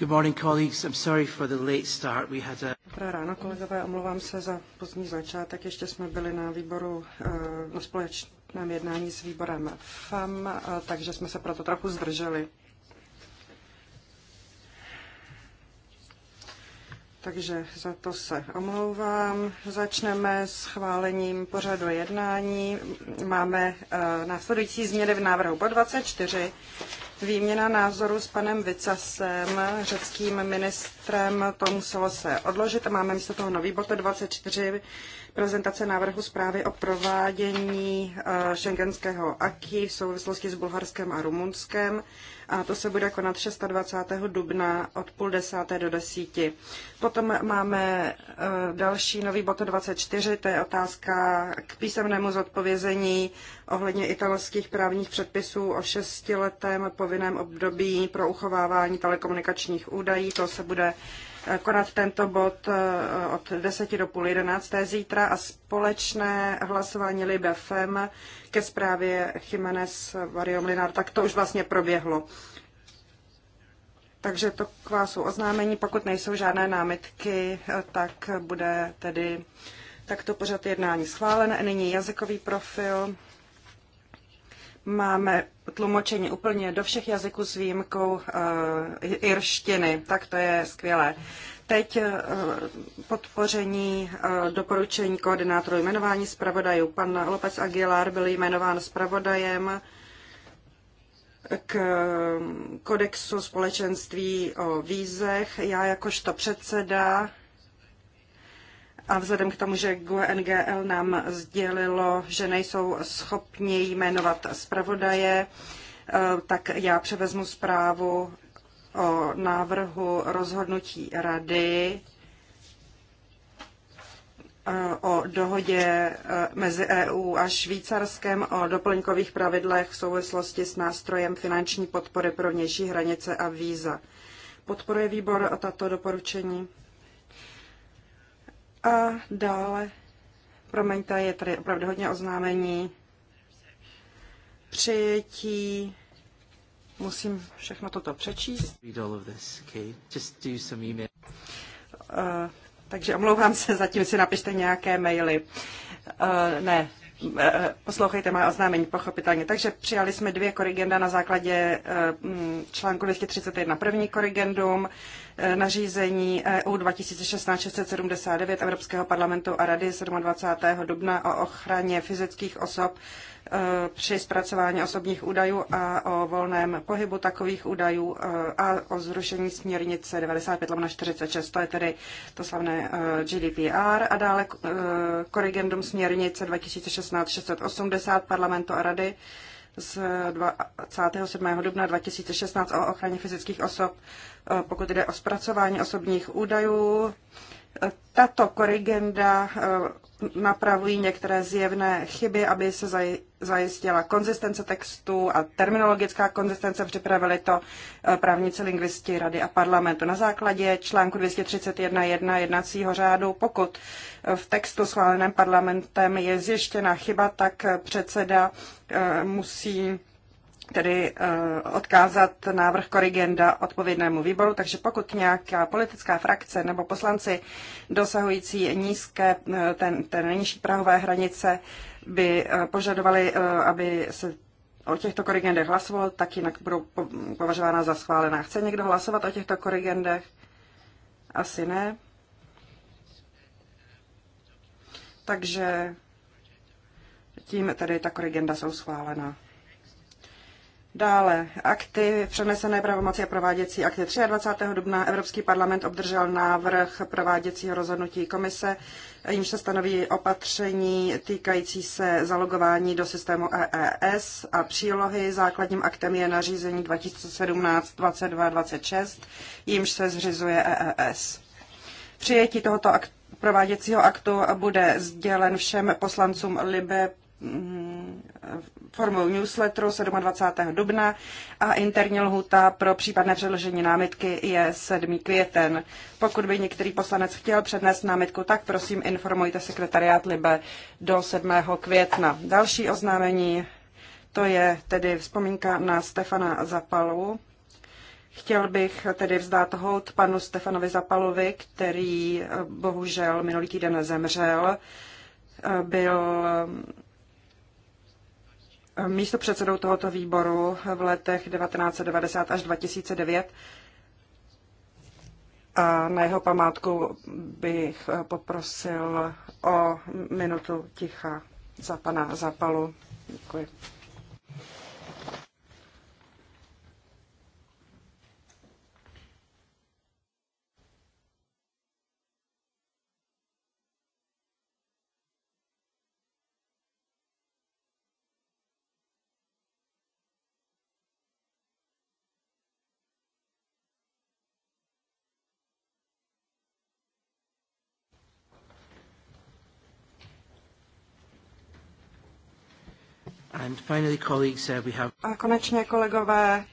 Good morning, colleagues. I'm sorry for the late start. We had a... Dobré ráno, kolegové, omlouvám se za pozdní začátek. Ještě jsme byli na výboru, eh, na společném jednání s výborem FAM, eh, takže jsme se proto trochu zdrželi. Takže za to se omlouvám. Začneme s chválením pořadu jednání. Máme eh, následující změny v návrhu po 24 Výměna názoru s panem Vicasem, řeckým ministrem, to muselo se odložit. Máme místo toho nový bod 24, prezentace návrhu zprávy o provádění šengenského eh, aky v souvislosti s Bulharskem a Rumunskem a to se bude konat 26. dubna od půl desáté do desíti. Potom máme eh, další nový bod 24, to je otázka k písemnému zodpovězení ohledně italských právních předpisů o šestiletém povinném období pro uchovávání telekomunikačních údajů. To se bude konat tento bod eh, od 10 do půl 11. zítra a společné hlasování Libe FEM ke zprávě Jiménez Vario Mlinar. Tak to už vlastně proběhlo. Takže to k vás jsou oznámení. Pokud nejsou žádné námitky, eh, tak bude tedy takto pořad jednání schválen. Nyní jazykový profil. Máme tlumočení úplně do všech jazyků s výjimkou uh, irštiny, tak to je skvělé. Teď eh, podpoření eh, doporučení koordinátoru jmenování zpravodajů. Pan López Aguilar byl jmenován zpravodajem k kodexu společenství o vízech. Já jakožto předseda a vzhledem k tomu, že GUNGL e nám sdělilo, že nejsou schopni jmenovat zpravodaje, eh, tak já převezmu zprávu o návrhu rozhodnutí rady eh, o dohodě eh, mezi EU a Švýcarskem o doplňkových pravidlech v souvislosti s nástrojem finanční podpory pro vnější hranice a víza. Podporuje výbor tato doporučení? A dále, promiňte, je tady opravdu hodně oznámení. Přijetí Musím všechno toto přečíst. Eh, takže omlouvám se, zatím si napište nějaké maily. Uh, ne, Eh, poslouchejte moje oznámení, pochopitelně. Takže přijali jsme dvě korigenda na základě eh, mm, článku 231 první korigendum, eh, nařízení EU 2016-679 Evropského parlamentu a Rady 27. dubna o ochraně fyzických osob Eh, při zpracování osobních údajů a o volném pohybu takových údajů eh, a o zrušení směrnice 95 46. To je tedy to slavné eh, GDPR a dále korrigendum směrnice 2016 680 parlamentu a rady z 27. dubna 2016 o ochraně fyzických osob, pokud jde o zpracování osobních údajů tato korigenda eh, napravují některé zjevné chyby, aby se zajistila konzistence textu a terminologická konzistence. Připravili to eh, právníci lingvisti Rady a parlamentu. Na základě článku 231.1 jednacího řádu, pokud eh, v textu schváleném parlamentem je zjištěna chyba, tak předseda musí tedy eh, odkázat návrh korigenda odpovědnému výboru, takže pokud nějaká politická frakce nebo poslanci dosahující nízké, eh, ten, ten nejnižší prahové hranice by eh, požadovali, aby se o těchto korigendech hlasovalo, tak jinak budou považována za schválená. Chce někdo hlasovat o těchto korigendech? Asi ne. Takže tím tedy ta korigenda jsou schválena. Dále akty přenesené pravomoci a prováděcí akty. 23. dubna Evropský parlament obdržel návrh prováděcího rozhodnutí komise, jimž se stanoví opatření týkající se zalogování do systému EES a přílohy. Základním aktem je nařízení 2017-2226, jimž se zřizuje EES. Přijetí tohoto akt, prováděcího aktu bude sdělen všem poslancům Libe mm, formou newsletteru 27. dubna a interní lhuta pro případné předložení námitky je 7. květen. Pokud by některý poslanec chtěl přednést námitku, tak prosím informujte sekretariát Libe do 7. května. Další oznámení, to je tedy vzpomínka na Stefana Zapalu. Chtěl bych tedy vzdát hold panu Stefanovi Zapalovi, který eh, bohužel minulý týden zemřel. Eh, byl místo předsedou tohoto výboru v letech 1990 až 2009. A na jeho památku bych poprosil o minutu ticha za pana Zapalu. Děkuji. Uh, a konečně, kolegové,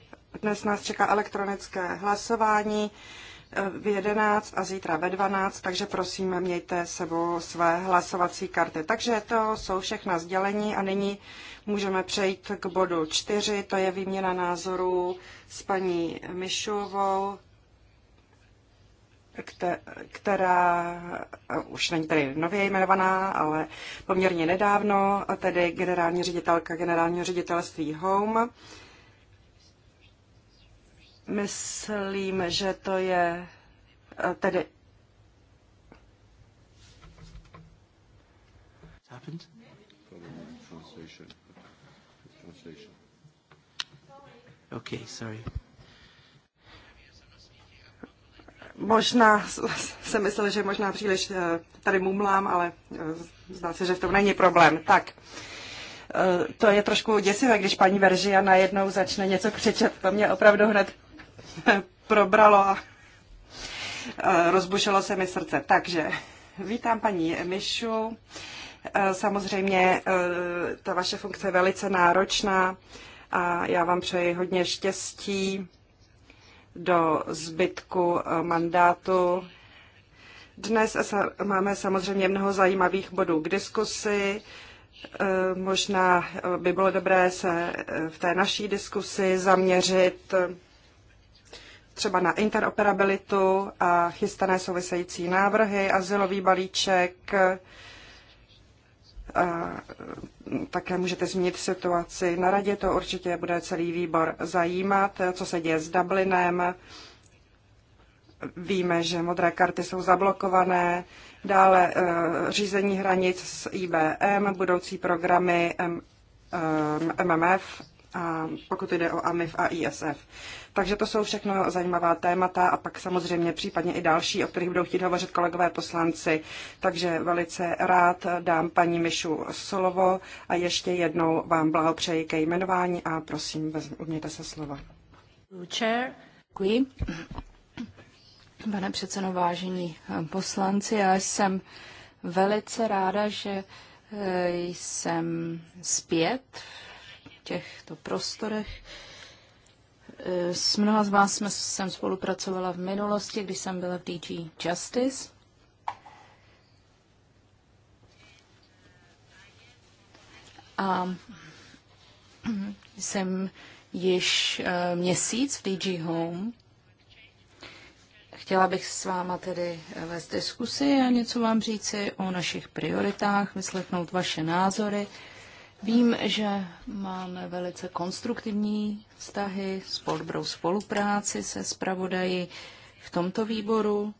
dnes nás čeká elektronické hlasování eh, v 11 a zítra ve 12, takže prosím, mějte sebou své hlasovací karty. Takže to jsou všechna sdělení a nyní můžeme přejít k bodu 4, to je výměna názorů s paní Mišovou, která už není tady nově jmenovaná, ale poměrně nedávno, tedy generální ředitelka generálního ředitelství Home. Myslím, že to je tedy. Okay, sorry. Možná jsem myslel, že možná příliš eh, tady mumlám, ale eh, zdá se, že v tom není problém. Tak, eh, to je trošku děsivé, když paní Veržia najednou začne něco křičet. To mě opravdu hned probralo a rozbušilo se mi srdce. Takže vítám paní Mišu. Samozřejmě ta vaše funkce je velice náročná a já vám přeji hodně štěstí do zbytku eh, mandátu. Dnes máme samozřejmě mnoho zajímavých bodů k diskusi. Eh, možná eh, by bylo dobré se v té naší diskusi zaměřit třeba na interoperabilitu a chystané související návrhy, asilový balíček, také můžete změnit situaci. Na radě to určitě bude celý výbor zajímat, co se děje s Dublinem. Víme, že modré karty jsou zablokované. Dále e, řízení hranic s IBM, budoucí programy MMF, e, a pokud jde o AMIF a ISF. Takže to jsou všechno zajímavá témata a pak samozřejmě případně i další, o kterých budou chtít hovořit kolegové poslanci. Takže velice rád dám paní Mišu slovo a ještě jednou vám blahopřeji ke jmenování a prosím, umějte se slova. Děkuji. Pane předsedo, vážení eh, poslanci, já jsem velice ráda, že eh, jsem zpět v těchto prostorech Eh, s mnoha z vás jsme, jsem spolupracovala v minulosti, když jsem byla v DG Justice. A jsem již eh, měsíc v DG Home. Chtěla bych s váma tedy vést diskusi a něco vám říci o našich prioritách, vyslechnout vaše názory Vím, že máme velice konstruktivní vztahy, dobrou spolupráci se zpravodaji v tomto výboru.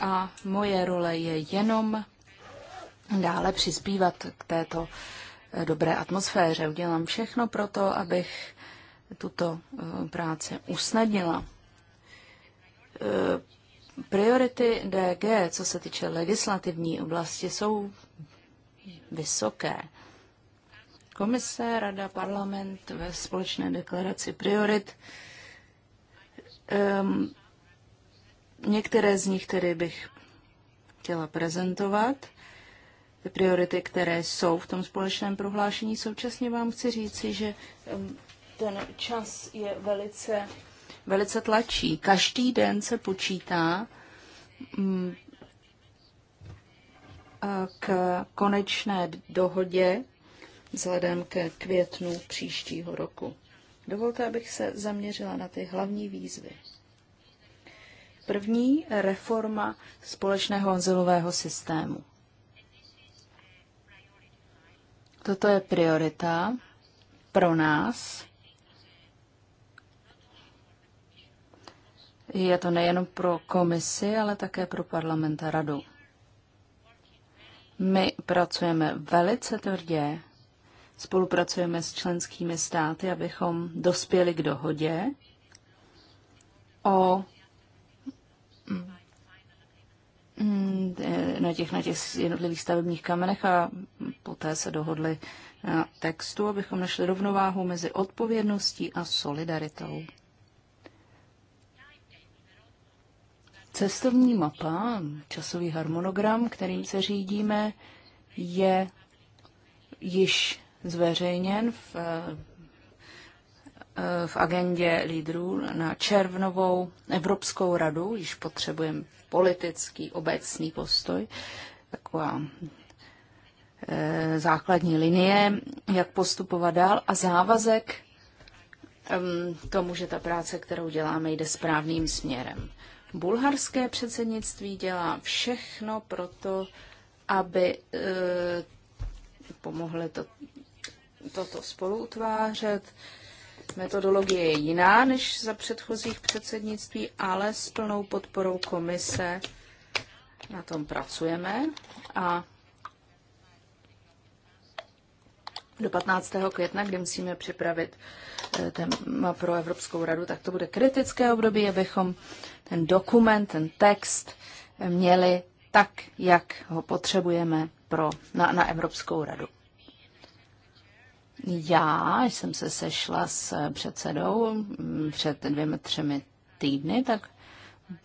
A moje role je jenom dále přispívat k této eh, dobré atmosféře. Udělám všechno pro to, abych tuto eh, práci usnadnila. Eh, priority DG, co se týče legislativní oblasti, jsou vysoké. Komise, Rada, Parlament ve společné deklaraci priorit. Um, některé z nich tedy bych chtěla prezentovat. Ty priority, které jsou v tom společném prohlášení. Současně vám chci říci, že ten čas je velice, velice tlačí. Každý den se počítá k konečné dohodě vzhledem ke květnu příštího roku. Dovolte, abych se zaměřila na ty hlavní výzvy. První reforma společného azylového systému. Toto je priorita pro nás. Je to nejen pro komisi, ale také pro parlament a radu. My pracujeme velice tvrdě, spolupracujeme s členskými státy, abychom dospěli k dohodě o mm, na těch, na těch jednotlivých stavebních kamenech a poté se dohodli na textu, abychom našli rovnováhu mezi odpovědností a solidaritou. Cestovní mapa, časový harmonogram, kterým se řídíme, je již zveřejněn v, eh, eh, v agendě lídrů na červnovou Evropskou radu, již potřebujeme politický obecný postoj, taková eh, základní linie, jak postupovat dál a závazek tomu, že ta práce, kterou děláme, jde správným směrem. Bulharské předsednictví dělá všechno pro to, aby e, pomohli to, toto spoluutvářet. Metodologie je jiná než za předchozích předsednictví, ale s plnou podporou komise na tom pracujeme a do 15. května, kdy musíme připravit eh, téma pro Evropskou radu, tak to bude kritické období, abychom ten dokument, ten text měli tak, jak ho potřebujeme pro, na, na Evropskou radu. Já jsem se sešla s předsedou mm, před dvěma, třemi týdny, tak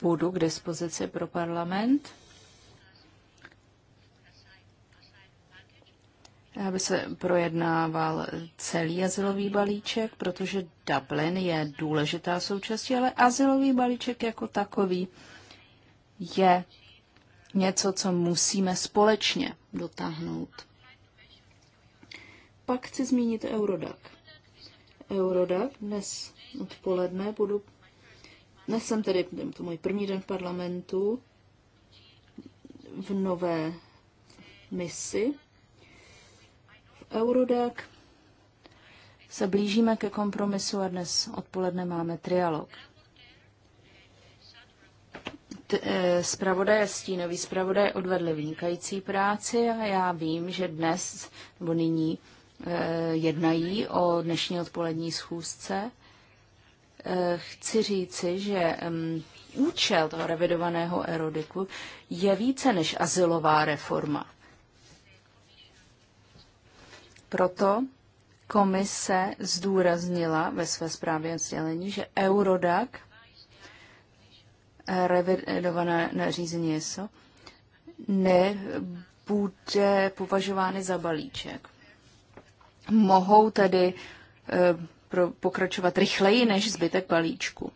budu k dispozici pro parlament. aby se projednával celý azylový balíček, protože Dublin je důležitá součástí, ale azylový balíček jako takový je něco, co musíme společně dotáhnout. Pak chci zmínit Eurodac. Eurodac dnes odpoledne budu... Dnes jsem tedy, to můj první den v parlamentu, v nové misi, Eurodac se blížíme ke kompromisu a dnes odpoledne máme trialog. Spravodaje eh, stínový spravodaj odvedli vynikající práci a já vím, že dnes nebo nyní eh, jednají o dnešní odpolední schůzce. Eh, chci říci, že účel toho revidovaného erodiku je více než asilová reforma. Proto komise zdůraznila ve své zprávě sdělení, že Eurodac, revidované nařízení ESO, nebude považovány za balíček. Mohou tedy eh, pokračovat rychleji než zbytek balíčku.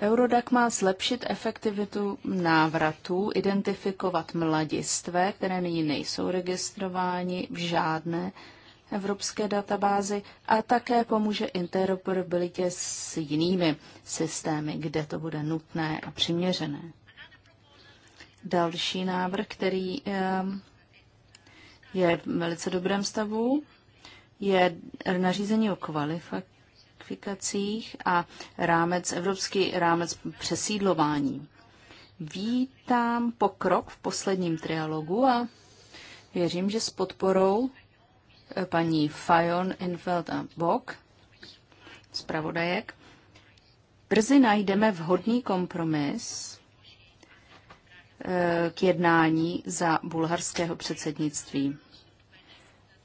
Eurodac má zlepšit efektivitu návratů, identifikovat mladistvé, které nyní nejsou registrováni v žádné evropské databázi a také pomůže interoperabilitě s jinými systémy, kde to bude nutné a přiměřené. Další návrh, který ehm, je v velice dobrém stavu, je nařízení o kvalifikaci kvalifikacích a rámec, evropský rámec přesídlování. Vítám pokrok v posledním trialogu a věřím, že s podporou eh, paní Fajon, Infeld a Bok, zpravodajek, brzy najdeme vhodný kompromis eh, k jednání za bulharského předsednictví.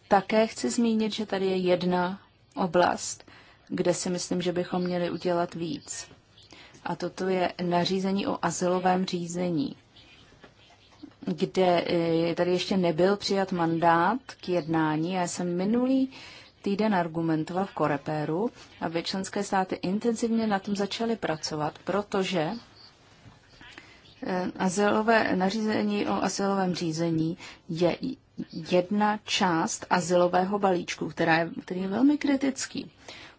Také chci zmínit, že tady je jedna oblast, kde si myslím, že bychom měli udělat víc. A toto je nařízení o azylovém řízení, kde eh, tady ještě nebyl přijat mandát k jednání. Já jsem minulý týden argumentoval v Korepéru, aby členské státy intenzivně na tom začaly pracovat, protože eh, azylové nařízení o asilovém řízení je jedna část asilového balíčku, která je, který je velmi kritický.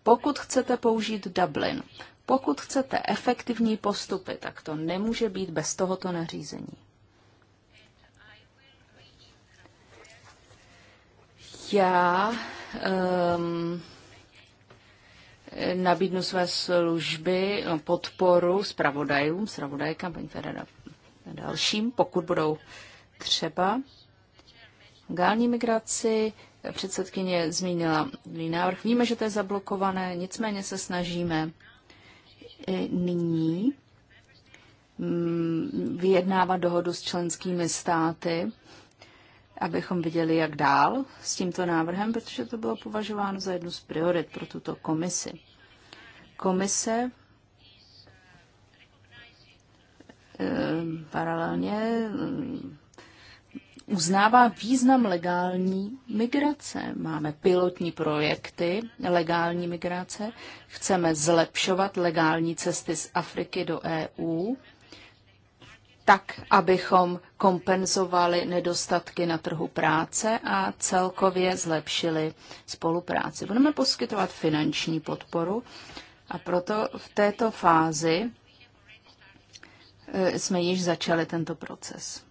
Pokud chcete použít Dublin, pokud chcete efektivní postupy, tak to nemůže být bez tohoto nařízení. Já um, nabídnu své služby, no, podporu zpravodajům, zpravodajkám, paní Ferrera dalším, pokud budou třeba. Gální migraci Předsedkyně zmínila návrh. Víme, že to je zablokované, nicméně se snažíme nyní mm, vyjednávat dohodu s členskými státy, abychom viděli, jak dál s tímto návrhem, protože to bylo považováno za jednu z priorit pro tuto komisi. Komise eh, paralelně mm, uznává význam legální migrace. Máme pilotní projekty legální migrace, chceme zlepšovat legální cesty z Afriky do EU, tak, abychom kompenzovali nedostatky na trhu práce a celkově zlepšili spolupráci. Budeme poskytovat finanční podporu a proto v této fázi eh, jsme již začali tento proces.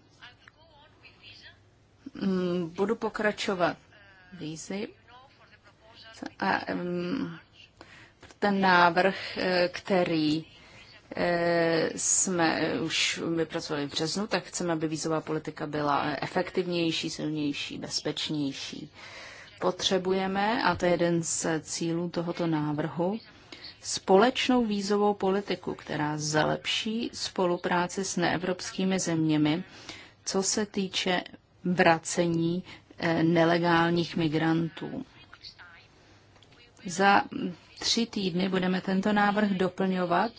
Mm, budu pokračovat Lízy. A mm, ten návrh, e, který e, jsme už vypracovali v březnu, tak chceme, aby vízová politika byla efektivnější, silnější, bezpečnější. Potřebujeme, a to je jeden z cílů tohoto návrhu, společnou vízovou politiku, která zlepší spolupráci s neevropskými zeměmi, co se týče vracení eh, nelegálních migrantů. Za tři týdny budeme tento návrh doplňovat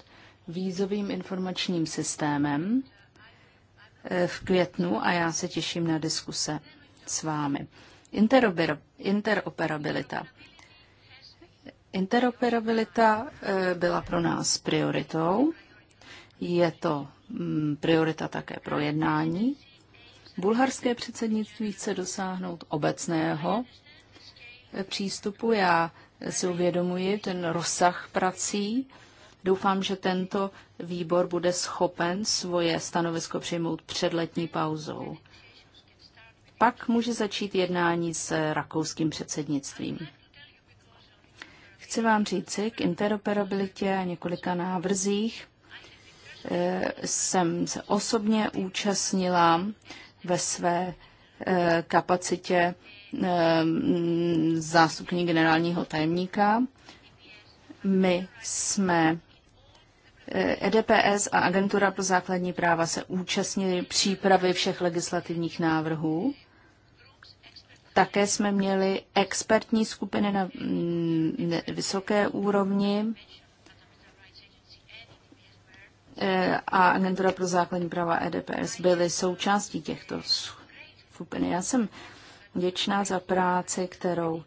vízovým informačním systémem eh, v květnu a já se těším na diskuse s vámi. Interoperabilita. Interoperabilita eh, byla pro nás prioritou. Je to mm, priorita také pro jednání Bulharské předsednictví chce dosáhnout obecného přístupu. Já si uvědomuji ten rozsah prací. Doufám, že tento výbor bude schopen svoje stanovisko přijmout před letní pauzou. Pak může začít jednání s rakouským předsednictvím. Chci vám říci k interoperabilitě a několika návrzích. Eh, jsem se osobně účastnila ve své eh, kapacitě eh, zástupní generálního tajemníka. My jsme EDPS eh, e a Agentura pro základní práva se účastnili přípravy všech legislativních návrhů. Také jsme měli expertní skupiny na mm, vysoké úrovni Eh, a Agentura pro základní práva EDPS byly součástí těchto skupin. Já jsem vděčná za práci, kterou,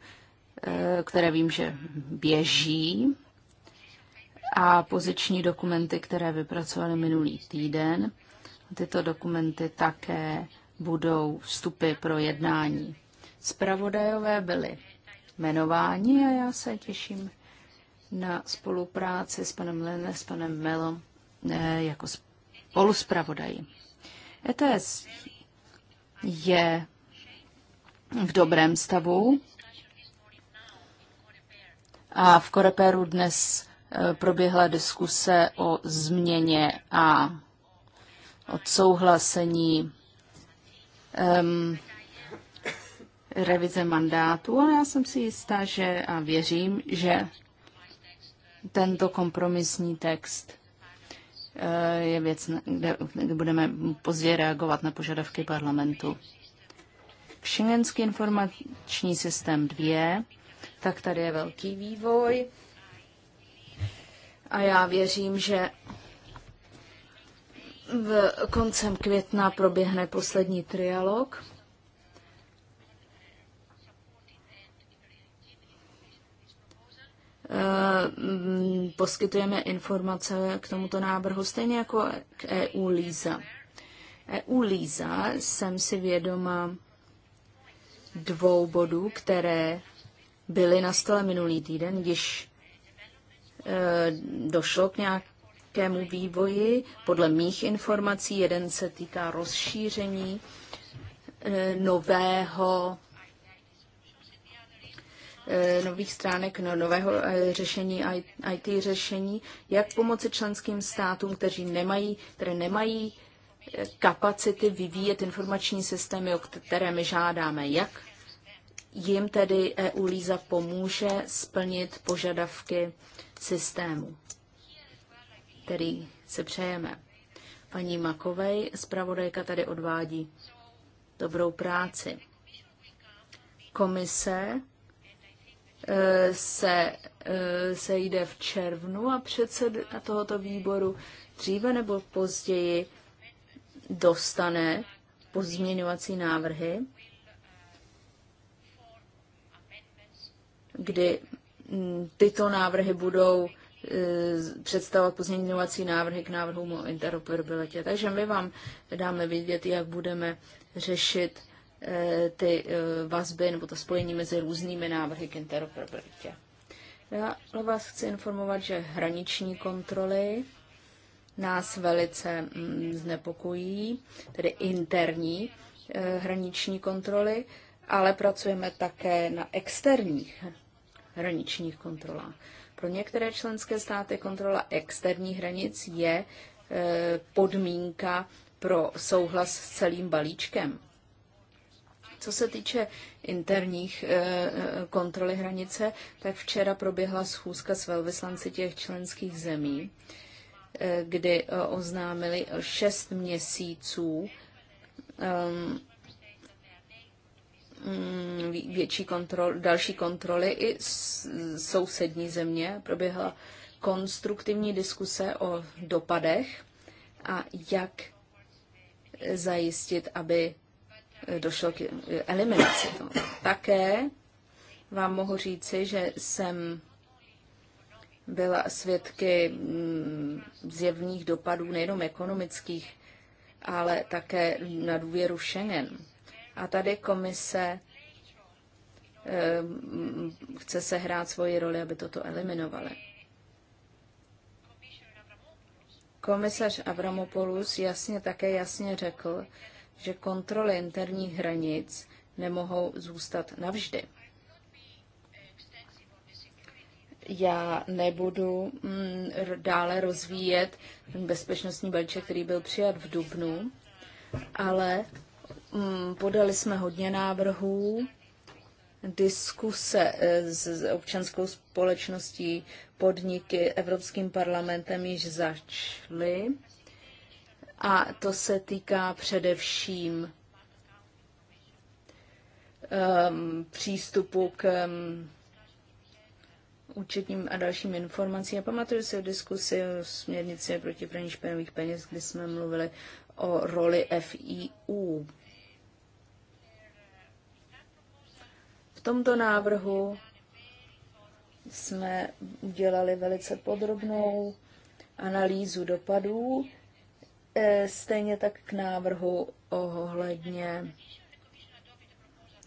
eh, které vím, že běží a poziční dokumenty, které vypracovali minulý týden. Tyto dokumenty také budou vstupy pro jednání. Spravodajové byly jmenováni a já se těším na spolupráci s panem Lene, s panem Melom jako spoluspravodaji. ETS je v dobrém stavu a v Koreperu dnes e, proběhla diskuse o změně a odsouhlasení um, revize mandátu, A já jsem si jistá, že a věřím, že tento kompromisní text Eh, je věc, kde, kde budeme později reagovat na požadavky parlamentu. Schengenský informační systém 2, tak tady je velký vývoj. A já věřím, že v koncem května proběhne poslední trialog. Eh, poskytujeme informace k tomuto návrhu, stejně jako k EU Líza. EU Líza jsem si vědoma dvou bodů, které byly na stole minulý týden, když e, došlo k nějakému vývoji. Podle mých informací jeden se týká rozšíření e, nového Eh, nových stránek no, nového eh, řešení IT řešení, jak pomoci členským státům, kteří nemají, které nemají eh, kapacity vyvíjet informační systémy, o které my žádáme. Jak jim tedy EU Líza pomůže splnit požadavky systému, který se přejeme. Paní Makovej, zpravodajka, tady odvádí dobrou práci. Komise se eh, sejde v červnu a předseda tohoto výboru dříve nebo později dostane pozměňovací návrhy, kdy mm, tyto návrhy budou eh, představovat pozměňovací návrhy k návrhům o interoperabilitě. Takže my vám dáme vědět, jak budeme řešit Eh, ty eh, vazby nebo to spojení mezi různými návrhy k interoperabilitě. Já vás chci informovat, že hraniční kontroly nás velice mm, znepokojí, tedy interní eh, hraniční kontroly, ale pracujeme také na externích hraničních kontrolách. Pro některé členské státy kontrola externích hranic je podmínka pro souhlas s celým balíčkem. Co se týče interních eh, eh, kontroly hranice, tak včera proběhla schůzka s velvyslanci těch členských zemí, eh, kdy oznámili šest měsíců ehm, mm, větší kontrol, další kontroly i sousední země. Proběhla konstruktivní diskuse o dopadech a jak zajistit, aby došlo k eliminaci toho. Také vám mohu říci, že jsem byla svědky mm, zjevných dopadů nejenom ekonomických, ale také na důvěru Schengen. A tady komise eh, chce hrát svoji roli, aby toto eliminovali. Komisař Avramopoulos jasně také jasně řekl, že kontroly interních hranic nemohou zůstat navždy. Já nebudu mm, dále rozvíjet ten bezpečnostní balíček, který byl přijat v Dubnu, ale mm, podali jsme hodně návrhů, diskuse e, s občanskou společností, podniky, Evropským parlamentem již začaly a to se týká především um, přístupu k um, účetním a dalším informacím. Já pamatuju si v diskusi o směrnici proti praní špinavých peněz, kdy jsme mluvili o roli FIU. V tomto návrhu jsme udělali velice podrobnou analýzu dopadů E, stejně tak k návrhu ohledně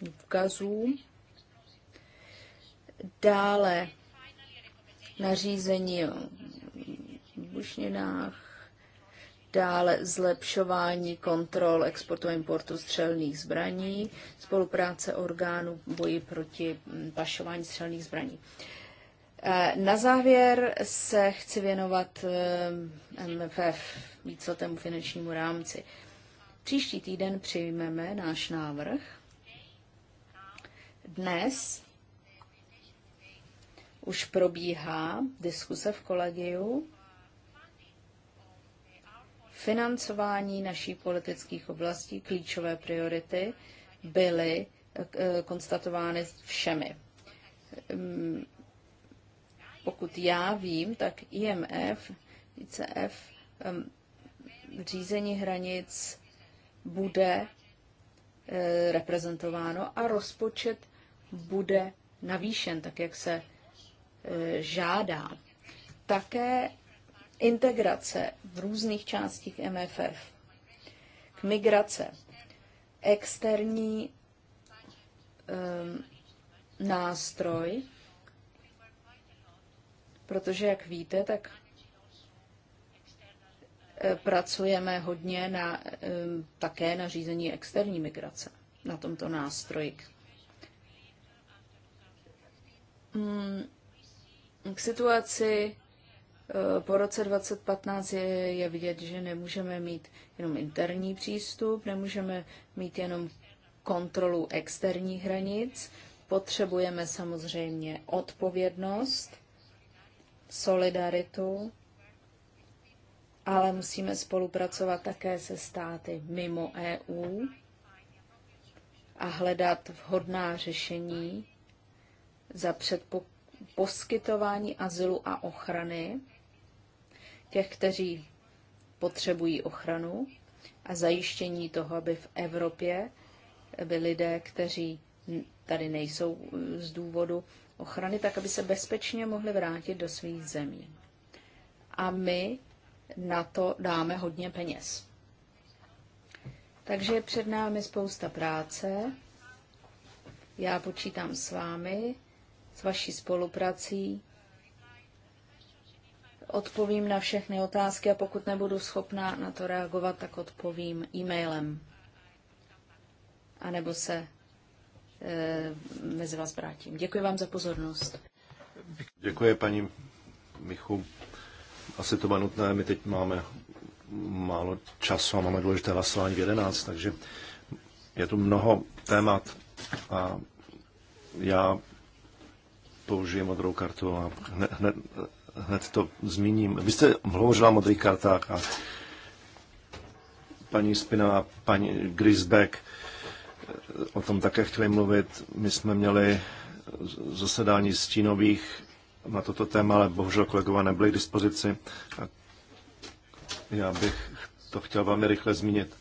důkazů. Dále nařízení o bušninách, dále zlepšování kontrol exportu a importu střelných zbraní, spolupráce orgánů boji proti pašování střelných zbraní. Eh, na závěr se chci věnovat eh, MFF, víceletému finančnímu rámci. Příští týden přijmeme náš návrh. Dnes už probíhá diskuse v kolegiu financování naší politických oblastí, klíčové priority byly eh, konstatovány všemi mm, pokud já vím, tak IMF, ICF, řízení hranic bude eh, reprezentováno a rozpočet bude navýšen, tak jak se eh, žádá. Také integrace v různých částích MFF, k migrace, externí um, nástroj, protože, jak víte, tak e, pracujeme hodně na, e, také na řízení externí migrace na tomto nástroji. Mm, k situaci e, po roce 2015 je, je vidět, že nemůžeme mít jenom interní přístup, nemůžeme mít jenom kontrolu externích hranic. Potřebujeme samozřejmě odpovědnost solidaritu, ale musíme spolupracovat také se státy mimo EU a hledat vhodná řešení za předpo- poskytování azylu a ochrany těch, kteří potřebují ochranu a zajištění toho, aby v Evropě byli lidé, kteří tady nejsou z důvodu ochrany, tak aby se bezpečně mohli vrátit do svých zemí. A my na to dáme hodně peněz. Takže je před námi spousta práce. Já počítám s vámi, s vaší spoluprací. Odpovím na všechny otázky a pokud nebudu schopná na to reagovat, tak odpovím e-mailem. A nebo se Eh, mezi vás vrátím. Děkuji vám za pozornost. Děkuji, paní Michu. Asi to bude nutné, my teď máme málo času a máme důležité hlasování v 11, takže je tu mnoho témat a já použiji modrou kartu a hned, hned, hned to zmíním. Vy jste hovořila o modrých kartách a paní Spina, paní Grisbeck, o tom také chtěli mluvit. My jsme měli zasedání stínových na toto téma, ale bohužel kolegové nebyli k dispozici. A já bych to chtěl velmi rychle zmínit.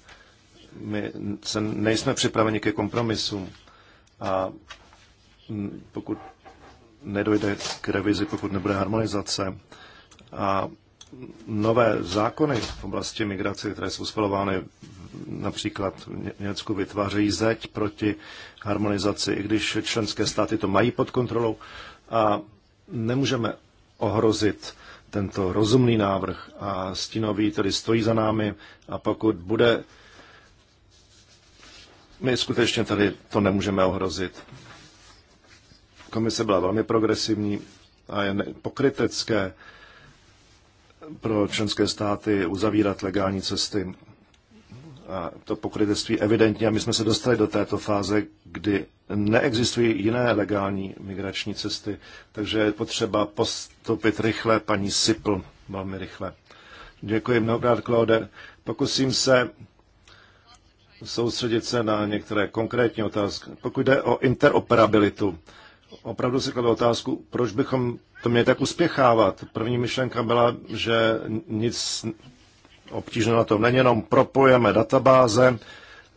My se nejsme připraveni ke kompromisům a pokud nedojde k revizi, pokud nebude harmonizace a nové zákony v oblasti migrace, které jsou schvalovány například v Německu vytvářejí zeď proti harmonizaci, i když členské státy to mají pod kontrolou a nemůžeme ohrozit tento rozumný návrh a stínový tedy stojí za námi a pokud bude, my skutečně tady to nemůžeme ohrozit. Komise byla velmi progresivní a je pokrytecké pro členské státy uzavírat legální cesty to pokrytectví evidentní a my jsme se dostali do této fáze, kdy neexistují jiné legální migrační cesty, takže je potřeba postupit rychle, paní Sipl, velmi rychle. Děkuji mnohokrát, Claude. Pokusím se soustředit se na některé konkrétní otázky. Pokud jde o interoperabilitu, opravdu si kladu otázku, proč bychom to měli tak uspěchávat. První myšlenka byla, že nic obtížné na tom není, jenom propojeme databáze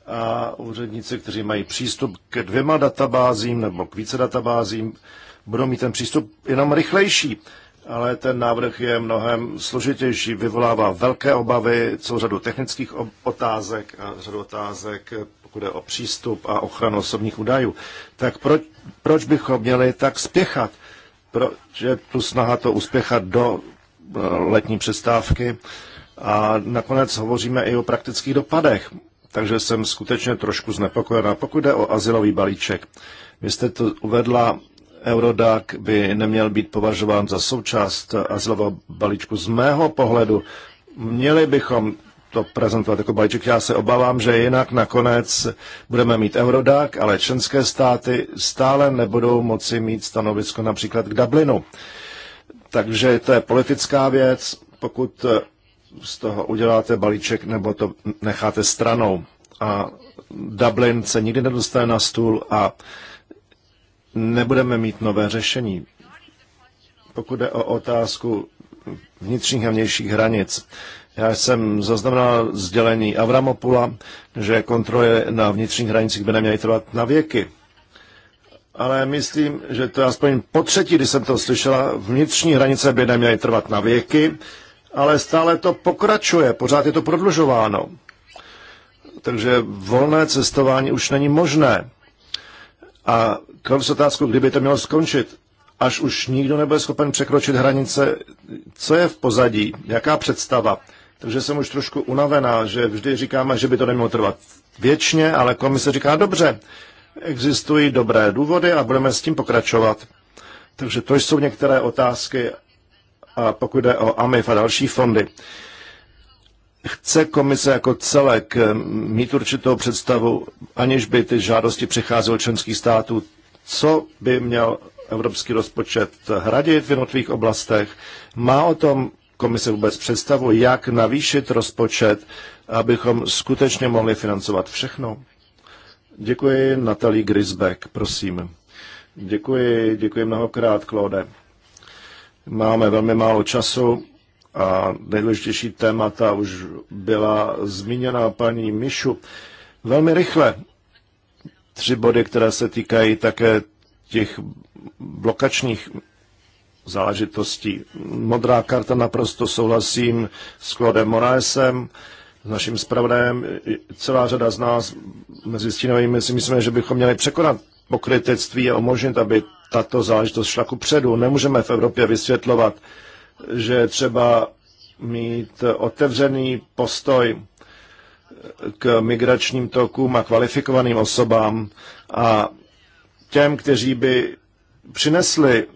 a úředníci, kteří mají přístup ke dvěma databázím nebo k více databázím, budou mít ten přístup jenom rychlejší. Ale ten návrh je mnohem složitější, vyvolává velké obavy, co řadu technických otázek a řadu otázek, pokud je o přístup a ochranu osobních údajů. Tak proč, proč bychom měli tak spěchat? Proč je tu snaha to uspěchat do eh, letní přestávky? A nakonec hovoříme i o praktických dopadech. Takže jsem skutečně trošku znepokojená. Pokud jde o asilový balíček, vy jste to uvedla, Eurodac by neměl být považován za součást asilového balíčku. Z mého pohledu měli bychom to prezentovat jako balíček. Já se obávám, že jinak nakonec budeme mít Eurodac, ale členské státy stále nebudou moci mít stanovisko například k Dublinu. Takže to je politická věc. Pokud z toho uděláte balíček nebo to necháte stranou. A Dublin se nikdy nedostane na stůl a nebudeme mít nové řešení. Pokud jde o otázku vnitřních a vnějších hranic, já jsem zaznamenal sdělení Avramopula, že kontrole na vnitřních hranicích by neměly trvat na věky. Ale myslím, že to aspoň po třetí, když jsem to slyšela, vnitřní hranice by neměly trvat na věky, ale stále to pokračuje, pořád je to prodlužováno. Takže volné cestování už není možné. A kladu se otázku, kdyby to mělo skončit, až už nikdo nebude schopen překročit hranice, co je v pozadí, jaká představa. Takže jsem už trošku unavená, že vždy říkáme, že by to nemělo trvat věčně, ale komise říká, dobře, existují dobré důvody a budeme s tím pokračovat. Takže to jsou některé otázky a pokud jde o AMIF a další fondy, chce komise jako celek mít určitou představu, aniž by ty žádosti přecházely členských států, co by měl evropský rozpočet hradit v jednotlivých oblastech. Má o tom komise vůbec představu, jak navýšit rozpočet, abychom skutečně mohli financovat všechno? Děkuji Natalie Grisbeck, prosím. Děkuji, děkuji mnohokrát, Claude. Máme velmi málo času a nejdůležitější témata už byla zmíněna paní Mišu. Velmi rychle tři body, které se týkají také těch blokačních záležitostí. Modrá karta naprosto souhlasím s Claudem Moraesem, s naším zpravodajem. Celá řada z nás mezi stínovými si myslíme, že bychom měli překonat pokrytectví a umožnit, aby tato záležitost šla ku předu. Nemůžeme v Evropě vysvětlovat, že je třeba mít otevřený postoj k migračním tokům a kvalifikovaným osobám a těm, kteří by přinesli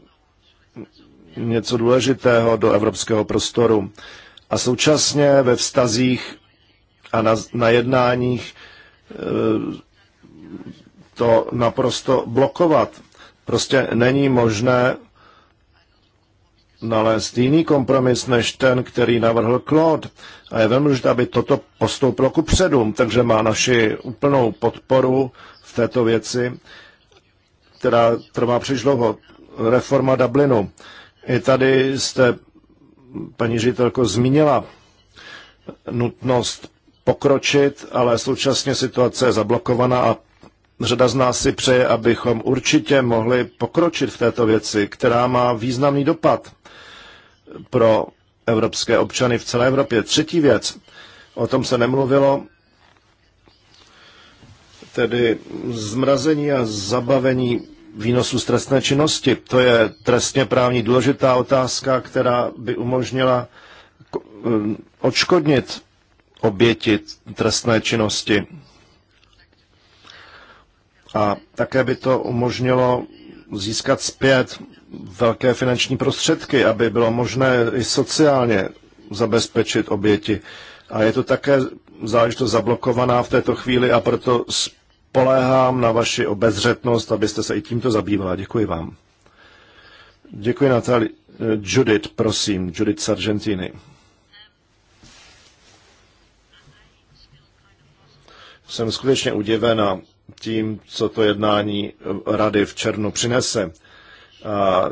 něco důležitého do evropského prostoru. A současně ve vztazích a na, na jednáních eh, to naprosto blokovat. Prostě není možné nalézt jiný kompromis než ten, který navrhl Claude. A je velmi důležité, aby toto postoupilo ku předům, takže má naši úplnou podporu v této věci, která trvá příliš dlouho. Reforma Dublinu. I tady jste, paní ředitelko, zmínila nutnost pokročit, ale současně situace je zablokovaná a Řada z nás si přeje, abychom určitě mohli pokročit v této věci, která má významný dopad pro evropské občany v celé Evropě. Třetí věc, o tom se nemluvilo, tedy zmrazení a zabavení výnosu z trestné činnosti. To je trestně právní důležitá otázka, která by umožnila eh, odškodnit oběti trestné činnosti. A také by to umožnilo získat zpět velké finanční prostředky, aby bylo možné i sociálně zabezpečit oběti. A je to také záležitost zablokovaná v této chvíli a proto spoléhám na vaši obezřetnost, abyste se i tímto zabývala. Děkuji vám. Děkuji, Natali. Judith, prosím, Judith Sargentini. Jsem skutečně udivená tím, co to jednání rady v černu přinese. A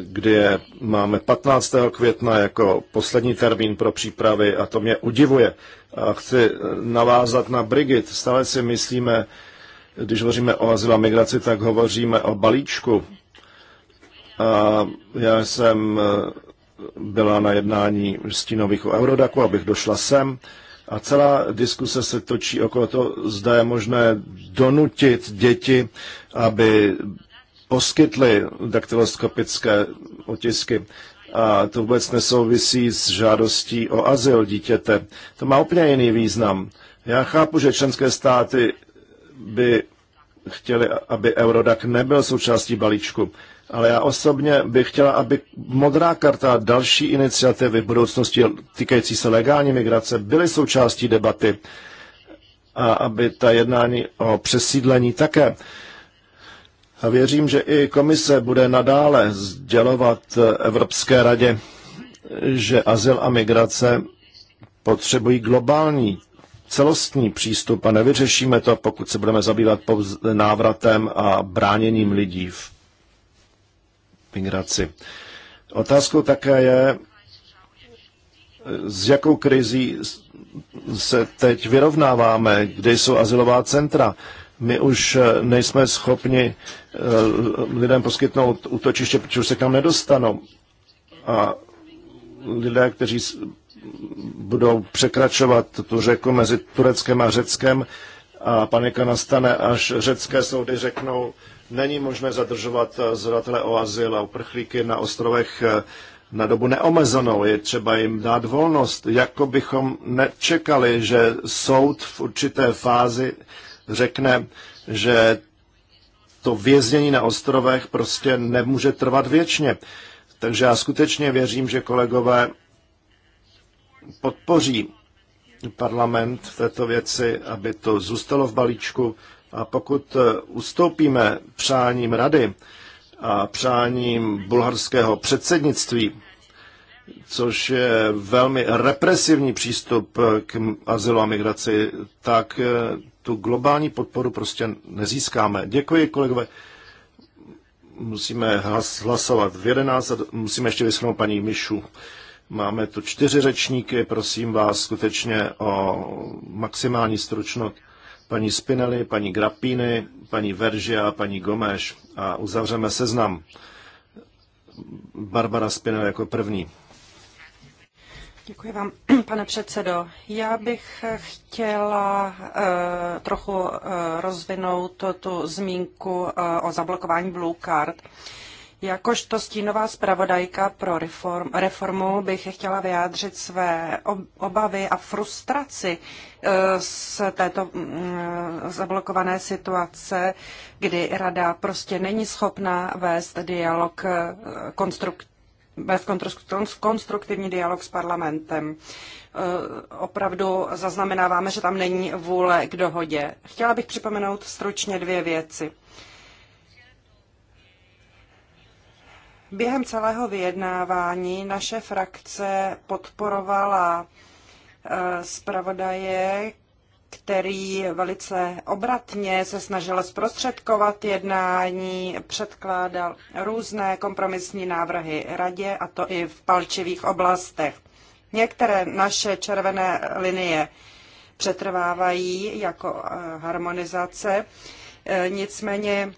kdy je, máme 15. května jako poslední termín pro přípravy a to mě udivuje. A chci navázat na Brigit. Stále si myslíme, když hovoříme o azyl a migraci, tak hovoříme o balíčku. A já jsem e, byla na jednání stínových o Eurodaku, abych došla sem. A celá diskuse se točí okolo toho, zda je možné donutit děti, aby poskytly daktyloskopické otisky. A to vůbec nesouvisí s žádostí o azyl dítěte. To má úplně jiný význam. Já chápu, že členské státy by chtěli, aby Eurodac nebyl součástí balíčku, ale já osobně bych chtěla, aby modrá karta a další iniciativy v budoucnosti týkající se legální migrace byly součástí debaty a aby ta jednání o přesídlení také. A věřím, že i komise bude nadále sdělovat Evropské radě, že azyl a migrace potřebují globální celostní přístup a nevyřešíme to, pokud se budeme zabývat pouze návratem a bráněním lidí v migraci. Otázkou také je, s jakou krizí se teď vyrovnáváme, kde jsou asilová centra. My už eh, nejsme schopni eh, lidem poskytnout útočiště, protože už se k nám nedostanou. A lidé, kteří budou překračovat tu řeku mezi Tureckem a Řeckem, a panika nastane, až řecké soudy řeknou, Není možné zadržovat eh, zadatele o azyl a uprchlíky na ostrovech eh, na dobu neomezenou. Je třeba jim dát volnost, jako bychom nečekali, že soud v určité fázi řekne, že to věznění na ostrovech prostě nemůže trvat věčně. Takže já skutečně věřím, že kolegové podpoří parlament v této věci, aby to zůstalo v balíčku a pokud eh, ustoupíme přáním rady a přáním bulharského předsednictví, což je velmi represivní přístup eh, k azylu a migraci, tak eh, tu globální podporu prostě nezískáme. Děkuji, kolegové. Musíme hlas, hlasovat v 11 a musíme ještě vyschnout paní Mišu. Máme tu čtyři řečníky, prosím vás skutečně o maximální stručnost paní Spinelli, paní Grappini, paní Verži a paní Gomeš. A uzavřeme seznam. Barbara Spinelli jako první. Děkuji vám, pane předsedo. Já bych chtěla uh, trochu uh, rozvinout tu zmínku uh, o zablokování Blue Card. Uh, Jakožto stínová zpravodajka pro reform, reformu bych chtěla vyjádřit své obavy a frustraci eh, z této mm, eh, zablokované situace, kdy rada prostě není schopná vést dialog eh, konstruktivní vést konstruktivní dialog s parlamentem. Opravdu zaznamenáváme, že tam není vůle k dohodě. Chtěla bych připomenout stručně dvě věci. Během celého vyjednávání naše frakce podporovala eh, zpravodaje, který velice obratně se snažil zprostředkovat jednání, předkládal různé kompromisní návrhy radě, a to i v palčivých oblastech. Některé naše červené linie přetrvávají jako eh, harmonizace, eh, nicméně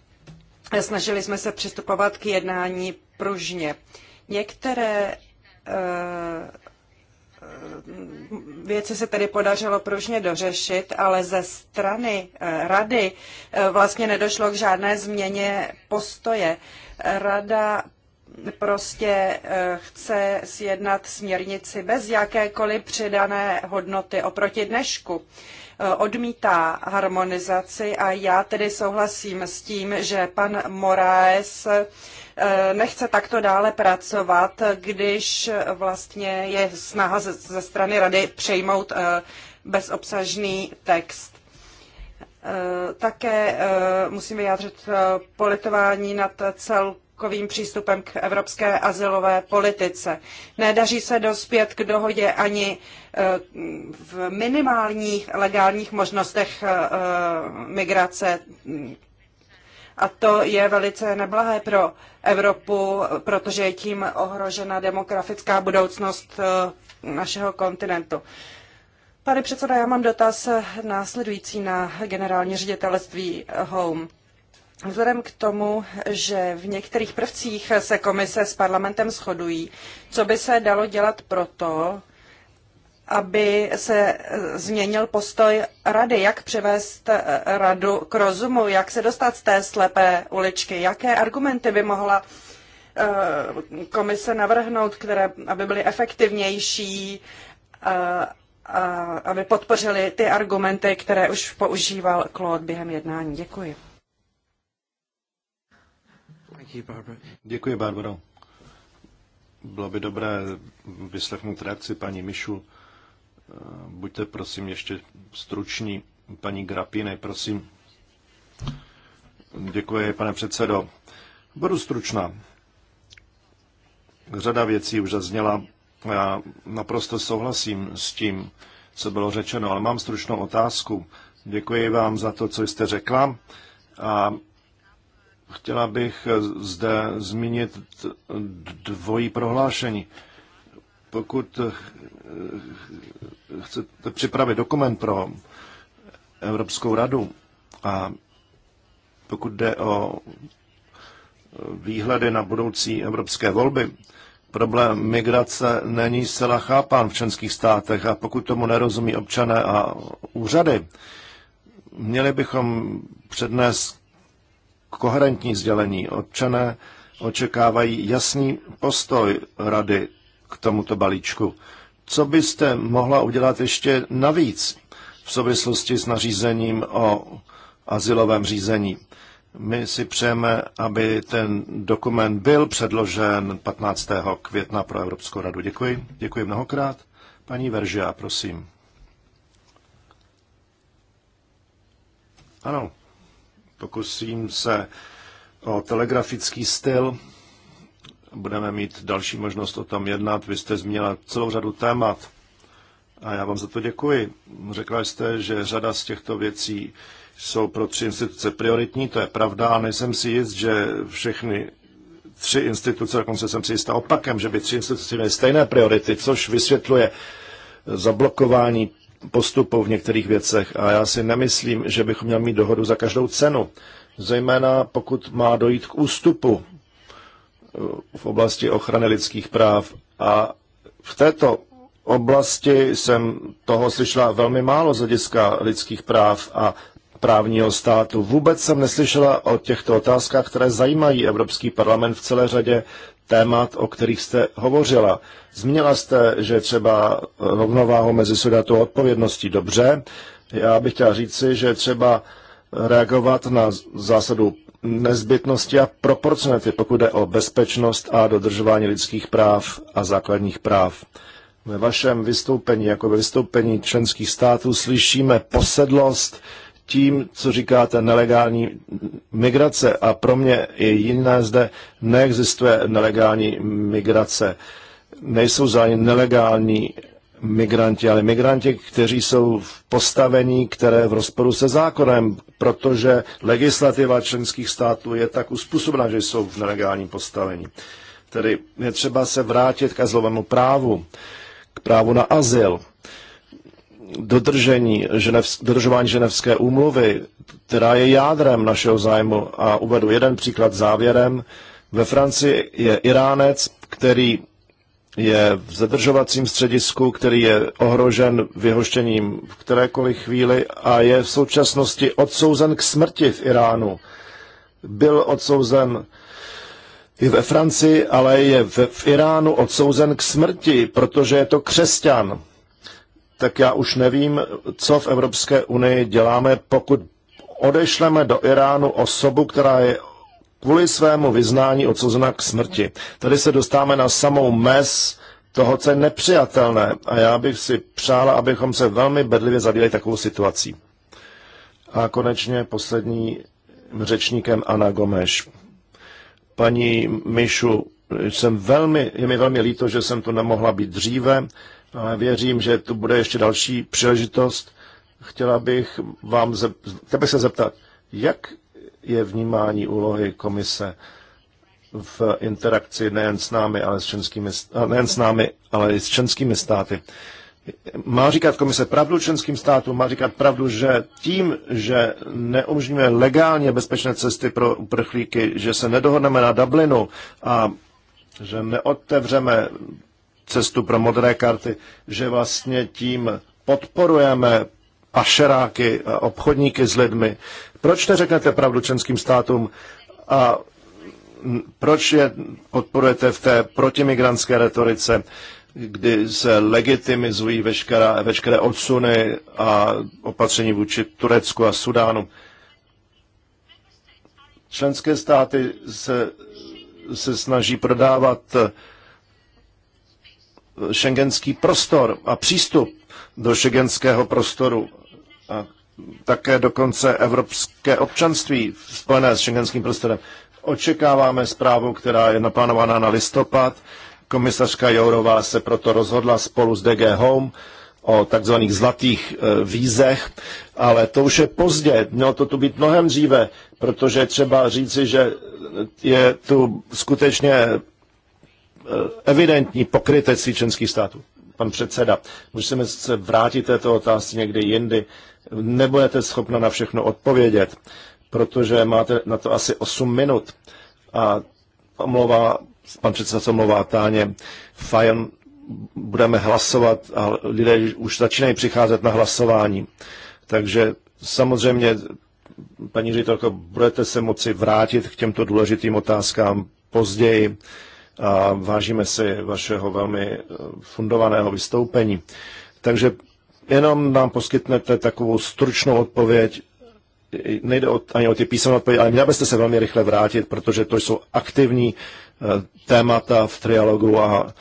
snažili jsme se přistupovat k jednání pružně. Některé eh, eh, věci se tedy podařilo pružně dořešit, ale ze strany eh, rady vlastně nedošlo k žádné změně postoje. Rada prostě chce sjednat směrnici bez jakékoliv přidané hodnoty oproti dnešku. Odmítá harmonizaci a já tedy souhlasím s tím, že pan Moraes Eh, nechce takto dále pracovat, když eh, vlastně je snaha ze strany rady přejmout eh, bezobsažný text. Také musím vyjádřit politování nad celkovým přístupem k evropské asilové politice. Nedaří se dospět k dohodě ani v minimálních legálních možnostech migrace, hm, a to je velice neblahé pro Evropu, protože je tím ohrožena demografická budoucnost eh, našeho kontinentu. Pane předseda, já mám dotaz následující na generální ředitelství Home. Vzhledem k tomu, že v některých prvcích se komise s parlamentem shodují, co by se dalo dělat proto, aby se změnil postoj rady, jak přivést eh, radu k rozumu, jak se dostat z té slepé uličky, jaké argumenty by mohla eh, komise navrhnout, které, aby byly efektivnější, eh, a aby podpořili ty argumenty, které už používal Claude během jednání. Děkuji. Děkuji, Barbaro. Bylo by dobré vyslechnout reakci paní Mišu Eh, buďte prosím ještě struční. Paní Grapiny, prosím. Děkuji, pane předsedo. Budu stručná. Řada věcí už zazněla. Já naprosto souhlasím s tím, co bylo řečeno, ale mám stručnou otázku. Děkuji vám za to, co jste řekla. A chtěla bych zde zmínit dvojí prohlášení. Pokud eh, chcete připravit dokument pro Evropskou radu a pokud jde o eh, výhledy na budoucí evropské volby, problém migrace není zcela chápán v členských státech a pokud tomu nerozumí občané a úřady, měli bychom přednést koherentní sdělení. Občané očekávají jasný postoj rady k tomuto balíčku. Co byste mohla udělat ještě navíc v souvislosti s nařízením o asilovém řízení? My si přejeme, aby ten dokument byl předložen 15. května pro Evropskou radu. Děkuji. Děkuji mnohokrát. Paní Veržia, prosím. Ano, pokusím se o telegrafický styl budeme mít další možnost o tom jednat. Vy jste zmínila celou řadu témat a já vám za to děkuji. Řekla jste, že řada z těchto věcí jsou pro tři instituce prioritní, to je pravda, a nejsem si jist, že všechny tři instituce, dokonce jsem si jistá opakem, že by tři instituce měly stejné priority, což vysvětluje zablokování postupu v některých věcech a já si nemyslím, že bychom měli mít dohodu za každou cenu, zejména pokud má dojít k ústupu v oblasti ochrany lidských práv a v této oblasti jsem toho slyšela velmi málo z hlediska lidských práv a právního státu. Vůbec jsem neslyšela o těchto otázkách, které zajímají Evropský parlament v celé řadě témat, o kterých jste hovořila. Zmínila jste, že třeba rovnováhu mezi sudatou odpovědností. Dobře, já bych chtěla říci, že třeba reagovat na zásadu nezbytnosti a proporcionality, pokud jde o bezpečnost a dodržování lidských práv a základních práv. Ve vašem vystoupení, jako ve vystoupení členských států, slyšíme posedlost tím, co říkáte nelegální migrace. A pro mě i jiné zde neexistuje nelegální migrace. Nejsou zájem nelegální migranti, ale migranti, kteří jsou v postavení, které v rozporu se zákonem, protože legislativa členských států je tak uspůsobena, že jsou v nelegálním postavení. Tedy je třeba se vrátit k azylovému právu, k právu na azyl, dodržení, ženevsk, dodržování ženevské úmluvy, která je jádrem našeho zájmu. A uvedu jeden příklad závěrem. Ve Francii je Iránec, který je v zadržovacím středisku, který je ohrožen vyhoštěním v kterékoliv chvíli a je v současnosti odsouzen k smrti v Iránu. Byl odsouzen i ve Francii, ale je v, v Iránu odsouzen k smrti, protože je to křesťan. Tak já už nevím, co v Evropské unii děláme, pokud odešleme do Iránu osobu, která je kvůli svému vyznání odsouzena k smrti. Tady se dostáváme na samou mez toho, co je nepřijatelné. A já bych si přála, abychom se velmi bedlivě zabývali takovou situací. A konečně poslední řečníkem Ana Gomeš. Paní Mišu, jsem velmi, je mi velmi líto, že jsem tu nemohla být dříve, ale věřím, že tu bude ještě další příležitost. Chtěla bych vám zep, tebe se zeptat, jak je vnímání úlohy komise v interakci nejen s námi, ale s členskými, nejen s námi, ale i s členskými státy. Má říkat komise pravdu členským státům, má říkat pravdu, že tím, že neumožníme legálně bezpečné cesty pro uprchlíky, že se nedohodneme na Dublinu a že neotevřeme cestu pro modré karty, že vlastně tím podporujeme pašeráky a obchodníky s lidmi proč neřeknete pravdu členským státům a proč je podporujete v té protimigrantské retorice, kdy se legitimizují veškerá, veškeré odsuny a opatření vůči Turecku a Sudánu? Členské státy se, se snaží prodávat šengenský eh, prostor a přístup do šengenského prostoru. A také dokonce evropské občanství spojené s šengenským prostorem. Očekáváme zprávu, která je naplánovaná na listopad. Komisařka Jourová se proto rozhodla spolu s DG Home o takzvaných zlatých e, vízech, ale to už je pozdě, mělo to tu být mnohem dříve, protože třeba říci, že je tu skutečně e, evidentní pokrytec členských států. Pan předseda, můžeme se vrátit této otázce někdy jindy nebudete schopna na všechno odpovědět, protože máte na to asi 8 minut. A omlouvá, pan předseda se omlouvá táně, fajn, budeme hlasovat a lidé už začínají přicházet na hlasování. Takže samozřejmě, paní ředitelko, budete se moci vrátit k těmto důležitým otázkám později a vážíme si vašeho velmi eh, fundovaného vystoupení. Takže jenom nám poskytnete takovou stručnou odpověď, nejde o, ani o ty písemné odpovědi, ale měl byste se velmi rychle vrátit, protože to jsou aktivní eh, témata v trialogu a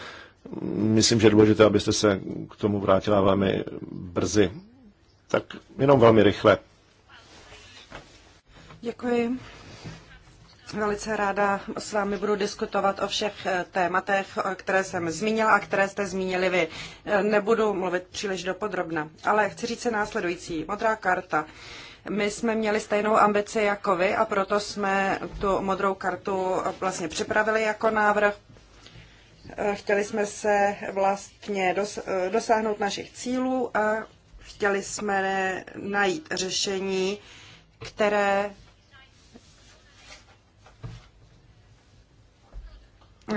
myslím, že je důležité, abyste se k tomu vrátila velmi brzy. Tak jenom velmi rychle. Děkuji. Velice ráda s vámi budu diskutovat o všech eh, tématech, které jsem zmínila a které jste zmínili vy. Eh, nebudu mluvit příliš dopodrobna, ale chci říct se následující. Modrá karta. My jsme měli stejnou ambici jako vy a proto jsme tu modrou kartu vlastně připravili jako návrh. Eh, chtěli jsme se vlastně dosáhnout našich cílů a chtěli jsme najít řešení, které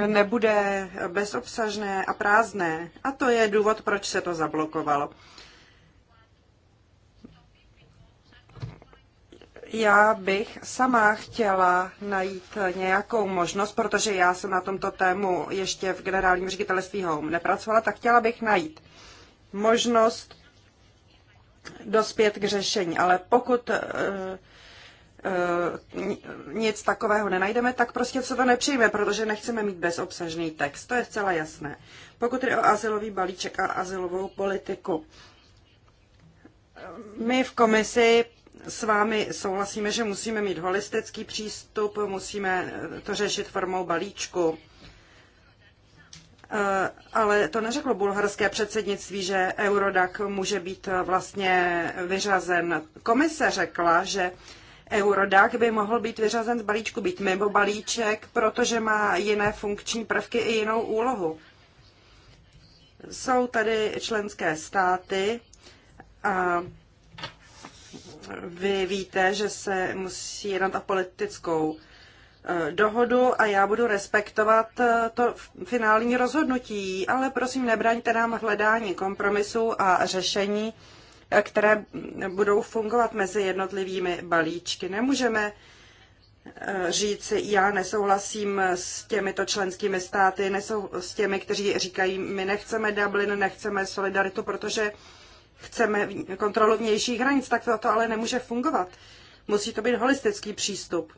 nebude bezobsažné a prázdné. A to je důvod, proč se to zablokovalo. Já bych sama chtěla najít nějakou možnost, protože já jsem na tomto tému ještě v generálním ředitelství Home nepracovala, tak chtěla bych najít možnost dospět k řešení. Ale pokud eh, Eh, nic takového nenajdeme, tak prostě se to nepřijme, protože nechceme mít bezobsažný text. To je zcela jasné. Pokud je o asilový balíček a asilovou politiku, eh, my v komisi s vámi souhlasíme, že musíme mít holistický přístup, musíme eh, to řešit formou balíčku. Ale to neřeklo bulharské předsednictví, že Eurodac může být vlastně vyřazen. Komise řekla, že Eurodac by mohl být vyřazen z balíčku, být mimo balíček, protože má jiné funkční prvky i jinou úlohu. Jsou tady členské státy a vy víte, že se musí jednat o politickou eh, dohodu a já budu respektovat eh, to finální rozhodnutí, ale prosím nebraňte nám hledání kompromisu a řešení které budou fungovat mezi jednotlivými balíčky. Nemůžeme eh, říci, já nesouhlasím s těmito členskými státy, nesou, s těmi, kteří říkají, my nechceme Dublin, nechceme solidaritu, protože chceme kontrolu vnějších hranic, tak to, to ale nemůže fungovat. Musí to být holistický přístup.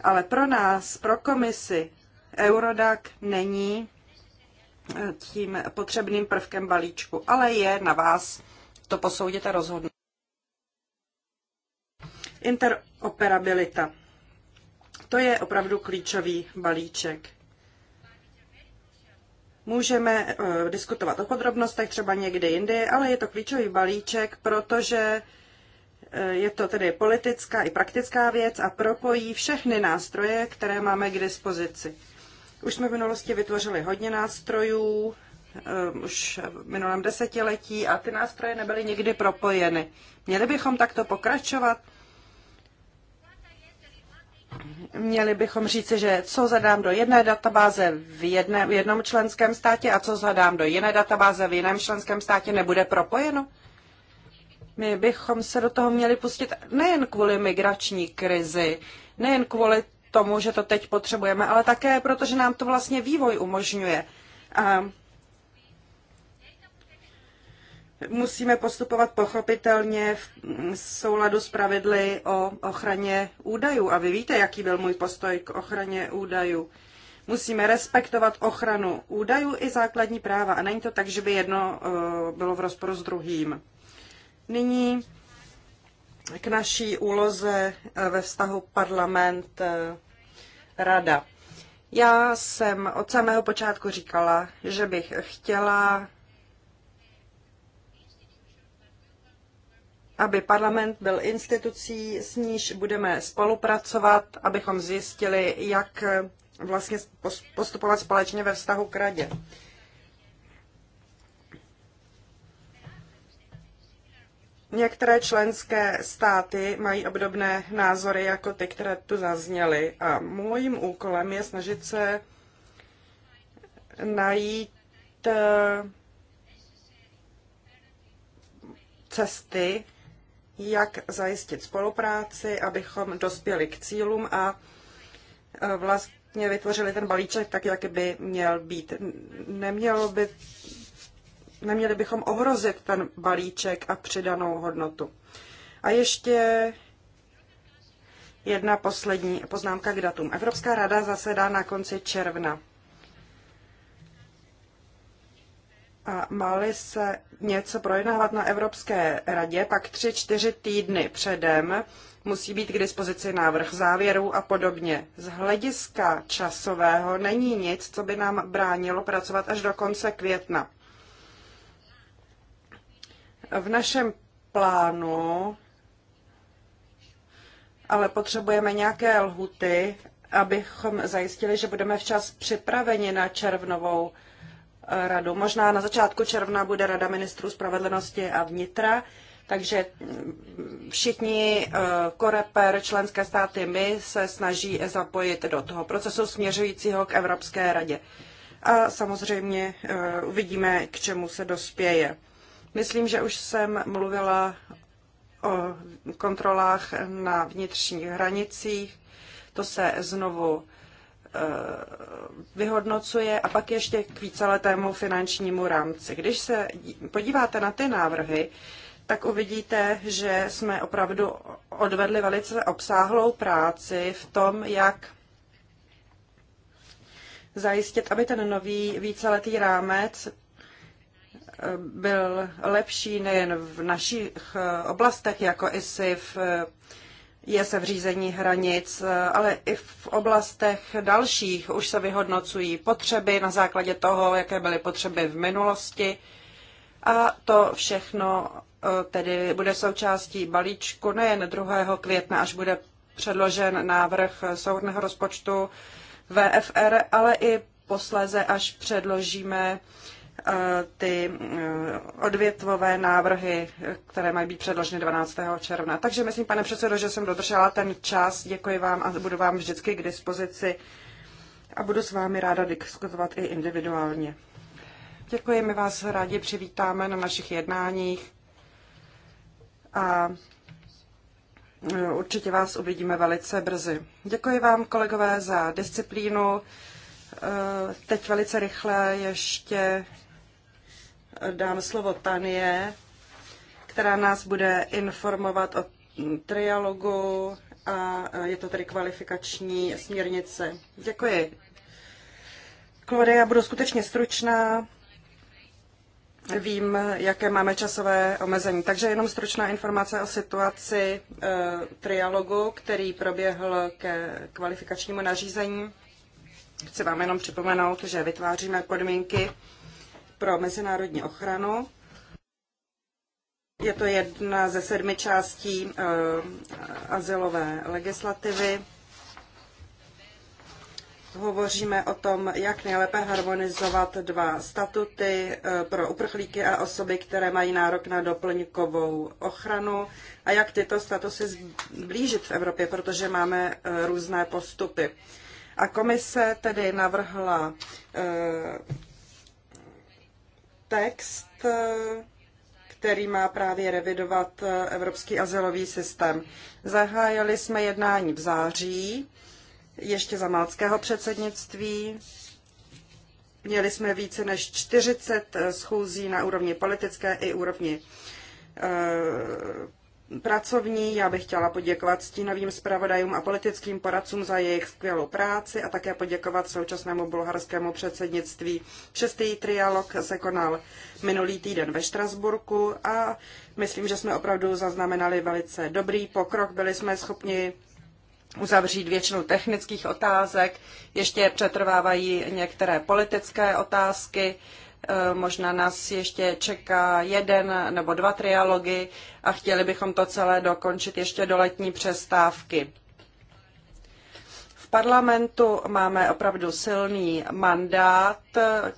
Ale pro nás, pro komisi, Eurodac není eh, tím potřebným prvkem balíčku, ale je na vás, to posoudit a rozhodnout. Interoperabilita. To je opravdu klíčový balíček. Můžeme eh, diskutovat o podrobnostech třeba někdy jindy, ale je to klíčový balíček, protože eh, je to tedy politická i praktická věc a propojí všechny nástroje, které máme k dispozici. Už jsme v minulosti vytvořili hodně nástrojů, Um, už v minulém desetiletí a ty nástroje nebyly nikdy propojeny. Měli bychom takto pokračovat? Měli bychom říci, že co zadám do jedné databáze v, jedné, v jednom členském státě a co zadám do jiné databáze v jiném členském státě nebude propojeno? My bychom se do toho měli pustit nejen kvůli migrační krizi, nejen kvůli tomu, že to teď potřebujeme, ale také proto, že nám to vlastně vývoj umožňuje. A musíme postupovat pochopitelně v souladu s pravidly o ochraně údajů. A vy víte, jaký byl můj postoj k ochraně údajů. Musíme respektovat ochranu údajů i základní práva. A není to tak, že by jedno eh, bylo v rozporu s druhým. Nyní k naší úloze eh, ve vztahu parlament eh, rada. Já jsem od samého počátku říkala, že bych chtěla aby parlament byl institucí, s níž budeme spolupracovat, abychom zjistili, jak eh, vlastně postupovat společně ve vztahu k radě. Některé členské státy mají obdobné názory jako ty, které tu zazněly. A mým úkolem je snažit se najít eh, cesty, jak zajistit spolupráci, abychom dospěli k cílům a e, vlastně vytvořili ten balíček tak, jak by měl být. Nemělo by, neměli bychom ohrozit ten balíček a přidanou hodnotu. A ještě jedna poslední poznámka k datům. Evropská rada zasedá na konci června. A máli se něco projednávat na Evropské radě, pak tři, čtyři týdny předem musí být k dispozici návrh závěrů a podobně. Z hlediska časového není nic, co by nám bránilo pracovat až do konce května. V našem plánu ale potřebujeme nějaké lhuty, abychom zajistili, že budeme včas připraveni na červnovou radu. Možná na začátku června bude Rada ministrů spravedlnosti a vnitra, takže všichni eh, koreper, členské státy, my se snaží zapojit do toho procesu směřujícího k Evropské radě. A samozřejmě eh, uvidíme, k čemu se dospěje. Myslím, že už jsem mluvila o kontrolách na vnitřních hranicích. To se znovu Eh, vyhodnocuje a pak ještě k víceletému finančnímu rámci. Když se podíváte na ty návrhy, tak uvidíte, že jsme opravdu odvedli velice obsáhlou práci v tom, jak zajistit, aby ten nový víceletý rámec eh, byl lepší nejen v našich eh, oblastech, jako v je se v řízení hranic, ale i v oblastech dalších už se vyhodnocují potřeby na základě toho, jaké byly potřeby v minulosti. A to všechno eh, tedy bude součástí balíčku nejen 2. května, až bude předložen návrh soudného rozpočtu VFR, ale i posléze, až předložíme ty eh, odvětvové návrhy, které mají být předloženy 12. června. Takže myslím, pane předsedo, že jsem dodržela ten čas. Děkuji vám a budu vám vždycky k dispozici a budu s vámi ráda diskutovat i individuálně. Děkuji, my vás rádi přivítáme na našich jednáních a eh, určitě vás uvidíme velice brzy. Děkuji vám, kolegové, za disciplínu. Eh, teď velice rychle ještě dám slovo Tanie, která nás bude informovat o trialogu a e, je to tedy kvalifikační směrnice. Děkuji. Klode, já budu skutečně stručná. Vím, jaké máme časové omezení. Takže jenom stručná informace o situaci e, trialogu, který proběhl ke kvalifikačnímu nařízení. Chci vám jenom připomenout, že vytváříme podmínky pro mezinárodní ochranu. Je to jedna ze sedmi částí uh, azylové legislativy. Hovoříme o tom, jak nejlépe harmonizovat dva statuty eh, pro uprchlíky a osoby, které mají nárok na doplňkovou ochranu a jak tyto statusy zblížit v Evropě, protože máme eh, různé postupy. A komise tedy navrhla text, eh, který má právě revidovat eh, evropský azylový systém. Zahájili jsme jednání v září, ještě za malckého předsednictví. Měli jsme více než 40 eh, schůzí na úrovni politické i úrovni pracovní. Já bych chtěla poděkovat stínovým zpravodajům a politickým poradcům za jejich skvělou práci a také poděkovat současnému bulharskému předsednictví. Šestý trialog se konal minulý týden ve Štrasburku a myslím, že jsme opravdu zaznamenali velice dobrý pokrok. Byli jsme schopni uzavřít většinu technických otázek. Ještě přetrvávají některé politické otázky Eh, možná nás ještě čeká jeden nebo dva trialogy a chtěli bychom to celé dokončit ještě do letní přestávky. V parlamentu máme opravdu silný mandát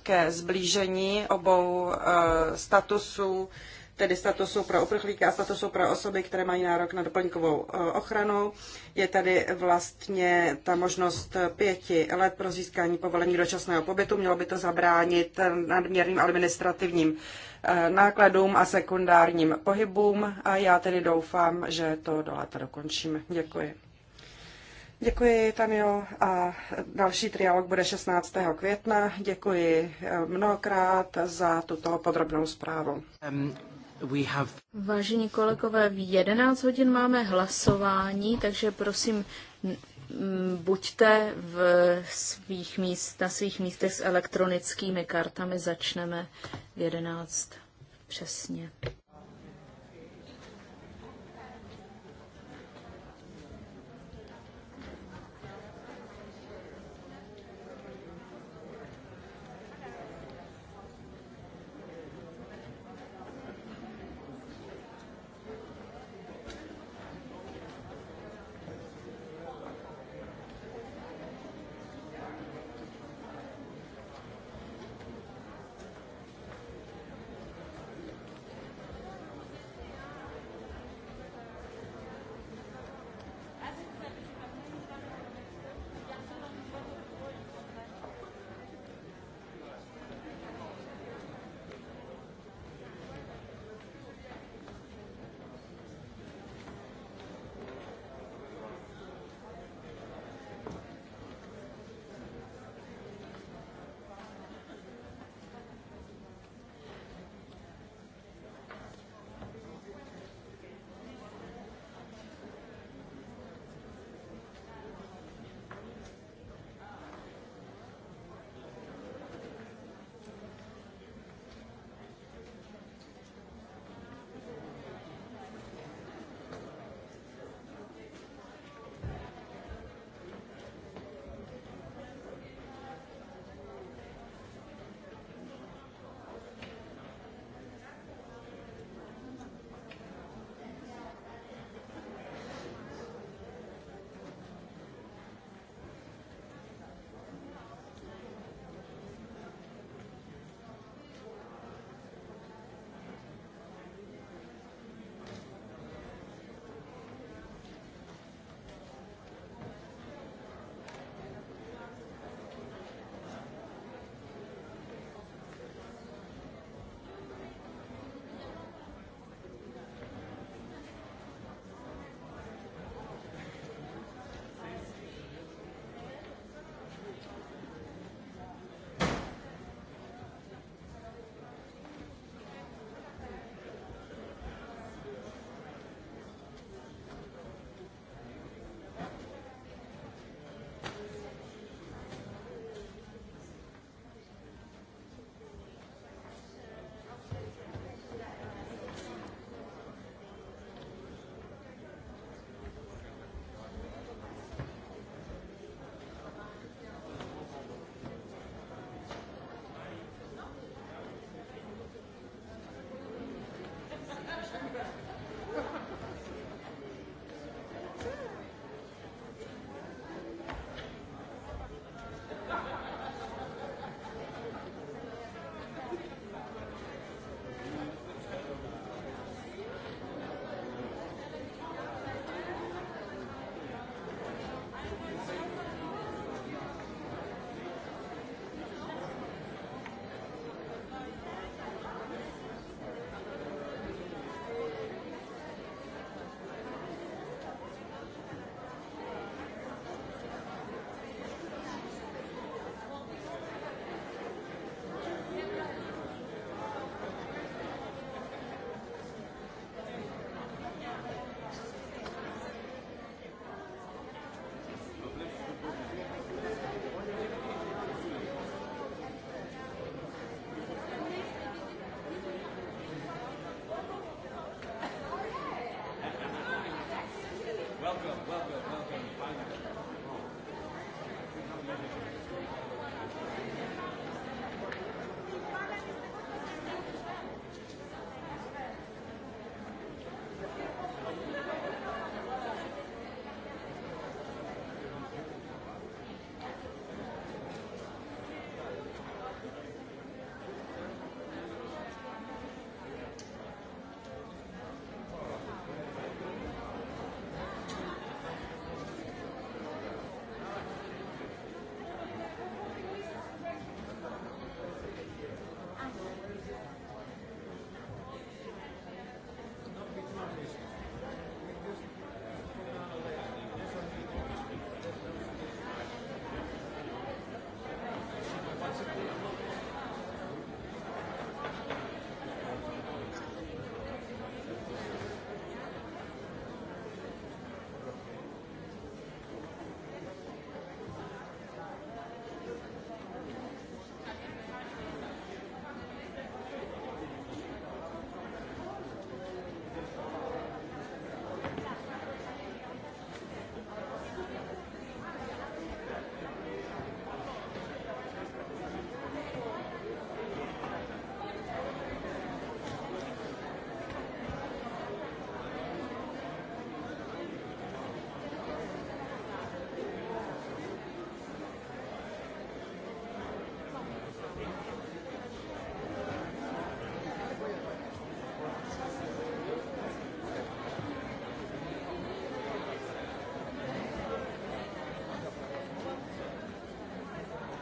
ke zblížení obou eh, statusů tedy statusu pro uprchlíky a statusu pro osoby, které mají nárok na doplňkovou eh, ochranu. Je tady vlastně ta možnost pěti let pro získání povolení dočasného pobytu. Mělo by to zabránit nadměrným administrativním eh, nákladům a sekundárním pohybům a já tedy doufám, že to do léta dokončíme. Děkuji. Děkuji, Tanjo. A další trialog bude 16. května. Děkuji eh, mnohokrát za tuto podrobnou zprávu. Vážení kolegové, v 11 hodin máme hlasování, takže prosím, buďte v svých míst, na svých místech s elektronickými kartami. Začneme v 11 přesně.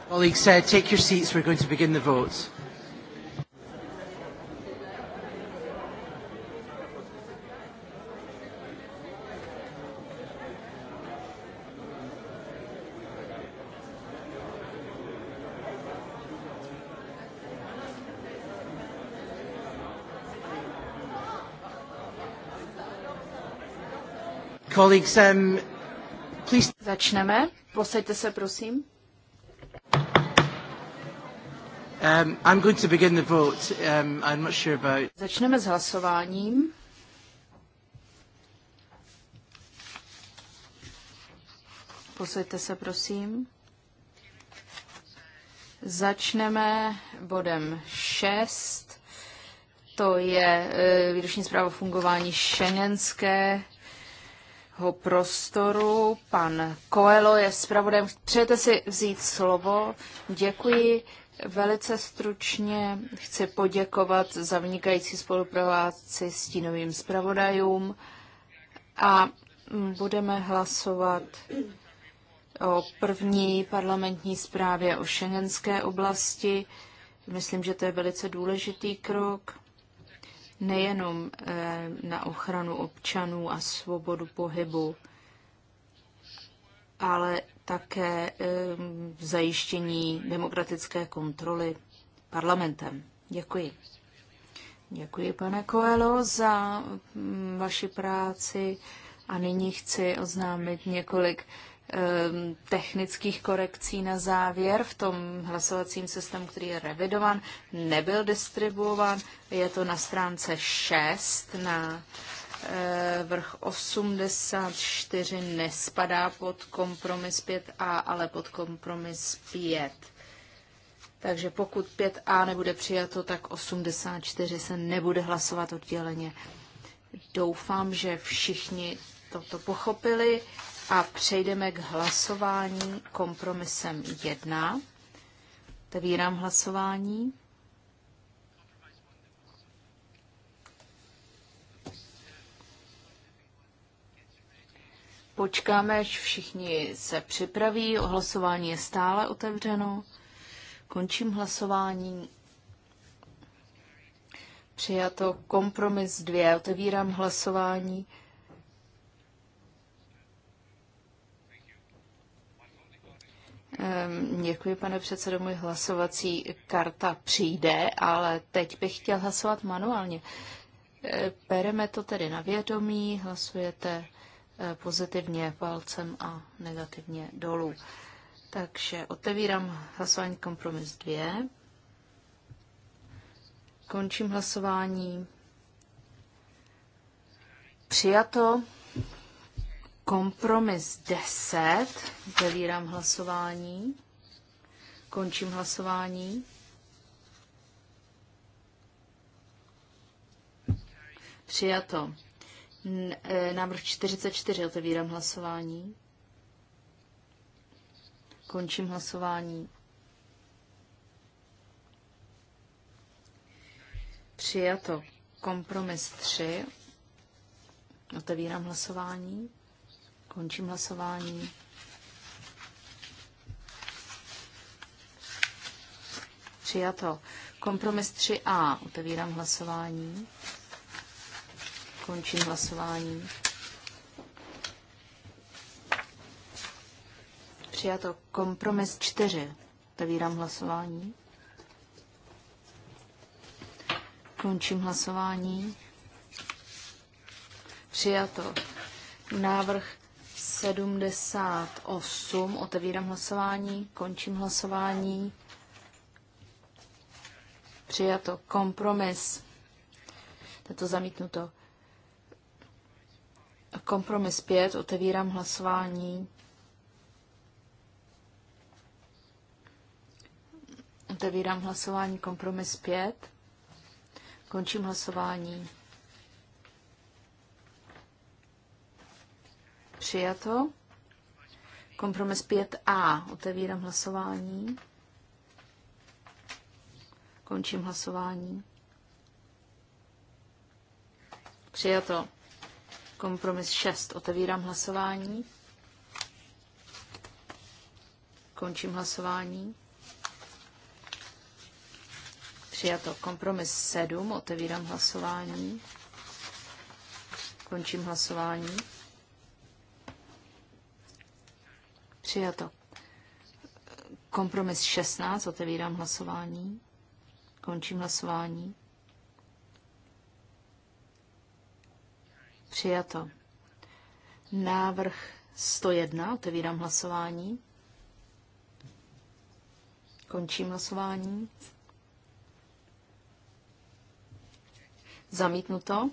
Colleagues, uh, take your seats. We're going to begin the votes. Colleagues, um, please... Začneme. Posaďte se, prosím. Um, I'm going to begin the vote. Um, I'm not sure about... Začneme s hlasováním. Posaďte se, prosím. Začneme bodem 6. To je eh, výroční zpráva o fungování šengenského prostoru. Pan Koelo je zpravodajem. Přejete si vzít slovo? Děkuji. Velice stručně chci poděkovat za vynikající spolupráci s tínovým zpravodajům a budeme hlasovat o první parlamentní zprávě o šengenské oblasti. Myslím, že to je velice důležitý krok nejenom eh, na ochranu občanů a svobodu pohybu, ale také zajištění demokratické kontroly parlamentem. Děkuji. Děkuji, pane Koelo, za mm, vaši práci a nyní chci oznámit několik technických korekcí na závěr v tom hlasovacím systému, který je revidovan, nebyl distribuovan. Je to na stránce 6 na Eh, vrch 84 nespadá pod kompromis 5a, ale pod kompromis 5. Takže pokud 5a nebude přijato, tak 84 se nebude hlasovat odděleně. Doufám, že všichni toto pochopili a přejdeme k hlasování kompromisem 1. Otevírám hlasování. Počkáme, až všichni se připraví. Hlasování je stále otevřeno. Končím hlasování. Přijato kompromis 2. Otevírám hlasování. Ehm, děkuji, pane předsedo. Můj hlasovací karta přijde, ale teď bych chtěl hlasovat manuálně. Pereme ehm, to tedy na vědomí, hlasujete Eh, pozitivně palcem a negativně dolů. Takže otevírám hlasování kompromis 2. Končím hlasování. Přijato kompromis 10. Otevírám hlasování. Končím hlasování. Přijato. E, návrh 44. Otevírám hlasování. Končím hlasování. Přijato. Kompromis 3. Otevírám hlasování. Končím hlasování. Přijato. Kompromis 3a. Otevírám hlasování. Končím hlasování. Přijato kompromis 4. Otevírám hlasování. Končím hlasování. Přijato. Návrh 78. Otevírám hlasování. Končím hlasování. Přijato. Kompromis. Je to zamítnuto. Kompromis 5, otevírám hlasování. Otevírám hlasování kompromis 5. Končím hlasování. Přijato. Kompromis 5a. Otevírám hlasování. Končím hlasování. Přijato. Kompromis 6. Otevírám hlasování. Končím hlasování. Přijato. Kompromis 7. Otevírám hlasování. Končím hlasování. Přijato. Kompromis 16. Otevírám hlasování. Končím hlasování. Přijato. Návrh 101. Otevírám hlasování. Končím hlasování. Zamítnuto.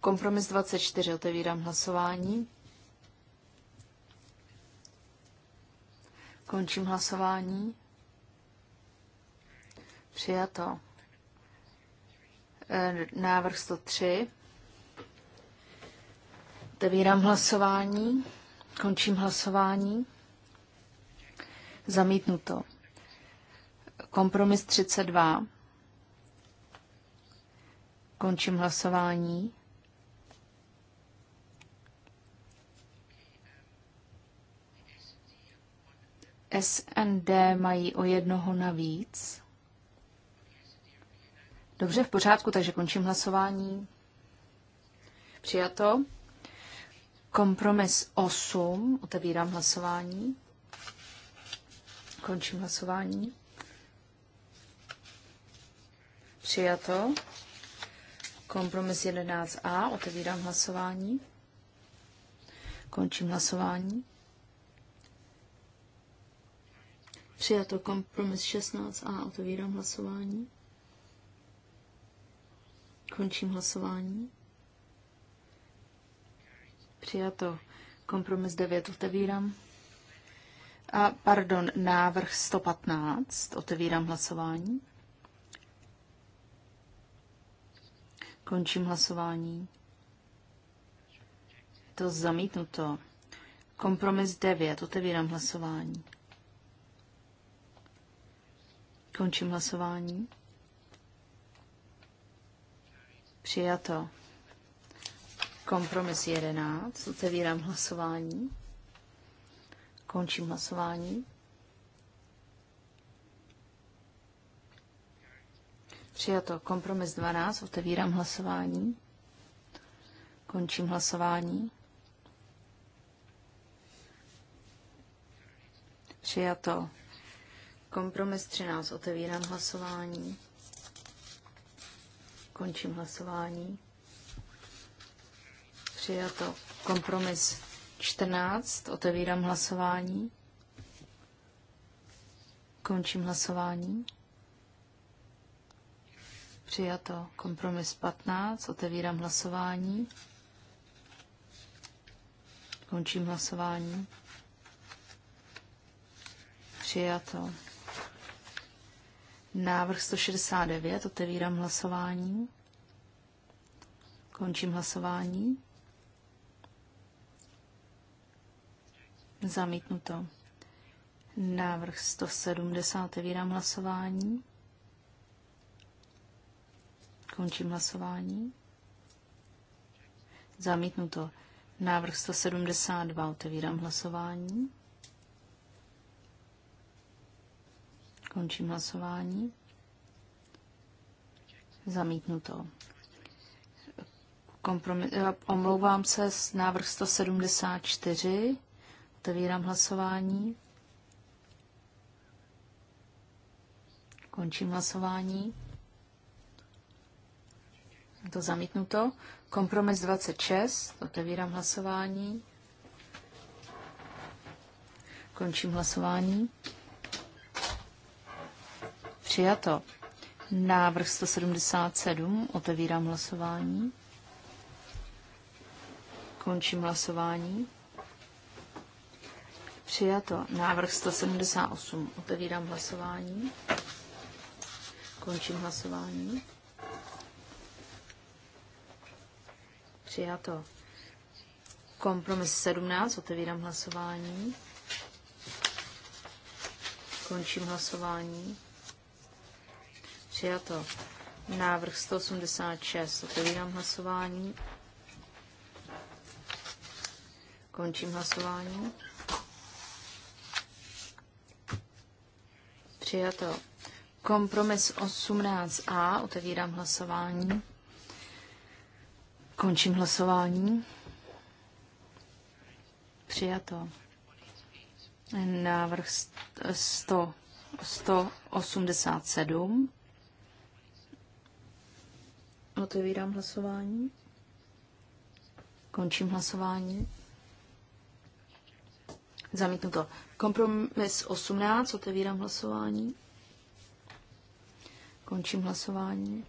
Kompromis 24. Otevírám hlasování. Končím hlasování. Přijato. E, návrh 103. Otevírám hlasování. Končím hlasování. Zamítnuto. Kompromis 32. Končím hlasování. SND mají o jednoho navíc. Dobře, v pořádku, takže končím hlasování. Přijato. Kompromis 8. Otevírám hlasování. Končím hlasování. Přijato. Kompromis 11a. Otevírám hlasování. Končím hlasování. Přijato kompromis 16a. Otevírám hlasování. Končím hlasování. Přijato. Kompromis 9 otevírám. A pardon, návrh 115. Otevírám hlasování. Končím hlasování. To zamítnuto. Kompromis 9. Otevírám hlasování. Končím hlasování. Přijato. Kompromis 11. Otevírám hlasování. Končím hlasování. Přijato kompromis 12. Otevírám hlasování. Končím hlasování. Přijato kompromis 13. Otevírám hlasování. Končím hlasování. Přijato. Kompromis 14. Otevírám hlasování. Končím hlasování. Přijato. Kompromis 15. Otevírám hlasování. Končím hlasování. Přijato. Návrh 169. Otevírám hlasování. Končím hlasování. Zamítnuto. Návrh 170. Otevírám hlasování. Končím hlasování. Zamítnuto. Návrh 172. Otevírám hlasování. Končím hlasování. Zamítnuto. Kompromis, eh, omlouvám se, návrh 174. Otevírám hlasování. Končím hlasování. Je to zamítnuto. Kompromis 26. Otevírám hlasování. Končím hlasování. Přijato. Návrh 177. Otevírám hlasování. Končím hlasování. Přijato. Návrh 178. Otevírám hlasování. Končím hlasování. Přijato. Kompromis 17. Otevírám hlasování. Končím hlasování. Přijato. Návrh 186. Otevírám hlasování. Končím hlasování. Přijato. Kompromis 18a. Otevírám hlasování. Končím hlasování. Přijato. Návrh 100, 187. Otevírám hlasování. Končím hlasování. Zamítnuto. Kompromis 18, otevírám hlasování. Končím hlasování.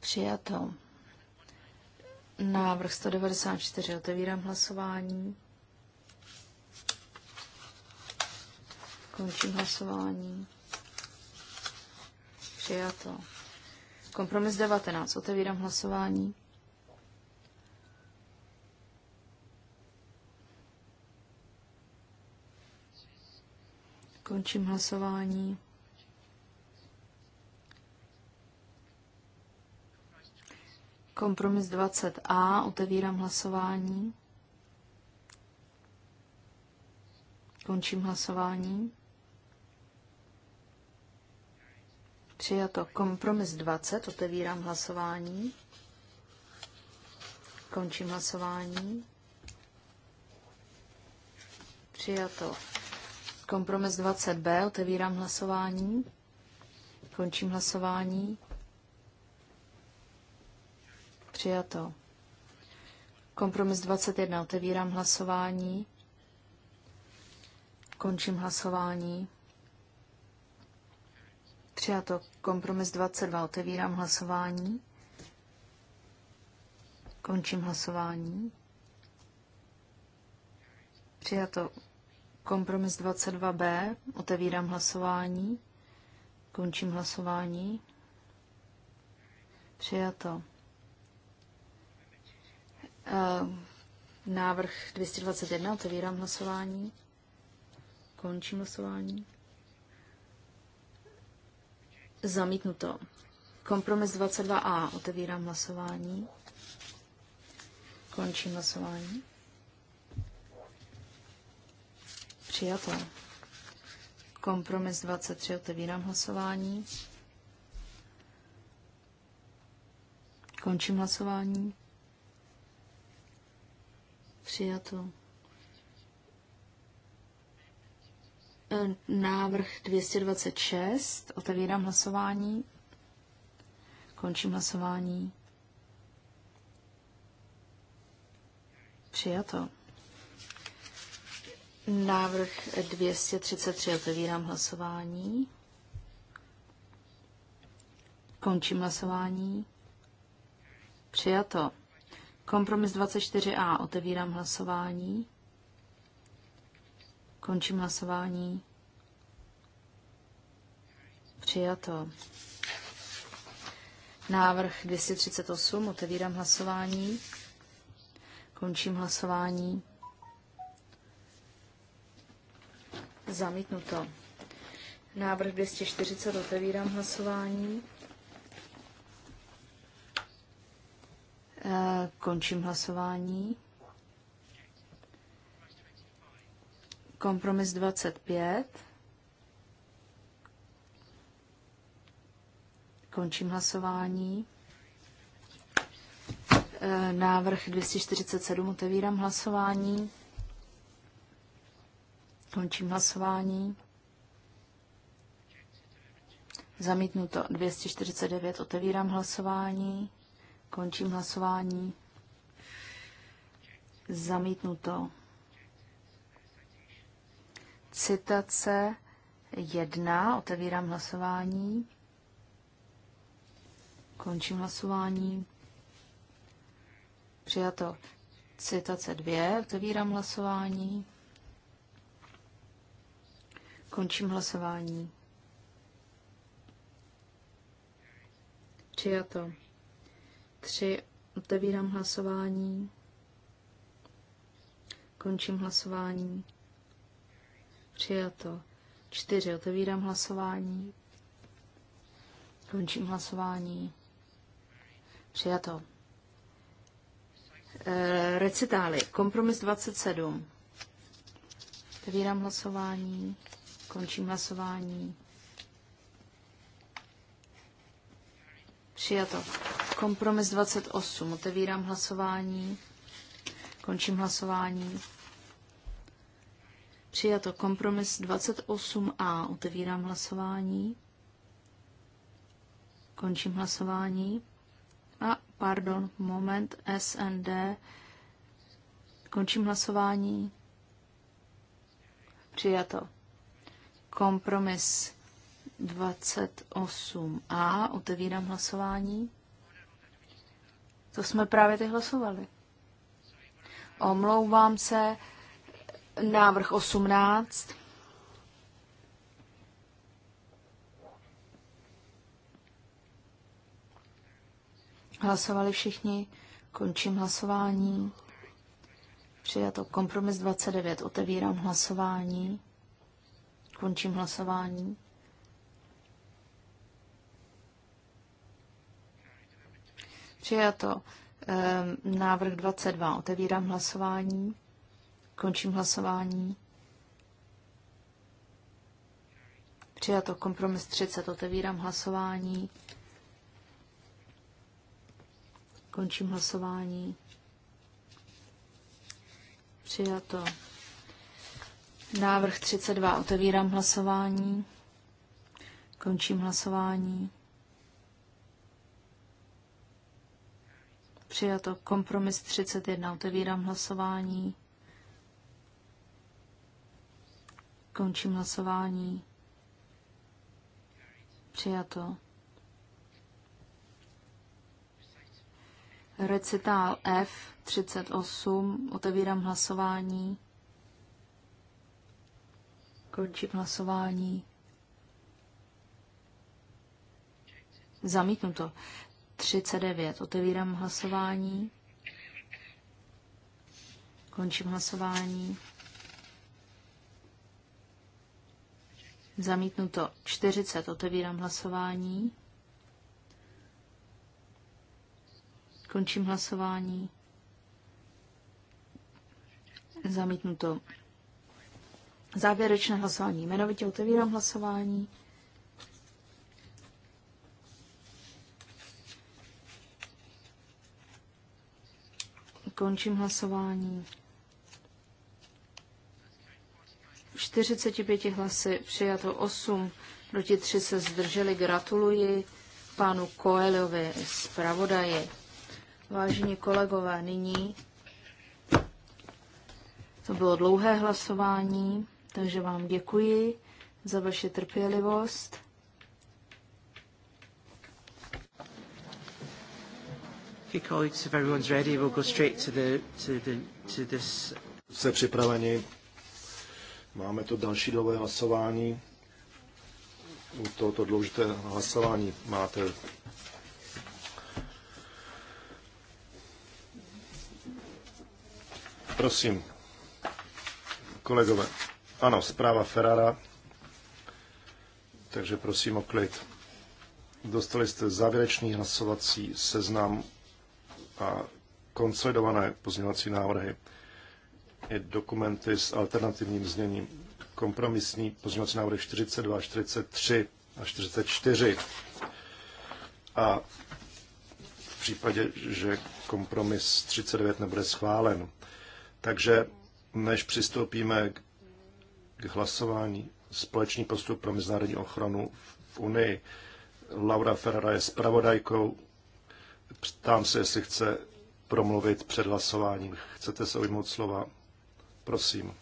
Přijato. Návrh 194, otevírám hlasování. Končím hlasování. Přijato. Kompromis 19, otevírám hlasování. Končím hlasování. Kompromis 20a, otevírám hlasování. Končím hlasování. Přijato kompromis 20, otevírám hlasování. Končím hlasování. Přijato Kompromis 20b, otevírám hlasování. Končím hlasování. Přijato. Kompromis 21, otevírám hlasování. Končím hlasování. Přijato. Kompromis 22, otevírám hlasování. Končím hlasování. Přijato Kompromis 22b. Otevírám hlasování. Končím hlasování. Přijato. Eh, návrh 221. Otevírám hlasování. Končím hlasování. Zamítnuto. Kompromis 22a. Otevírám hlasování. Končím hlasování. přijato. Kompromis 23, otevírám hlasování. Končím hlasování. Přijato. E, návrh 226, otevírám hlasování. Končím hlasování. Přijato. Návrh 233 otevírám hlasování. Končím hlasování. Přijato. Kompromis 24a. Otevírám hlasování. Končím hlasování. Přijato. Návrh 238. Otevírám hlasování. Končím hlasování. Zamítnuto. Návrh 240 otevírám hlasování. Eh, končím hlasování. Kompromis 25. Končím hlasování. Eh, návrh 247 otevírám hlasování. Končím hlasování. Zamítnuto 249. Otevírám hlasování. Končím hlasování. Zamítnuto. Citace 1. Otevírám hlasování. Končím hlasování. Přijato. Citace 2. Otevírám hlasování. Končím hlasování. Přijato. Tři. Otevírám hlasování. Končím hlasování. Přijato. Čtyři. Otevírám hlasování. Končím hlasování. Přijato. E, recitály. Kompromis 27. Otevírám hlasování. Končím hlasování. Přijato. Kompromis 28. Otevírám hlasování. Končím hlasování. Přijato. Kompromis 28a. Otevírám hlasování. Končím hlasování. A, pardon, moment, SND. Končím hlasování. Přijato. Kompromis 28a. Otevírám hlasování. To jsme právě teď hlasovali. Omlouvám se. Návrh 18. Hlasovali všichni. Končím hlasování. Přijato kompromis 29. Otevírám hlasování. Končím hlasování. Přijato. Ehm, návrh 22. Otevírám hlasování. Končím hlasování. Přijato kompromis 30. Otevírám hlasování. Končím hlasování. Přijato Návrh 32. Otevírám hlasování. Končím hlasování. Přijato kompromis 31. Otevírám hlasování. Končím hlasování. Přijato. Recitál F38. Otevírám hlasování. Končím hlasování. Zamítnuto. 39. Otevírám hlasování. Končím hlasování. Zamítnuto 40. Otevírám hlasování. Končím hlasování. Zamítnuto Závěrečné hlasování. Jmenovitě otevírám hlasování. Končím hlasování. 45 hlasy přijato 8, proti 3 se zdrželi. Gratuluji panu Koelovi, zpravodaji. Vážení kolegové, nyní to bylo dlouhé hlasování. Takže vám děkuji za vaši trpělivost. Okay, colleagues, if everyone's ready, we'll go straight to the to the to this. Jste připraveni? Máme tu další dlouhé hlasování. U tohoto dlouhého hlasování máte Prosím, kolegové. Ano, zpráva Ferrara. Takže prosím o klid. Dostali jste závěrečný hlasovací seznam a konsolidované pozměňovací návrhy Je dokumenty s alternativním zněním. Kompromisní pozměňovací návrhy 42, 43 a 44. A v případě, že kompromis 39 nebude schválen. Takže než přistoupíme k k hlasování společný postup pro mezinárodní ochranu v Unii. Laura Ferrara je zpravodajkou. Ptám se, jestli chce promluvit před hlasováním. Chcete se ujmout slova? Prosím.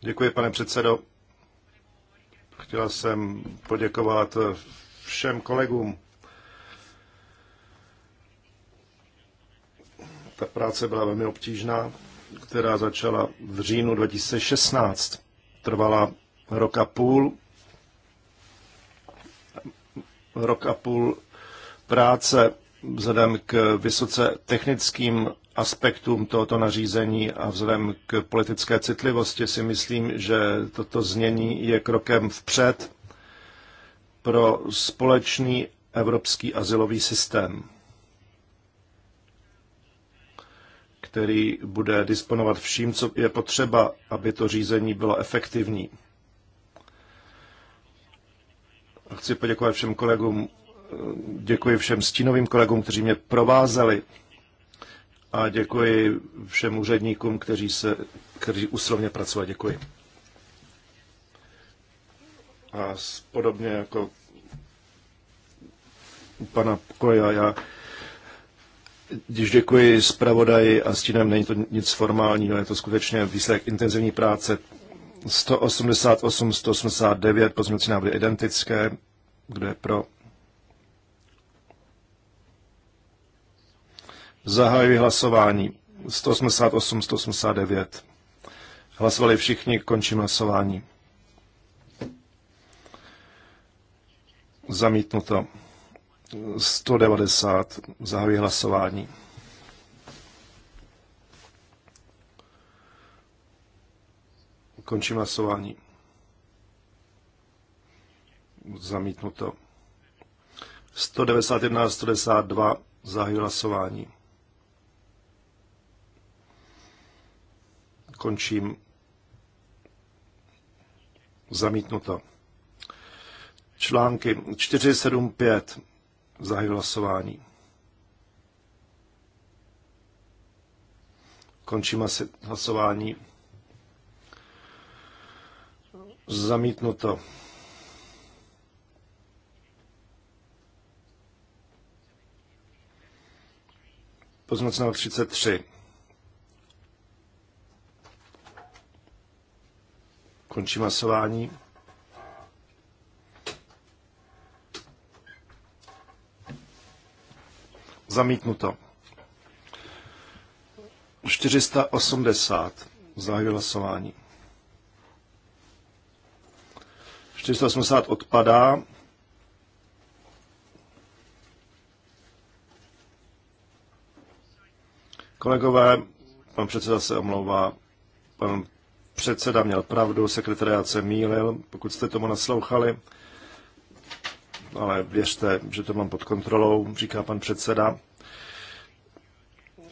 Děkuji, pane předsedo. Chtěla jsem poděkovat všem kolegům. Ta práce byla velmi obtížná která začala v říjnu 2016, trvala rok a půl. Rok a půl práce vzhledem k vysoce technickým aspektům tohoto nařízení a vzhledem k politické citlivosti si myslím, že toto znění je krokem vpřed pro společný evropský asilový systém. který bude disponovat vším, co je potřeba, aby to řízení bylo efektivní. Chci poděkovat všem kolegům, děkuji všem stínovým kolegům, kteří mě provázeli a děkuji všem úředníkům, kteří, se, kteří úsilovně pracovali. Děkuji. A podobně jako u pana Koja, já když děkuji zpravodaji a s tím není to nic formálního, je to skutečně výsledek intenzivní práce. 188, 189, pozměňovací návrhy identické. Kdo je pro? Zahajuji hlasování. 188, 189. Hlasovali všichni, končím hlasování. Zamítnuto. 190. Zahajuji hlasování. Končím hlasování. Zamítnuto. 191 192. Zahajuji hlasování. Končím. Zamítnuto. Články 475 Zahajuji hlasování. Končím asi hlasování. Zamítnuto. Pozměnce návrh 33. Končím hlasování. Zamítnuto. 480. Zahajuji hlasování. 480 odpadá. Kolegové, pan předseda se omlouvá. Pan předseda měl pravdu, sekretariát se mýlil, pokud jste tomu naslouchali. Ale věřte, že to mám pod kontrolou, říká pan předseda.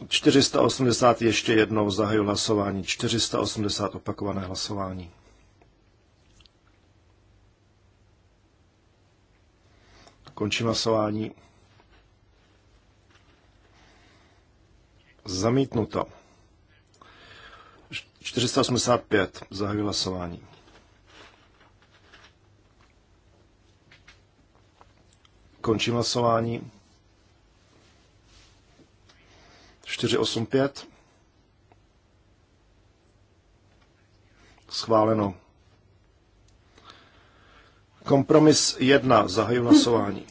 480 ještě jednou zahajil hlasování. 480 opakované hlasování. Končím hlasování. Zamítnuto. 485. Zahajuji hlasování. Končím hlasování. 485. Schváleno. Kompromis 1. Zahaju hlasování.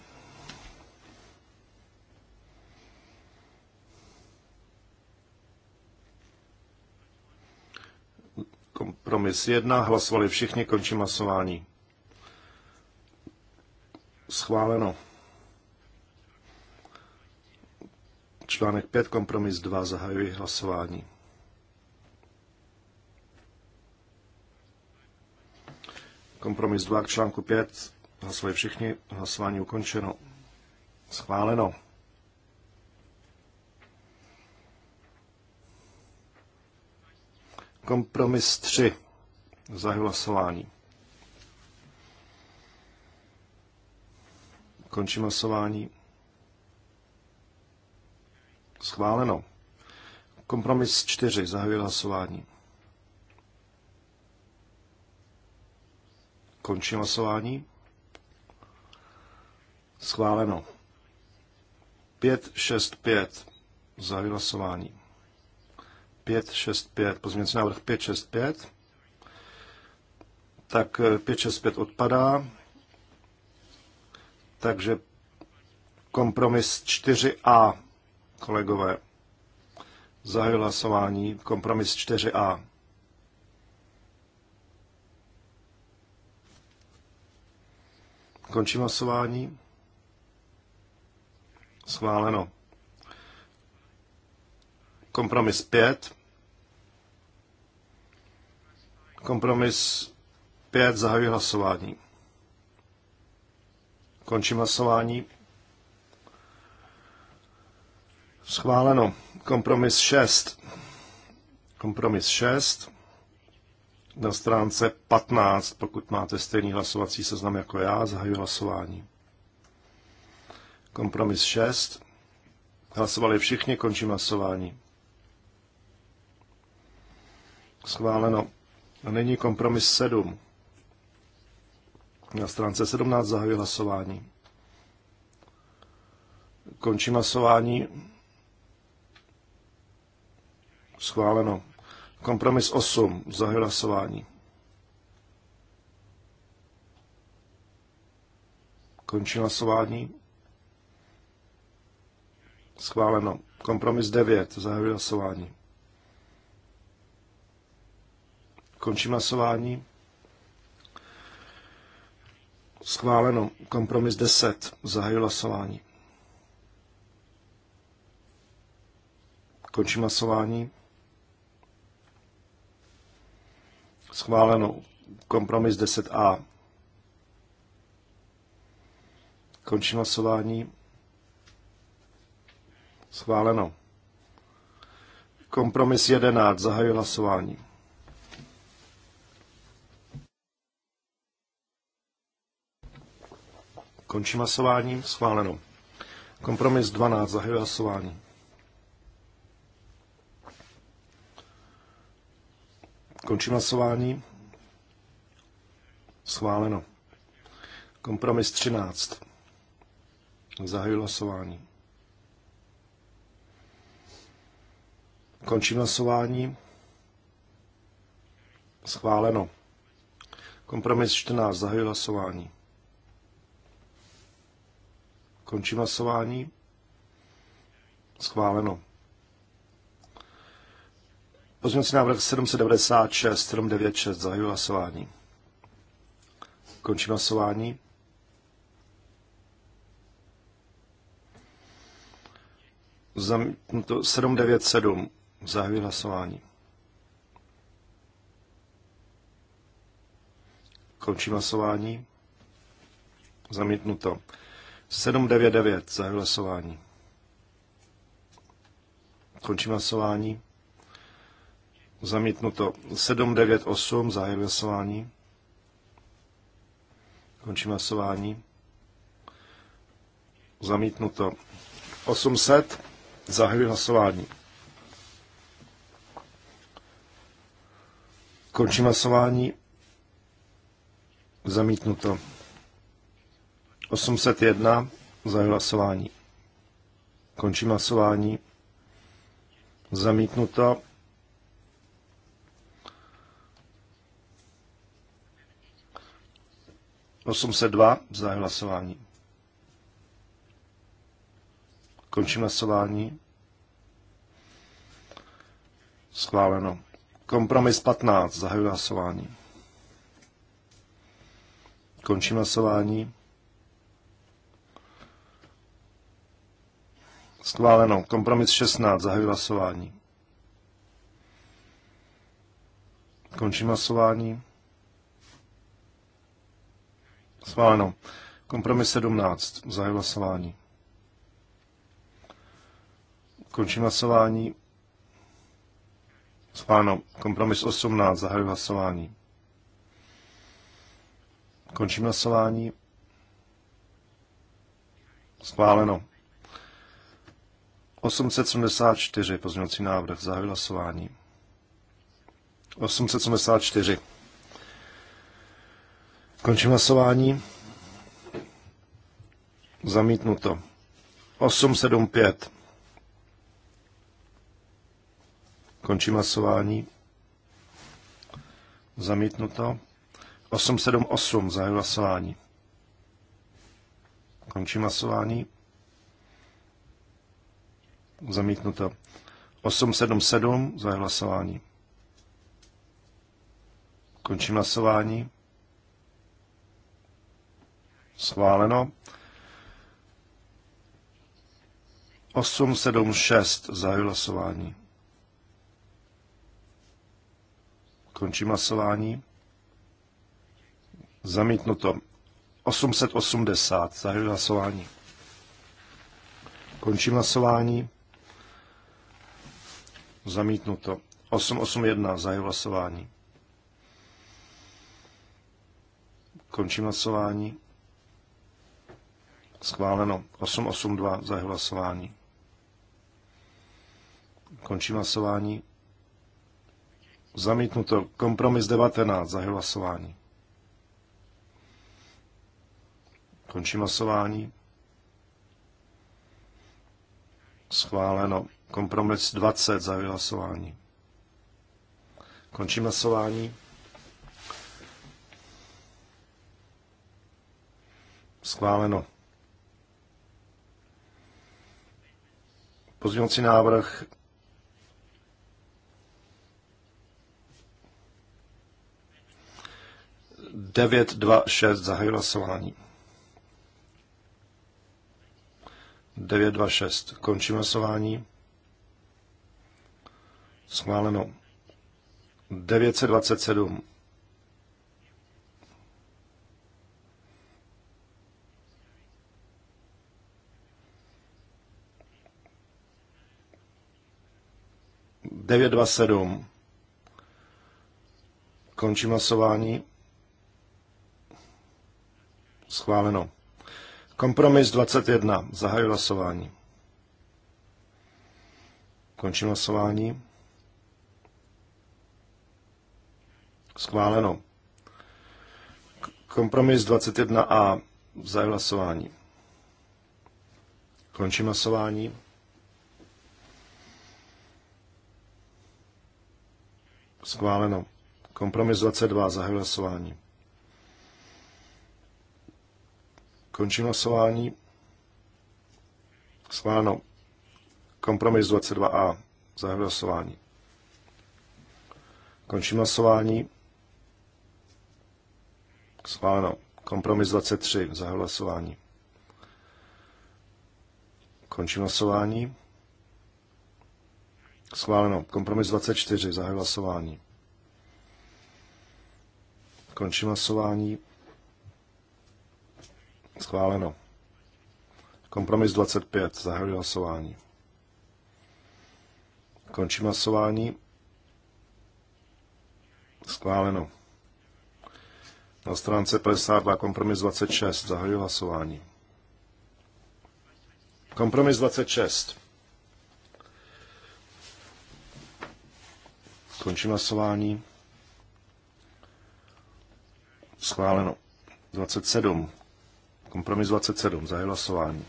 Kompromis 1. Hlasovali všichni. Končím hlasování. Schváleno. Článek 5, kompromis 2, zahajuji hlasování. Kompromis 2 k článku 5, hlasovali všichni, hlasování ukončeno. Schváleno. Kompromis 3, zahajuji hlasování. Končím hlasování. Schváleno. Kompromis 4. Zahajuji hlasování. Končím hlasování. Schváleno. 5, 6, 5. Zahajuji hlasování. 5, 6, 5. Pozměňovací návrh 5, 6, 5. Tak 5, 6, 5 odpadá. Takže kompromis 4a kolegové. Zahajuji hlasování. Kompromis 4a. Končím hlasování. Schváleno. Kompromis 5. Kompromis 5. Zahajuji hlasování. Končím hlasování. Schváleno. Kompromis 6. Kompromis 6 na stránce 15, pokud máte stejný hlasovací seznam jako já, zahajuji hlasování. Kompromis 6. Hlasovali všichni, končím hlasování. Schváleno. A nyní kompromis 7. Na stránce 17 zahajuji hlasování. Končím hlasování. Schváleno. Kompromis 8. Zahy hlasování. Končí hlasování. Schváleno. Kompromis 9. Zahy hlasování. Končí hlasování. Schváleno. Kompromis 10. Zahy hlasování. Končím hlasování. Schváleno. Kompromis 10a. Končím hlasování. Schváleno. Kompromis 11. Zahajuji hlasování. Končím hlasování. Schváleno. Kompromis 12. Zahajuji hlasování. Končím hlasování. Schváleno. Kompromis 13. Zahajuji hlasování. Končím hlasování. Schváleno. Kompromis 14. Zahajuji hlasování. Končím hlasování. Schváleno. Pozměňovací návrh 796, 796, zahajuji hlasování. Končím hlasování. Zamítnuto 797, zahajuji hlasování. Končím hlasování. Zamítnuto. 799, zahajuji hlasování. Končím hlasování. Zamítnuto 798, zahájí hlasování. Končím hlasování. Zamítnuto 800, zahajuji hlasování. Končím hlasování. Zamítnuto. 801 za hlasování. Končím hlasování. Zamítnuto. 802, za hlasování. Končím hlasování. Schváleno. Kompromis 15, zahajuji hlasování. Končím hlasování. Schváleno. Kompromis 16, zahajuji hlasování. Končím hlasování. Schváleno. Kompromis 17. Zahajuji hlasování. Končím hlasování. Schváleno. Kompromis 18. Zahajuji hlasování. Končím hlasování. Schváleno. 874 pozměňovací návrh. Zahajuji hlasování. 874. Končím hlasování. Zamítnuto. 875. Končím hlasování. Zamítnuto. 878. Zahajuji hlasování. Končím hlasování. Zamítnuto. 877. Zahajuji hlasování. Končím hlasování. Schváleno. 876 zahajuji hlasování. Končím hlasování. Zamítnuto. 880 zahajuji hlasování. Končím hlasování. Zamítnuto. 881 zahajuji hlasování. Končím hlasování. Schváleno. 882 za hlasování. Končím hlasování. Zamítnuto. Kompromis 19 za hlasování. Končím hlasování. Schváleno. Kompromis 20 za hlasování. Končím hlasování. Schváleno. Pozměňovací návrh devět dva šest zahajuji hlasování. šest Končím hlasování. Schváleno. 927. 927. Končím hlasování. Schváleno. Kompromis 21. Zahajuji hlasování. Končím hlasování. Schváleno. Kompromis 21a. Zahajuji hlasování. Končím hlasování. Schváleno. Kompromis 22. Zahajuji hlasování. Končím hlasování. Schváleno. Kompromis 22a. Zahajuji hlasování. Končím hlasování. Schváleno. Kompromis 23. Zahajuji hlasování. Končím hlasování. Schváleno. Kompromis 24. Zahaj hlasování. Končím hlasování. Schváleno. Kompromis 25. Zahaj hlasování. Končím hlasování. Schváleno. Na stránce 52 kompromis 26. Zahaj hlasování. Kompromis 26. Končím hlasování. Schváleno. 27. Kompromis 27. Zahaj hlasování.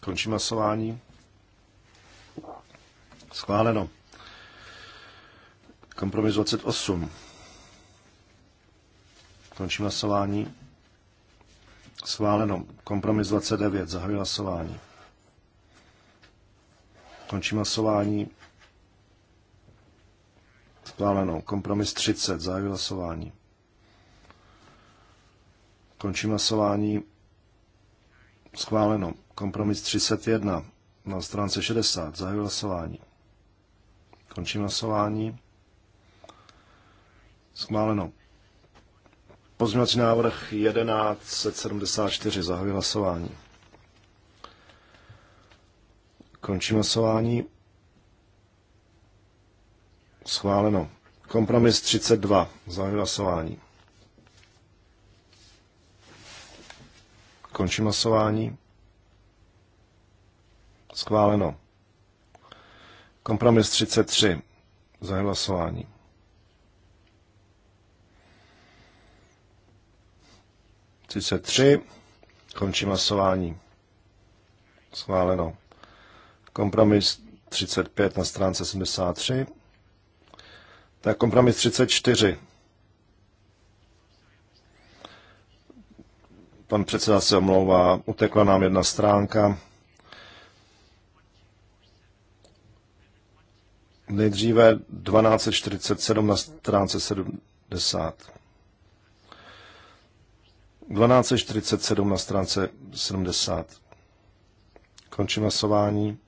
Končím hlasování. Schváleno. Kompromis 28. Končím hlasování. Schváleno. Kompromis 29. Zahaj hlasování. Končím hlasování. Schváleno. Kompromis 30. Zahajuji hlasování. Končím hlasování. Schváleno. Kompromis 31. Na stránce 60. Zahajuji hlasování. Končím hlasování. Schváleno. Pozměňovací návrh 1174. Zahajuji hlasování. Končím hlasování. Schváleno. Kompromis 32. Zahajuji hlasování. Končím hlasování. Schváleno. Kompromis 33. Zahajuji hlasování. tři. Končím hlasování. Schváleno. Kompromis 35 na stránce 73. Tak kompromis 34. Pan předseda se omlouvá, utekla nám jedna stránka. Nejdříve 1247 na stránce 70. 1247 na stránce 70. Končím hlasování.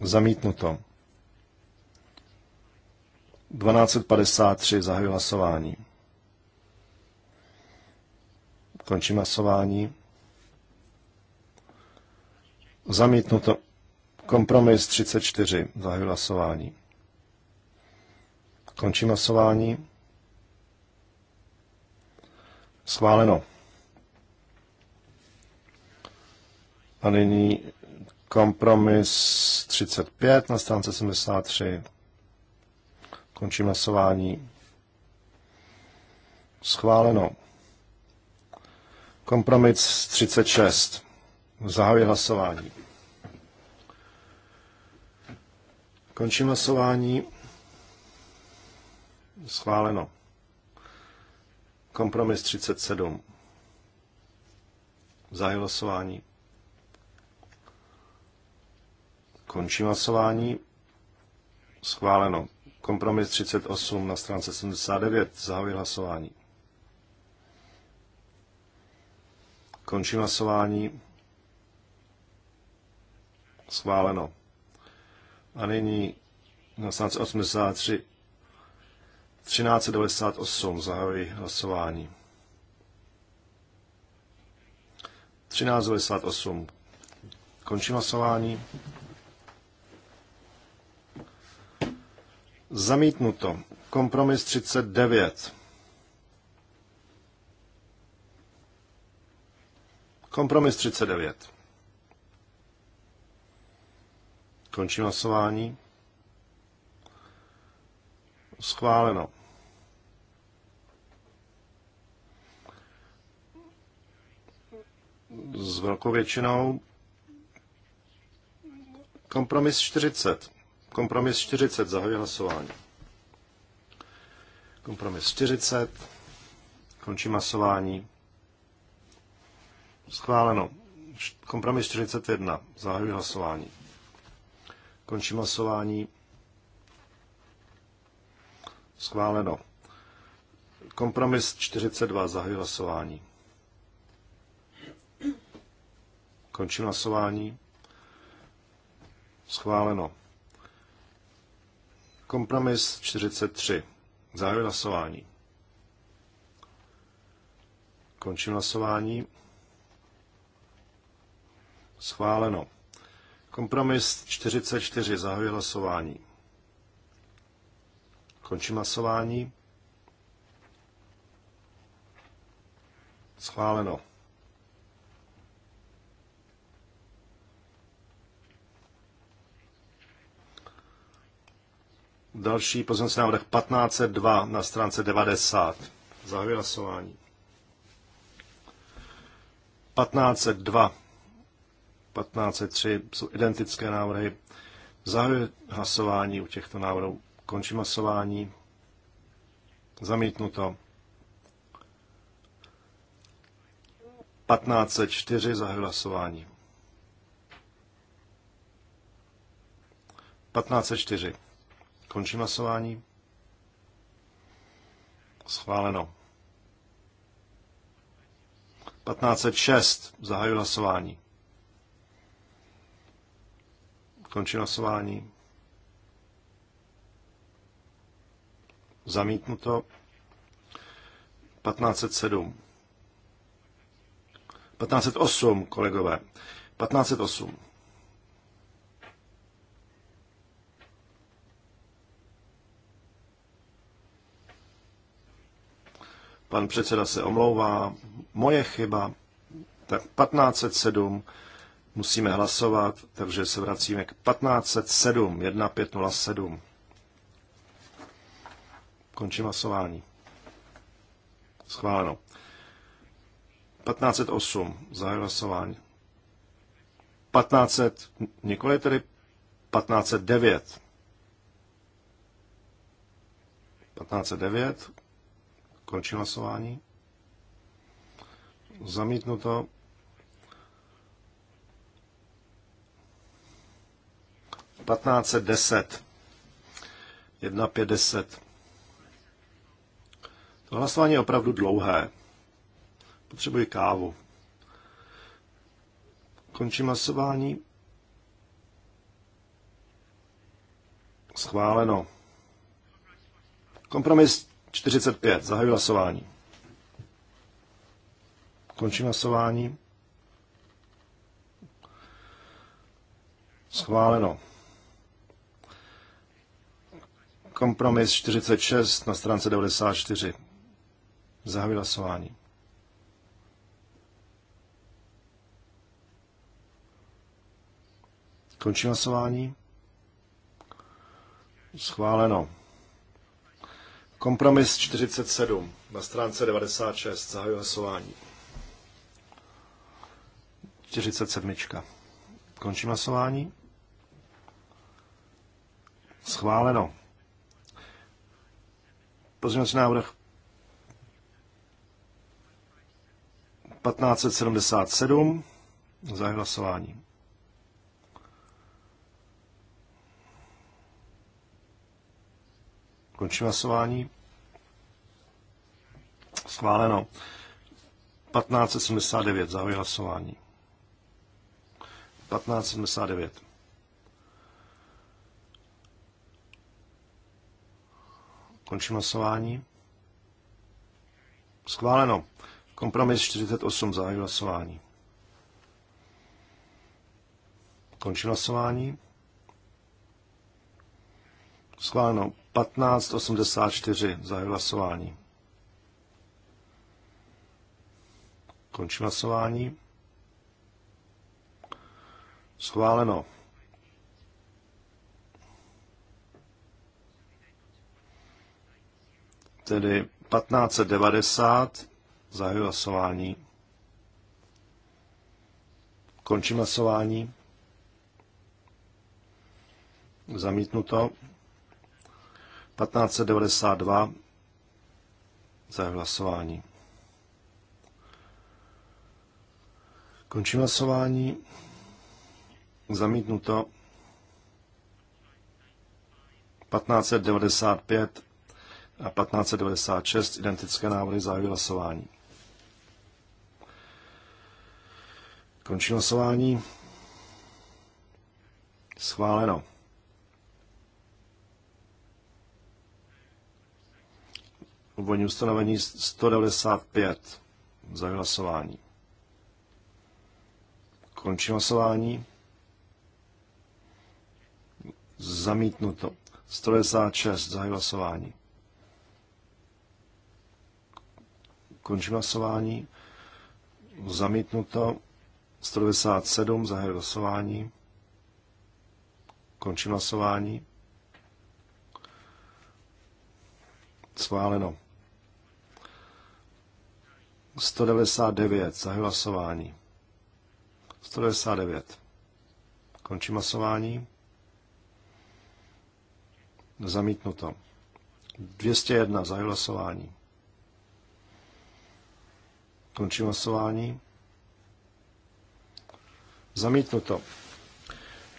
Zamítnuto. 1253 zahajuji hlasování. Končím hlasování. Zamítnuto. Kompromis 34. Zahajuji hlasování. Končím hlasování. Schváleno. A nyní kompromis 35 na stránce 73. Končím hlasování. Schváleno. Kompromis 36. Zahajuji hlasování. Končím hlasování. Schváleno. Kompromis 37. Zahajuji hlasování. Končím hlasování. Schváleno. Kompromis 38 na stránce 79. Zahajuji hlasování. Končím hlasování. Schváleno. A nyní na stránce 83 1398 zahajuji hlasování. 1398. Končím hlasování. Zamítnuto. Kompromis 39. Kompromis 39. Končím hlasování. Schváleno. S velkou většinou kompromis 40. Kompromis 40. Zahajuji hlasování. Kompromis 40. Končím hlasování. Schváleno. Kompromis 41. Zahajuji hlasování. Končím hlasování. Schváleno. Kompromis 42. Zahajuji hlasování. Končím hlasování. Schváleno. Kompromis 43. Závěr hlasování. Končím hlasování. Schváleno. Kompromis 44. Zahajuji hlasování. Končím hlasování. Schváleno. Další pozměňovací návrh 1502 na stránce 90. Zahajuji hlasování. 1502, 1503 jsou identické návrhy. Zahajuji hlasování u těchto návrhů. Končím hlasování. Zamítnuto. 1504 zahajuji hlasování. 1504. Končím hlasování. Schváleno. 1506. Zahajuji hlasování. Končím hlasování. Zamítnuto. 1507. 1508, kolegové. 1508. Pan předseda se omlouvá. Moje chyba. Tak 1507 musíme hlasovat, takže se vracíme k 1507, 1507. Končím hlasování. Schváleno. 1508, za hlasování. 1500, nikoli tedy 1509. 1509, Končím hlasování. Zamítnuto. Patnáct deset. Jedna pět deset. To hlasování je opravdu dlouhé. Potřebuji kávu. Končím hlasování. Schváleno. Kompromis 45. Zahajuji hlasování. Končím hlasování. Schváleno. Kompromis 46 na stránce 94. Zahajuji hlasování. Končím hlasování. Schváleno. Kompromis 47 na stránce 96. Zahajuji hlasování. 47. Končím hlasování. Schváleno. Pozměňovací návrh 1577. Zahajuji hlasování. Končím hlasování. Schváleno. 1579. Závěr hlasování. 1579. Končím hlasování. Schváleno. Kompromis 48. Zahajuji hlasování. Končím hlasování. Schváleno. 1584. za hlasování. Končím hlasování. Schváleno. Tedy 1590. za hlasování. Končím hlasování. Zamítnuto. 1592 za hlasování. Končím hlasování. Zamítnuto. 1595 a 1596 identické návrhy za hlasování. Končím hlasování. Schváleno. Úvodní ustanovení 195. za hlasování. Končím hlasování. Zamítnuto. 196. za hlasování. Končím hlasování. Zamítnuto. 197. za hlasování. Končím hlasování. Schváleno. 199. Zahajuji hlasování. 199. Končím hlasování. Zamítnuto. 201. Zahajuji hlasování. Končím hlasování. Zamítnuto.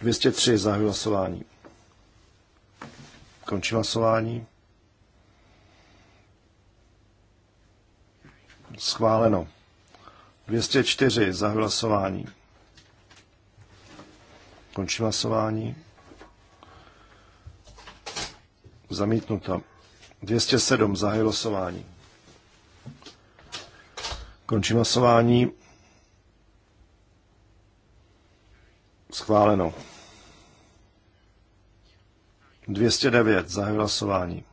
203. Zahajuji hlasování. Končím hlasování. Schváleno. 204. za hlasování. Končí hlasování. Zamítnuto. 207. za hlasování. Končí hlasování. Schváleno. 209. za hlasování.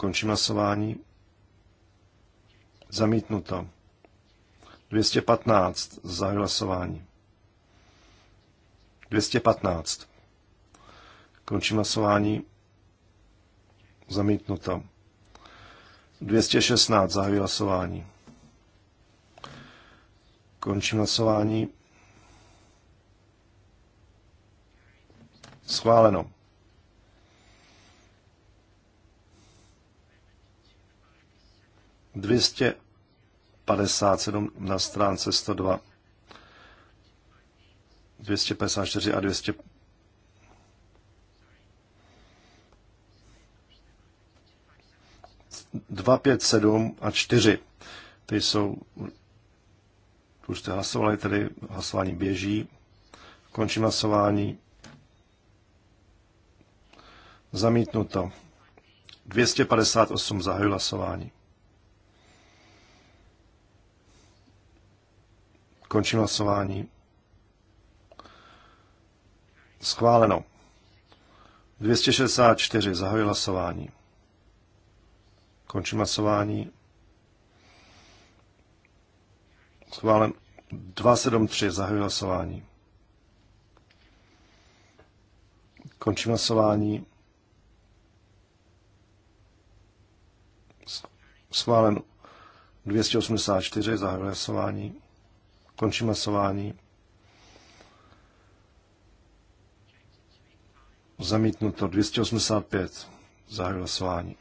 Končím hlasování. Zamítnuto. 215. za hlasování. 215. Končím hlasování. Zamítnuto. 216. Zahajuji hlasování. Končím hlasování. Schváleno. 257 na stránce 102. 254 a 200. Dva, pět, sedm a čtyři. Ty jsou, už jste hlasovali, tedy hlasování běží. Končím hlasování. Zamítnuto. 258 zahajuji hlasování. Končím hlasování. Schváleno. 264. Zahajuji hlasování. Končím hlasování. Schválen 273. Zahajuji hlasování. Končím hlasování. Schválen 284. Zahajuji hlasování. Končím hlasování. Zamítnuto 285. Zahajuji hlasování.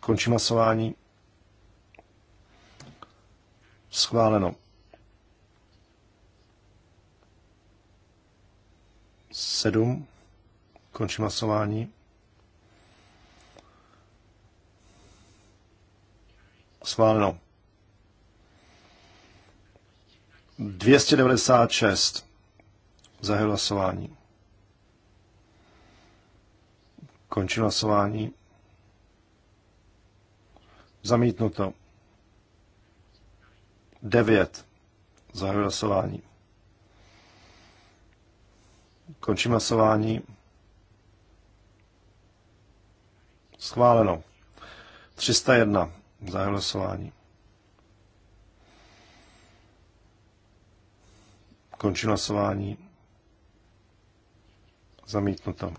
Končím hlasování. Schváleno. sedm. Končím hlasování. Schváleno. 296. za hlasování. Končí hlasování. Zamítnuto. 9. Zahajuji hlasování. Končí hlasování. Schváleno. 301. Zahajuji hlasování. Končím hlasování. Zamítnuto.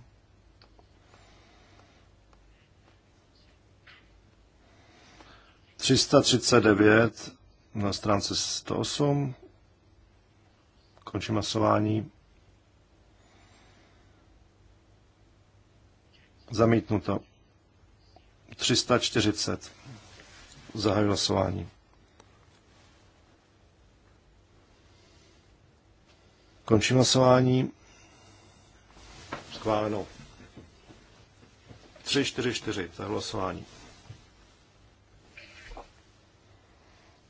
Třista devět na stránce 108. Končím hlasování. Zamítnuto. 340. Zahajuji hlasování. Končím hlasování. Schváleno. 3, 4, 4 za hlasování.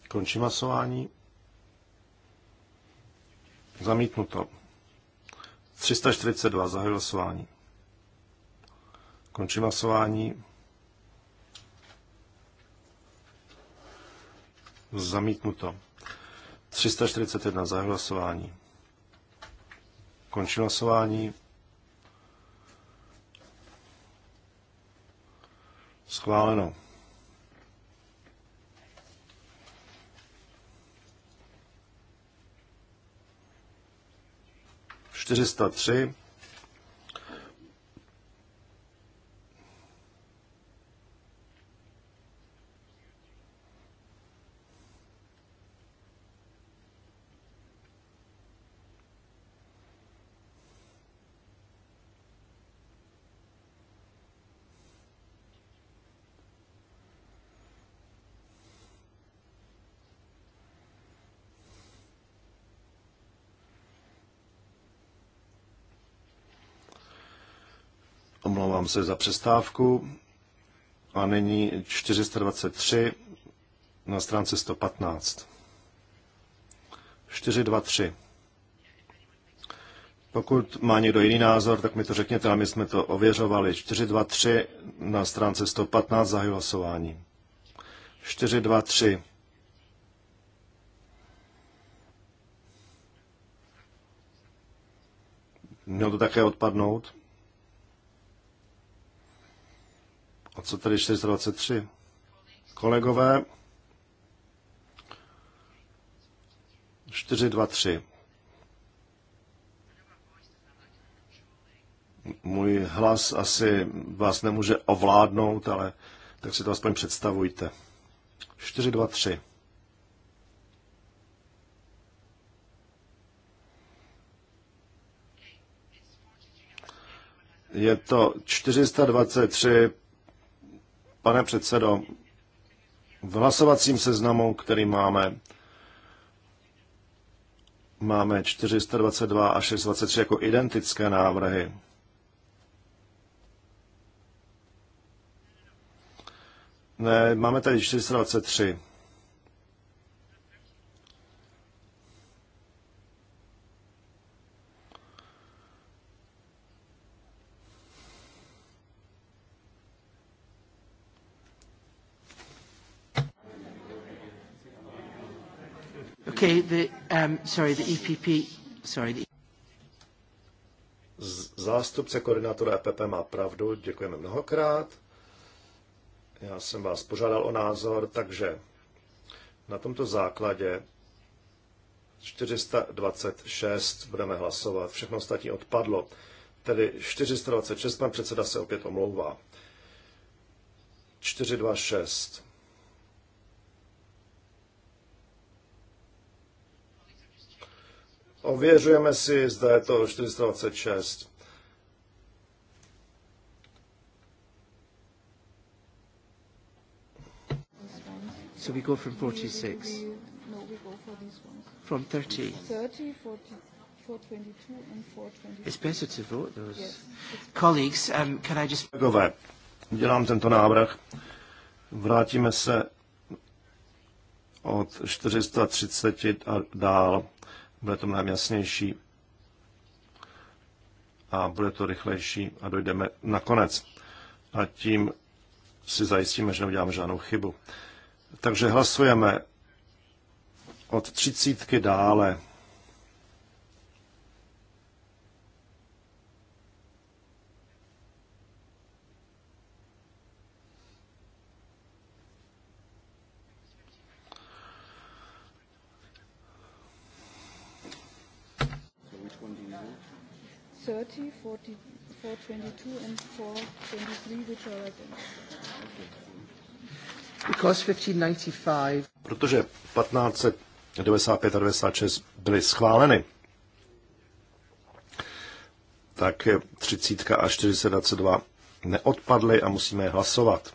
Končím hlasování. Zamítnuto. 342 za hlasování. Končím hlasování. Zamítnuto. 341 za hlasování končí hlasování. Schváleno. Čtyřista tři. Omlouvám se za přestávku. A nyní 423 na stránce 115. 423. Pokud má někdo jiný názor, tak mi to řekněte, a my jsme to ověřovali. 423 na stránce 115 za hlasování. 423. Mělo to také odpadnout? A co tady? 423? Kolegové, 423. Můj hlas asi vás nemůže ovládnout, ale tak si to aspoň představujte. 423. Je to 423 Pane předsedo, v hlasovacím seznamu, který máme, máme 422 a 623 jako identické návrhy. Ne, máme tady 423. E zástupce koordinátora EPP má pravdu, děkujeme mnohokrát. Já jsem vás požádal o názor, takže na tomto základě 426 budeme hlasovat, všechno ostatní odpadlo. Tedy 426, pan předseda se opět omlouvá. 426. Ověřujeme si, zda je to 426. So we go from 46. No, we go for these ones. From 30. 30, 40. 422 and 422. It's better to vote those. Yes. Colleagues, um, can I just... Kolegové, dělám tento návrh. Vrátíme se od 430 a dál bude to mnohem jasnější a bude to rychlejší a dojdeme na konec. A tím si zajistíme, že neuděláme žádnou chybu. Takže hlasujeme od třicítky dále. and which are Because 1595. Protože 1595 a 96 byly schváleny, tak 30 a 42 neodpadly a musíme je hlasovat.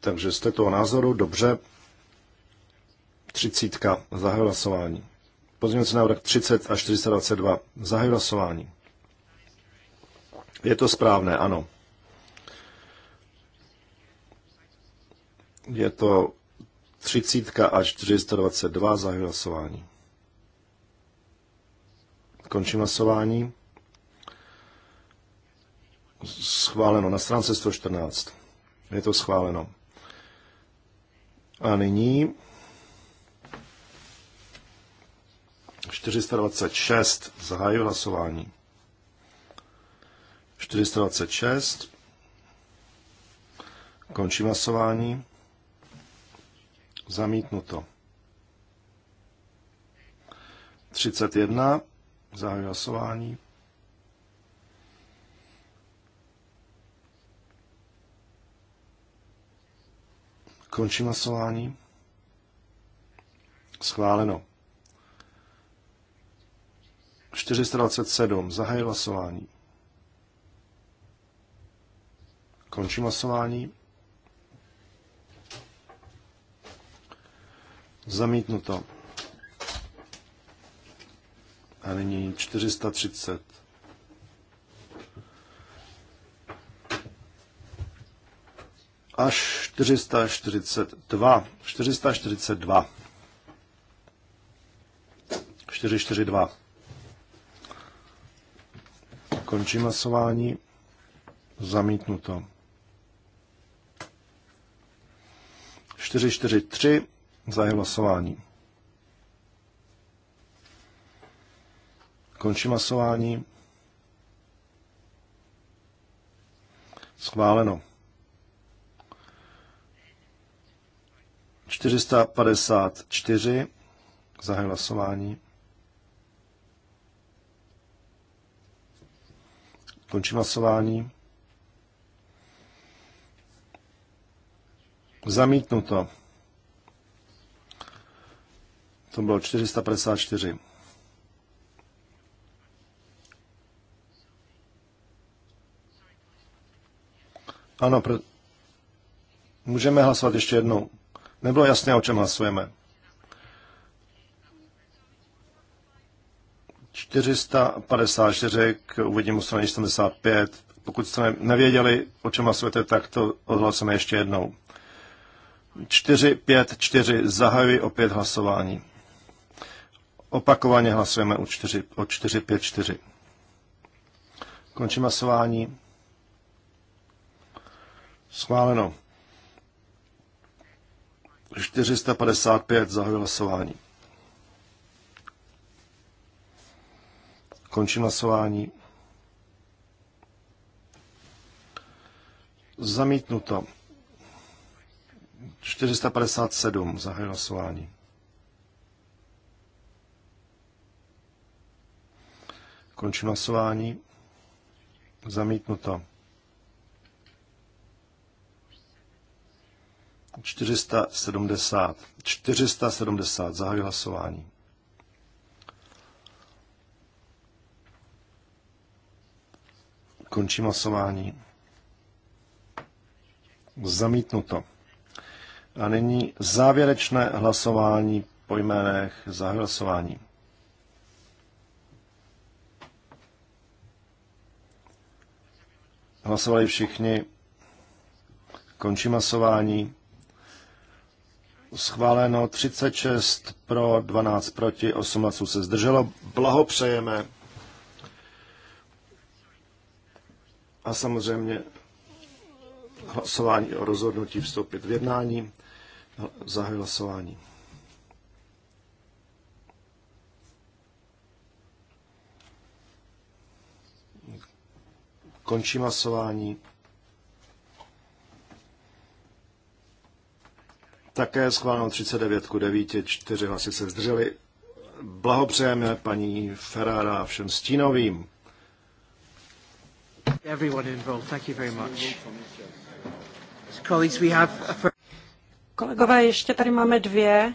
Takže jste toho názoru, dobře. 30 za hlasování. Pozměňovací návrh 30 a 422. Zahaj hlasování. Je to správné, ano. Je to 30 a 422. Zahaj hlasování. Končím hlasování. Schváleno na stránce 114. Je to schváleno. A nyní 426. Zahájil hlasování. 426. Končím hlasování. Zamítnuto. 31. Zahájil hlasování. Končím hlasování. Schváleno. 427. Zahaj hlasování. Končím hlasování. Zamítnuto. A nyní 430. Až 442. 442. 442. Končím hlasování. Zamítnuto. 443 za hlasování. Končím hlasování. Schváleno. 454 za hlasování. Končím hlasování. Zamítnuto. To bylo 454. Ano, pr- můžeme hlasovat ještě jednou. Nebylo jasné, o čem hlasujeme. 454 k úvodnímu straně 75. Pokud jste nevěděli, o čem hlasujete, tak to odhlasujeme ještě jednou. 4, 5, 4. Zahajuji opět hlasování. Opakovaně hlasujeme o 4, o 4 5, 4. Končím hlasování. Schváleno. 455 zahajuji hlasování. Končím hlasování. Zamítnuto. 457. Zahajuji hlasování. Končím hlasování. Zamítnuto. 470. 470. Zahajuji hlasování. Končím hlasování. Zamítnuto. A nyní závěrečné hlasování po jménech za hlasování. Hlasovali všichni. Končím hlasování. Schváleno 36 pro, 12 proti, 18 se zdrželo. Blahopřejeme. a samozřejmě hlasování o rozhodnutí vstoupit v jednání, zahajuji hlasování. Končím hlasování. Také schváleno 39 ku 9, 4 hlasy se zdrželi. Blahopřejeme paní Ferrara a všem stínovým. Kolegové, ještě tady máme dvě.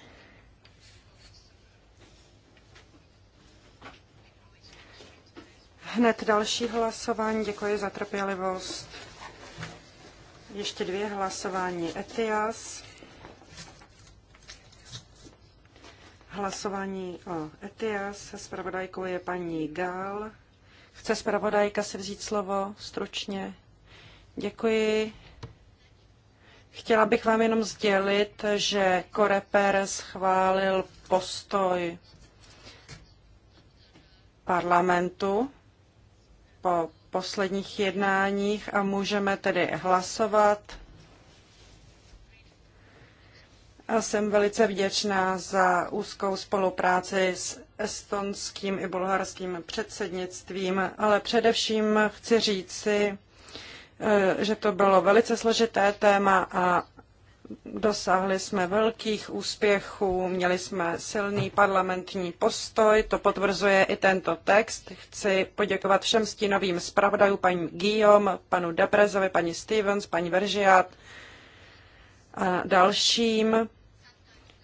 Hned další hlasování. Děkuji za trpělivost. Ještě dvě hlasování. Etias. Hlasování o Etias. Spravodajkou je paní Gál. Chce zpravodajka si vzít slovo stručně? Děkuji. Chtěla bych vám jenom sdělit, že Koreper schválil postoj parlamentu po posledních jednáních a můžeme tedy hlasovat. A jsem velice vděčná za úzkou spolupráci s estonským i bulharským předsednictvím, ale především chci říci, eh, že to bylo velice složité téma a dosáhli jsme velkých úspěchů, měli jsme silný parlamentní postoj, to potvrzuje i tento text. Chci poděkovat všem stínovým zpravodajům, paní Guillaume, panu Deprezovi, paní Stevens, paní Veržiat a dalším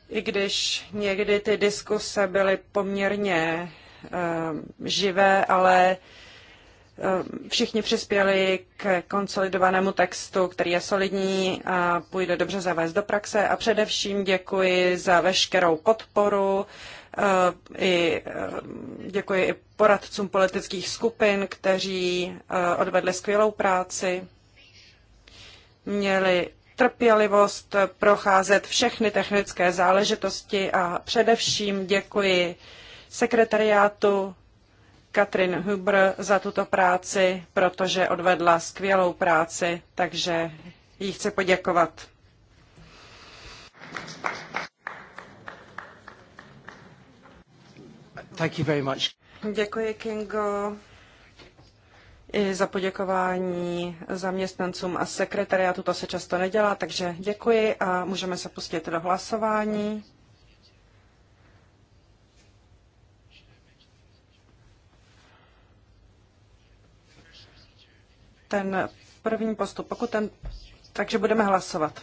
i když někdy ty diskuse byly poměrně ehm, živé, ale ehm, všichni přispěli k konsolidovanému textu, který je solidní a půjde dobře zavést do praxe. A především děkuji za veškerou podporu. Ehm, I, děkuji i poradcům politických skupin, kteří odvedli skvělou práci. Měli trpělivost procházet všechny technické záležitosti a především děkuji sekretariátu Katrin Huber za tuto práci, protože odvedla skvělou práci, takže jí chci poděkovat. Thank you very much. Děkuji, Kingo i za poděkování zaměstnancům a sekretariátu. To se často nedělá, takže děkuji a můžeme se pustit do hlasování. Ten první postup, pokud ten, takže budeme hlasovat.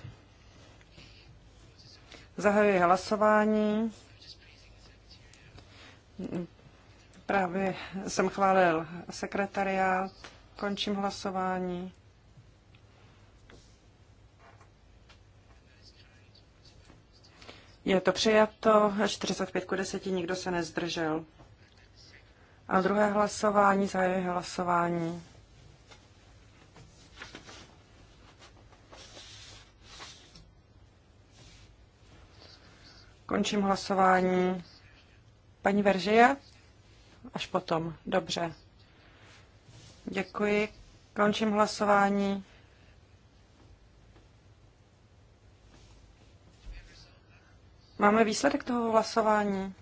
Zahajuji hlasování Právě jsem chválil sekretariát. Končím hlasování. Je to přijato, 45 ku 10, nikdo se nezdržel. A druhé hlasování, zahajuje hlasování. Končím hlasování. Paní Veržeja? až potom. Dobře. Děkuji. Končím hlasování. Máme výsledek toho hlasování.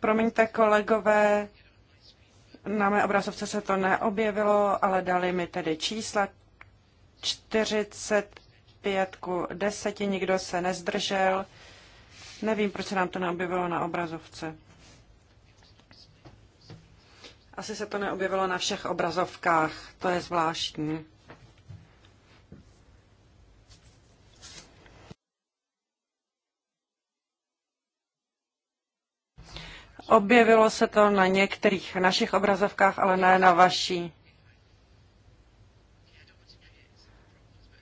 Promiňte, kolegové, na mé obrazovce se to neobjevilo, ale dali mi tedy čísla 40 5 ku 10, nikdo se nezdržel. Nevím, proč se nám to neobjevilo na obrazovce. Asi se to neobjevilo na všech obrazovkách, to je zvláštní. Objevilo se to na některých našich obrazovkách, ale ne na vaší.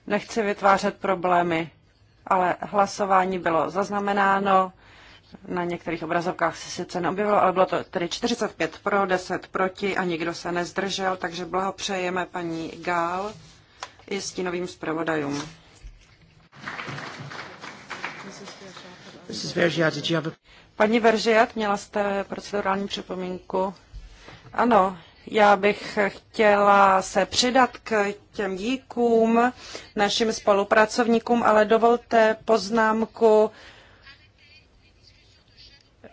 nechci vytvářet problémy, ale hlasování bylo zaznamenáno. Na některých obrazovkách se sice neobjevilo, ale bylo to tedy 45 pro, 10 proti a nikdo se nezdržel, takže blahopřejeme paní Gál i stínovým zpravodajům. Paní Veržiat, měla jste procedurální připomínku? Ano, já bych chtěla se přidat k těm díkům našim spolupracovníkům, ale dovolte poznámku.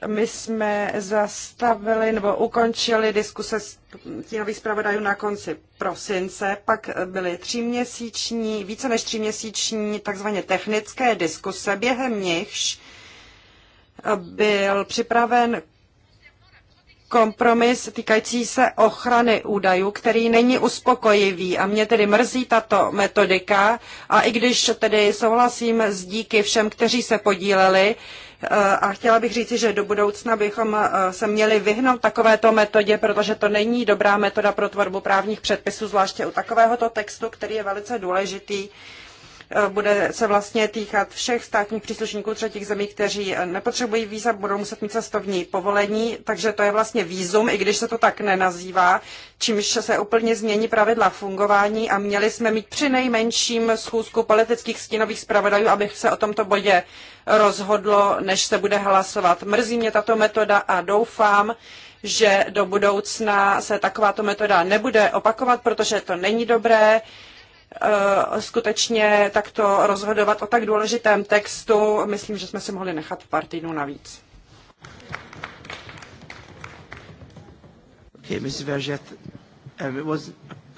My jsme zastavili nebo ukončili diskuse stínových zpravodajů na konci prosince, pak byly tříměsíční, více než tříměsíční takzvané technické diskuse, během nichž byl připraven kompromis týkající se ochrany údajů, který není uspokojivý a mě tedy mrzí tato metodika a i když tedy souhlasím s díky všem, kteří se podíleli, eh, a chtěla bych říci, že do budoucna bychom eh, se měli vyhnout takovéto metodě, protože to není dobrá metoda pro tvorbu právních předpisů, zvláště u takovéhoto textu, který je velice důležitý Eh, bude se vlastně týkat všech státních příslušníků třetích zemí, kteří eh, nepotřebují víza, budou muset mít cestovní povolení, takže to je vlastně vízum, i když se to tak nenazývá, čímž se úplně změní pravidla fungování a měli jsme mít při nejmenším schůzku politických stínových zpravodajů, aby se o tomto bodě rozhodlo, než se bude hlasovat. Mrzí mě tato metoda a doufám, že do budoucna se takováto metoda nebude opakovat, protože to není dobré. Eh, skutečně takto rozhodovat o tak důležitém textu. Myslím, že jsme si mohli nechat pár týdnů navíc.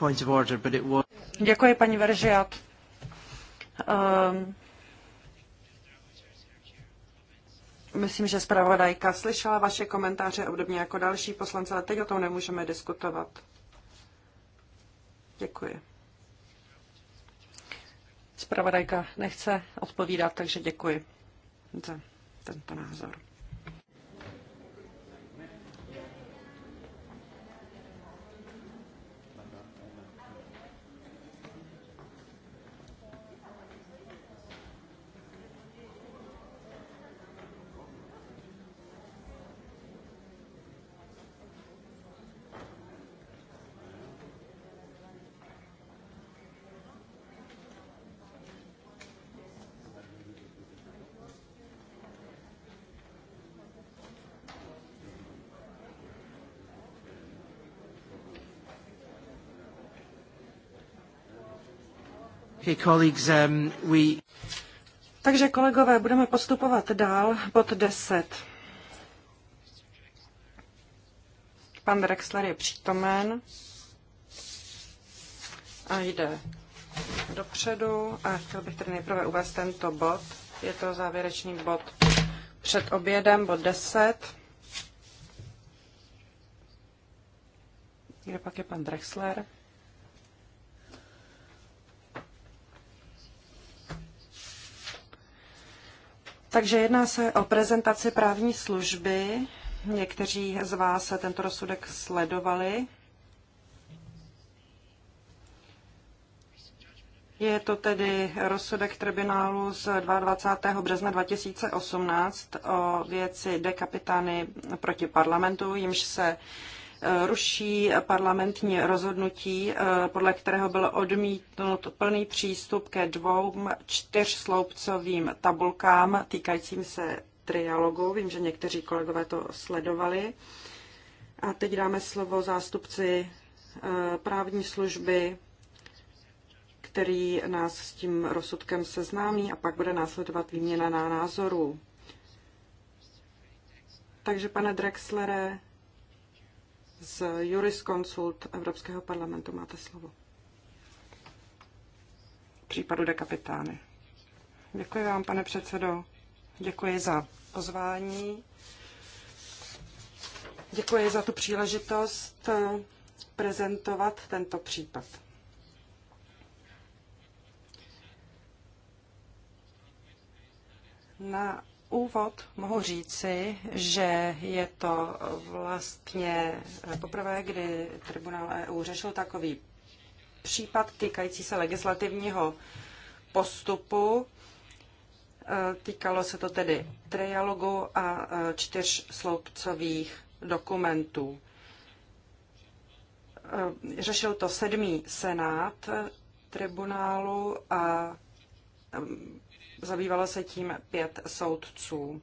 Um, Děkuji, paní Veržiat. Um, myslím, že zpravodajka slyšela vaše komentáře obdobně jako další poslance, ale teď o tom nemůžeme diskutovat. Děkuji. Spravodajka nechce odpovídat, takže děkuji za tento názor. Um, Takže kolegové, budeme postupovat dál. Bod 10. Pan Drexler je přítomen a jde dopředu a chtěl bych tedy nejprve uvést tento bod. Je to závěrečný bod před obědem, bod 10. Kde pak je pan Drexler? Takže jedná se o prezentaci právní služby. Někteří z vás se tento rozsudek sledovali. Je to tedy rozsudek tribunálu z 22. března 2018 o věci De Capitani proti parlamentu, jimž se Eh, ruší parlamentní rozhodnutí, eh, podle kterého byl odmítnut plný přístup ke dvou čtyřsloupcovým tabulkám týkajícím se trialogu. Vím, že někteří kolegové to sledovali. A teď dáme slovo zástupci eh, právní služby, který nás s tím rozsudkem seznámí a pak bude následovat výměna na názorů. Takže pane Drexlere, z Jurisconsult Evropského parlamentu. Máte slovo. Případu de kapitány. Děkuji vám, pane předsedo. Děkuji za pozvání. Děkuji za tu příležitost eh, prezentovat tento případ. Na úvod mohu říci, že je to vlastně poprvé, kdy tribunál EU řešil takový případ týkající se legislativního postupu. E, týkalo se to tedy trialogu a e, čtyř sloupcových dokumentů. E, řešil to sedmý senát tribunálu a zabývalo se tím pět soudců.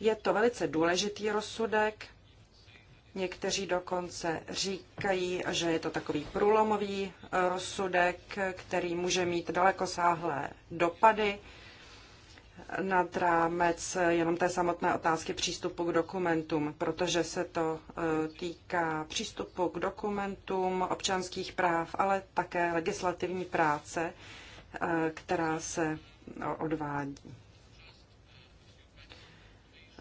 Je to velice důležitý rozsudek. Někteří dokonce říkají, že je to takový průlomový rozsudek, který může mít dalekosáhlé dopady nad rámec jenom té samotné otázky přístupu k dokumentům, protože se to e, týká přístupu k dokumentům, občanských práv, ale také legislativní práce, e, která se odvádí.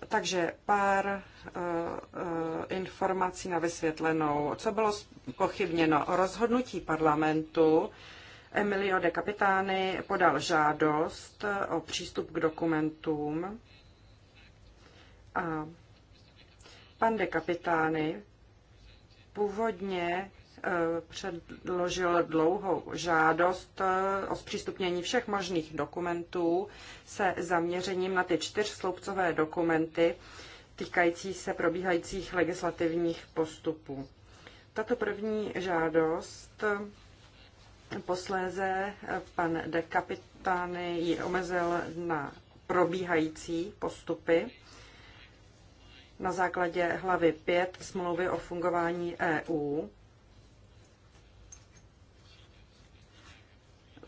Takže pár uh, uh, informací na vysvětlenou. Co bylo pochybněno? O rozhodnutí parlamentu Emilio de Capitani podal žádost eh, o přístup k dokumentům a pan de Capitani původně předložil dlouhou žádost eh, o zpřístupnění všech možných dokumentů se zaměřením na ty čtyřsloupcové dokumenty týkající se probíhajících legislativních postupů. Tato první žádost posléze eh, pan de Capitani ji omezil na probíhající postupy na základě hlavy 5 smlouvy o fungování EU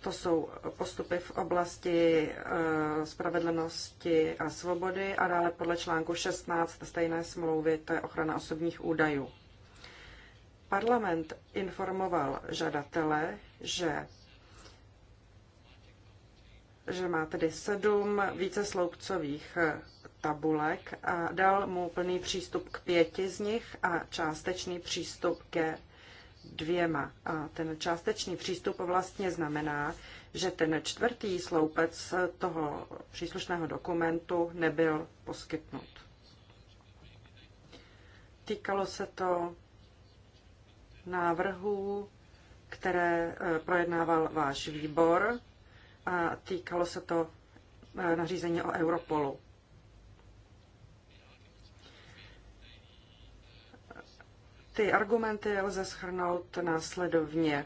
To jsou postupy v oblasti eh, spravedlnosti a svobody a dále podle článku 16 stejné smlouvy, to je ochrana osobních údajů. Parlament informoval žadatele, že že má tedy sedm více sloupcových eh, tabulek a dal mu plný přístup k pěti z nich a částečný přístup ke dvěma. A ten částečný přístup vlastně znamená, že ten čtvrtý sloupec toho příslušného dokumentu nebyl poskytnut. Týkalo se to návrhů, které eh, projednával váš výbor a týkalo se to eh, nařízení o Europolu. Ty argumenty lze schrnout následovně.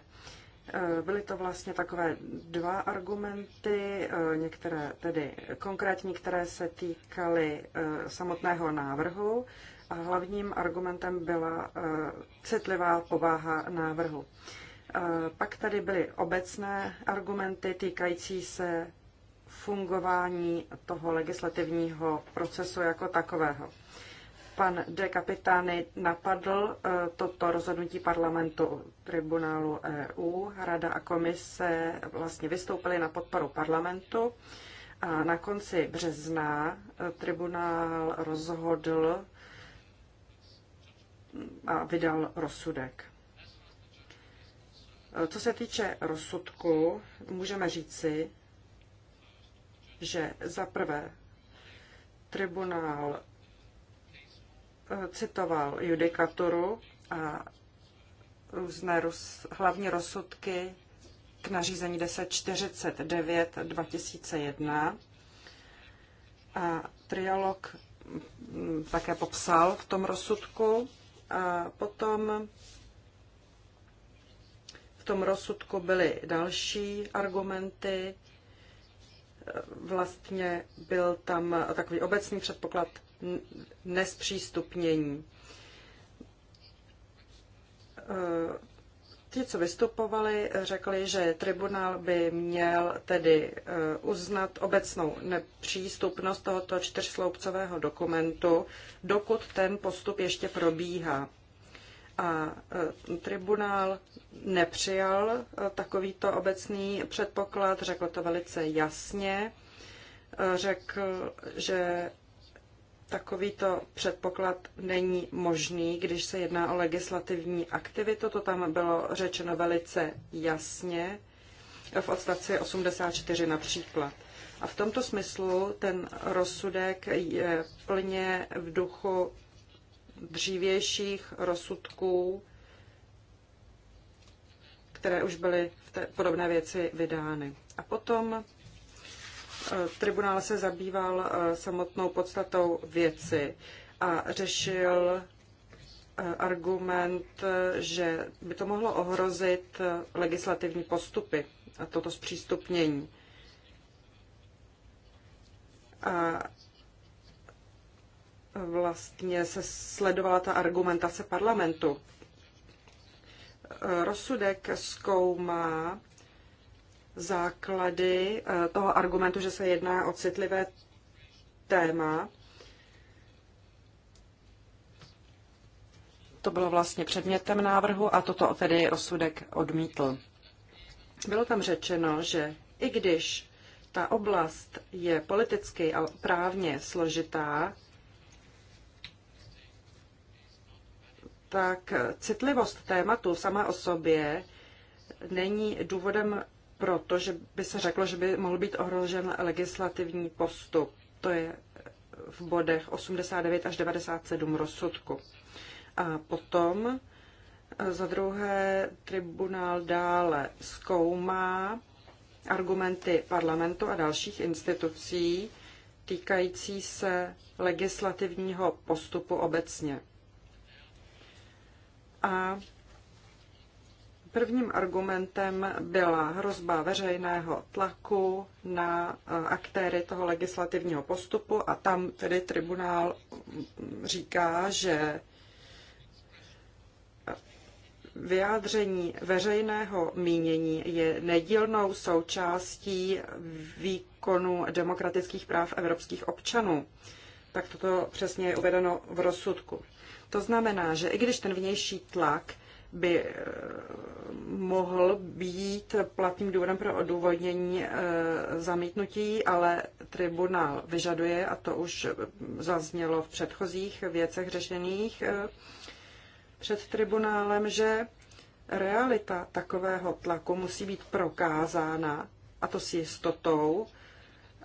Eh, byly to vlastně takové dva argumenty, eh, některé tedy konkrétní, které se týkaly eh, samotného návrhu a hlavním argumentem byla citlivá povaha návrhu. Pak tady byly obecné argumenty týkající se fungování toho legislativního procesu jako takového pan De Capitani napadl eh, toto rozhodnutí parlamentu tribunálu EU. Rada a komise vlastně vystoupily na podporu parlamentu a na konci března eh, tribunál rozhodl mm, a vydal rozsudek. Eh, co se týče rozsudku, můžeme říci, že za prvé tribunál citoval judikaturu a různé roz, hlavní rozsudky k nařízení 1049 2001 a trialog mm, také popsal v tom rozsudku. A potom v tom rozsudku byly další argumenty. Vlastně byl tam takový obecný předpoklad nespřístupnění. Eh, ti, co vystupovali, řekli, že tribunál by měl tedy eh, uznat obecnou nepřístupnost tohoto čtyřsloupcového dokumentu, dokud ten postup ještě probíhá. A eh, tribunál nepřijal takovýto obecný předpoklad, řekl to velice jasně, řekl, že Takovýto předpoklad není možný, když se jedná o legislativní aktivitu. To tam bylo řečeno velice jasně v odstavci 84 například. A v tomto smyslu ten rozsudek je plně v duchu dřívějších rozsudků, které už byly v té podobné věci vydány. A potom tribunál se zabýval eh, samotnou podstatou věci a řešil eh, argument, že by to mohlo ohrozit eh, legislativní postupy a toto zpřístupnění. A vlastně se sledovala ta argumentace parlamentu. Rozsudek zkoumá základy eh, toho argumentu, že se jedná o citlivé téma. To bylo vlastně předmětem návrhu a toto tedy rozsudek odmítl. Bylo tam řečeno, že i když ta oblast je politicky a právně složitá, tak citlivost tématu sama o sobě není důvodem proto, že by se řeklo, že by mohl být ohrožen legislativní postup. To je v bodech 89 až 97 rozsudku. A potom e, za druhé tribunál dále zkoumá argumenty parlamentu a dalších institucí týkající se legislativního postupu obecně. A Prvním argumentem byla hrozba veřejného tlaku na eh, aktéry toho legislativního postupu a tam tedy tribunál mm, říká, že vyjádření veřejného mínění je nedílnou součástí výkonu demokratických práv evropských občanů. Tak toto přesně je uvedeno v rozsudku. To znamená, že i když ten vnější tlak by eh, mohl být platným důvodem pro odůvodnění eh, zamítnutí, ale tribunál vyžaduje, a to už zaznělo v předchozích věcech řešených eh, před tribunálem, že realita takového tlaku musí být prokázána, a to s jistotou,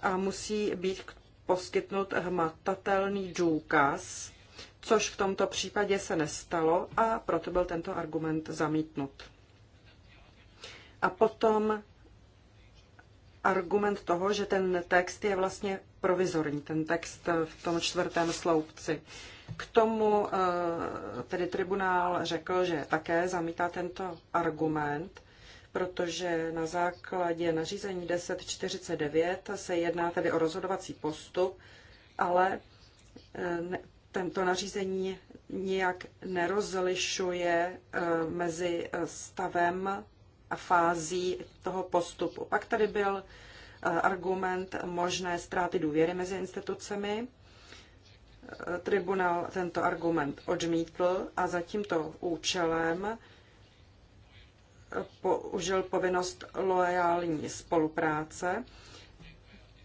a musí být poskytnut hmatatelný důkaz, což v tomto případě se nestalo a proto byl tento argument zamítnut. A potom argument toho, že ten text je vlastně provizorní, ten text v tom čtvrtém sloupci. K tomu eh, tedy tribunál řekl, že také zamítá tento argument, protože na základě nařízení 1049 se jedná tedy o rozhodovací postup, ale eh, tento nařízení nijak nerozlišuje eh, mezi eh, stavem a fází toho postupu. Pak tady byl eh, argument možné ztráty důvěry mezi institucemi. Tribunál tento argument odmítl a za tímto účelem použil povinnost loajální spolupráce.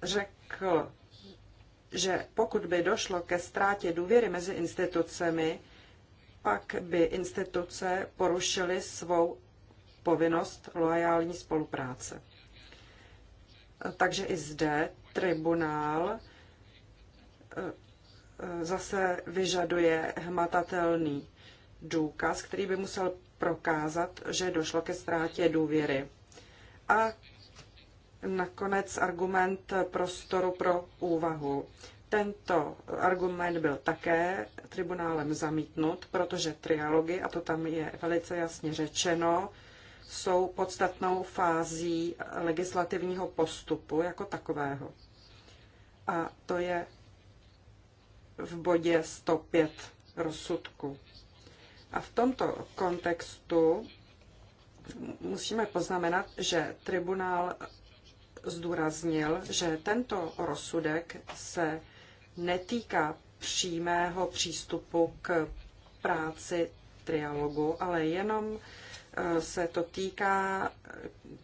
Řekl, že pokud by došlo ke ztrátě důvěry mezi institucemi, pak by instituce porušily svou povinnost loajální spolupráce. Takže i zde tribunál eh, eh, zase vyžaduje hmatatelný důkaz, který by musel prokázat, že došlo ke ztrátě důvěry. A nakonec argument prostoru pro úvahu. Tento argument byl také tribunálem zamítnut, protože trialogy, a to tam je velice jasně řečeno, jsou podstatnou fází legislativního postupu jako takového. A to je v bodě 105 rozsudku. A v tomto kontextu musíme poznamenat, že tribunál zdůraznil, že tento rozsudek se netýká přímého přístupu k práci trialogu, ale jenom e, se to týká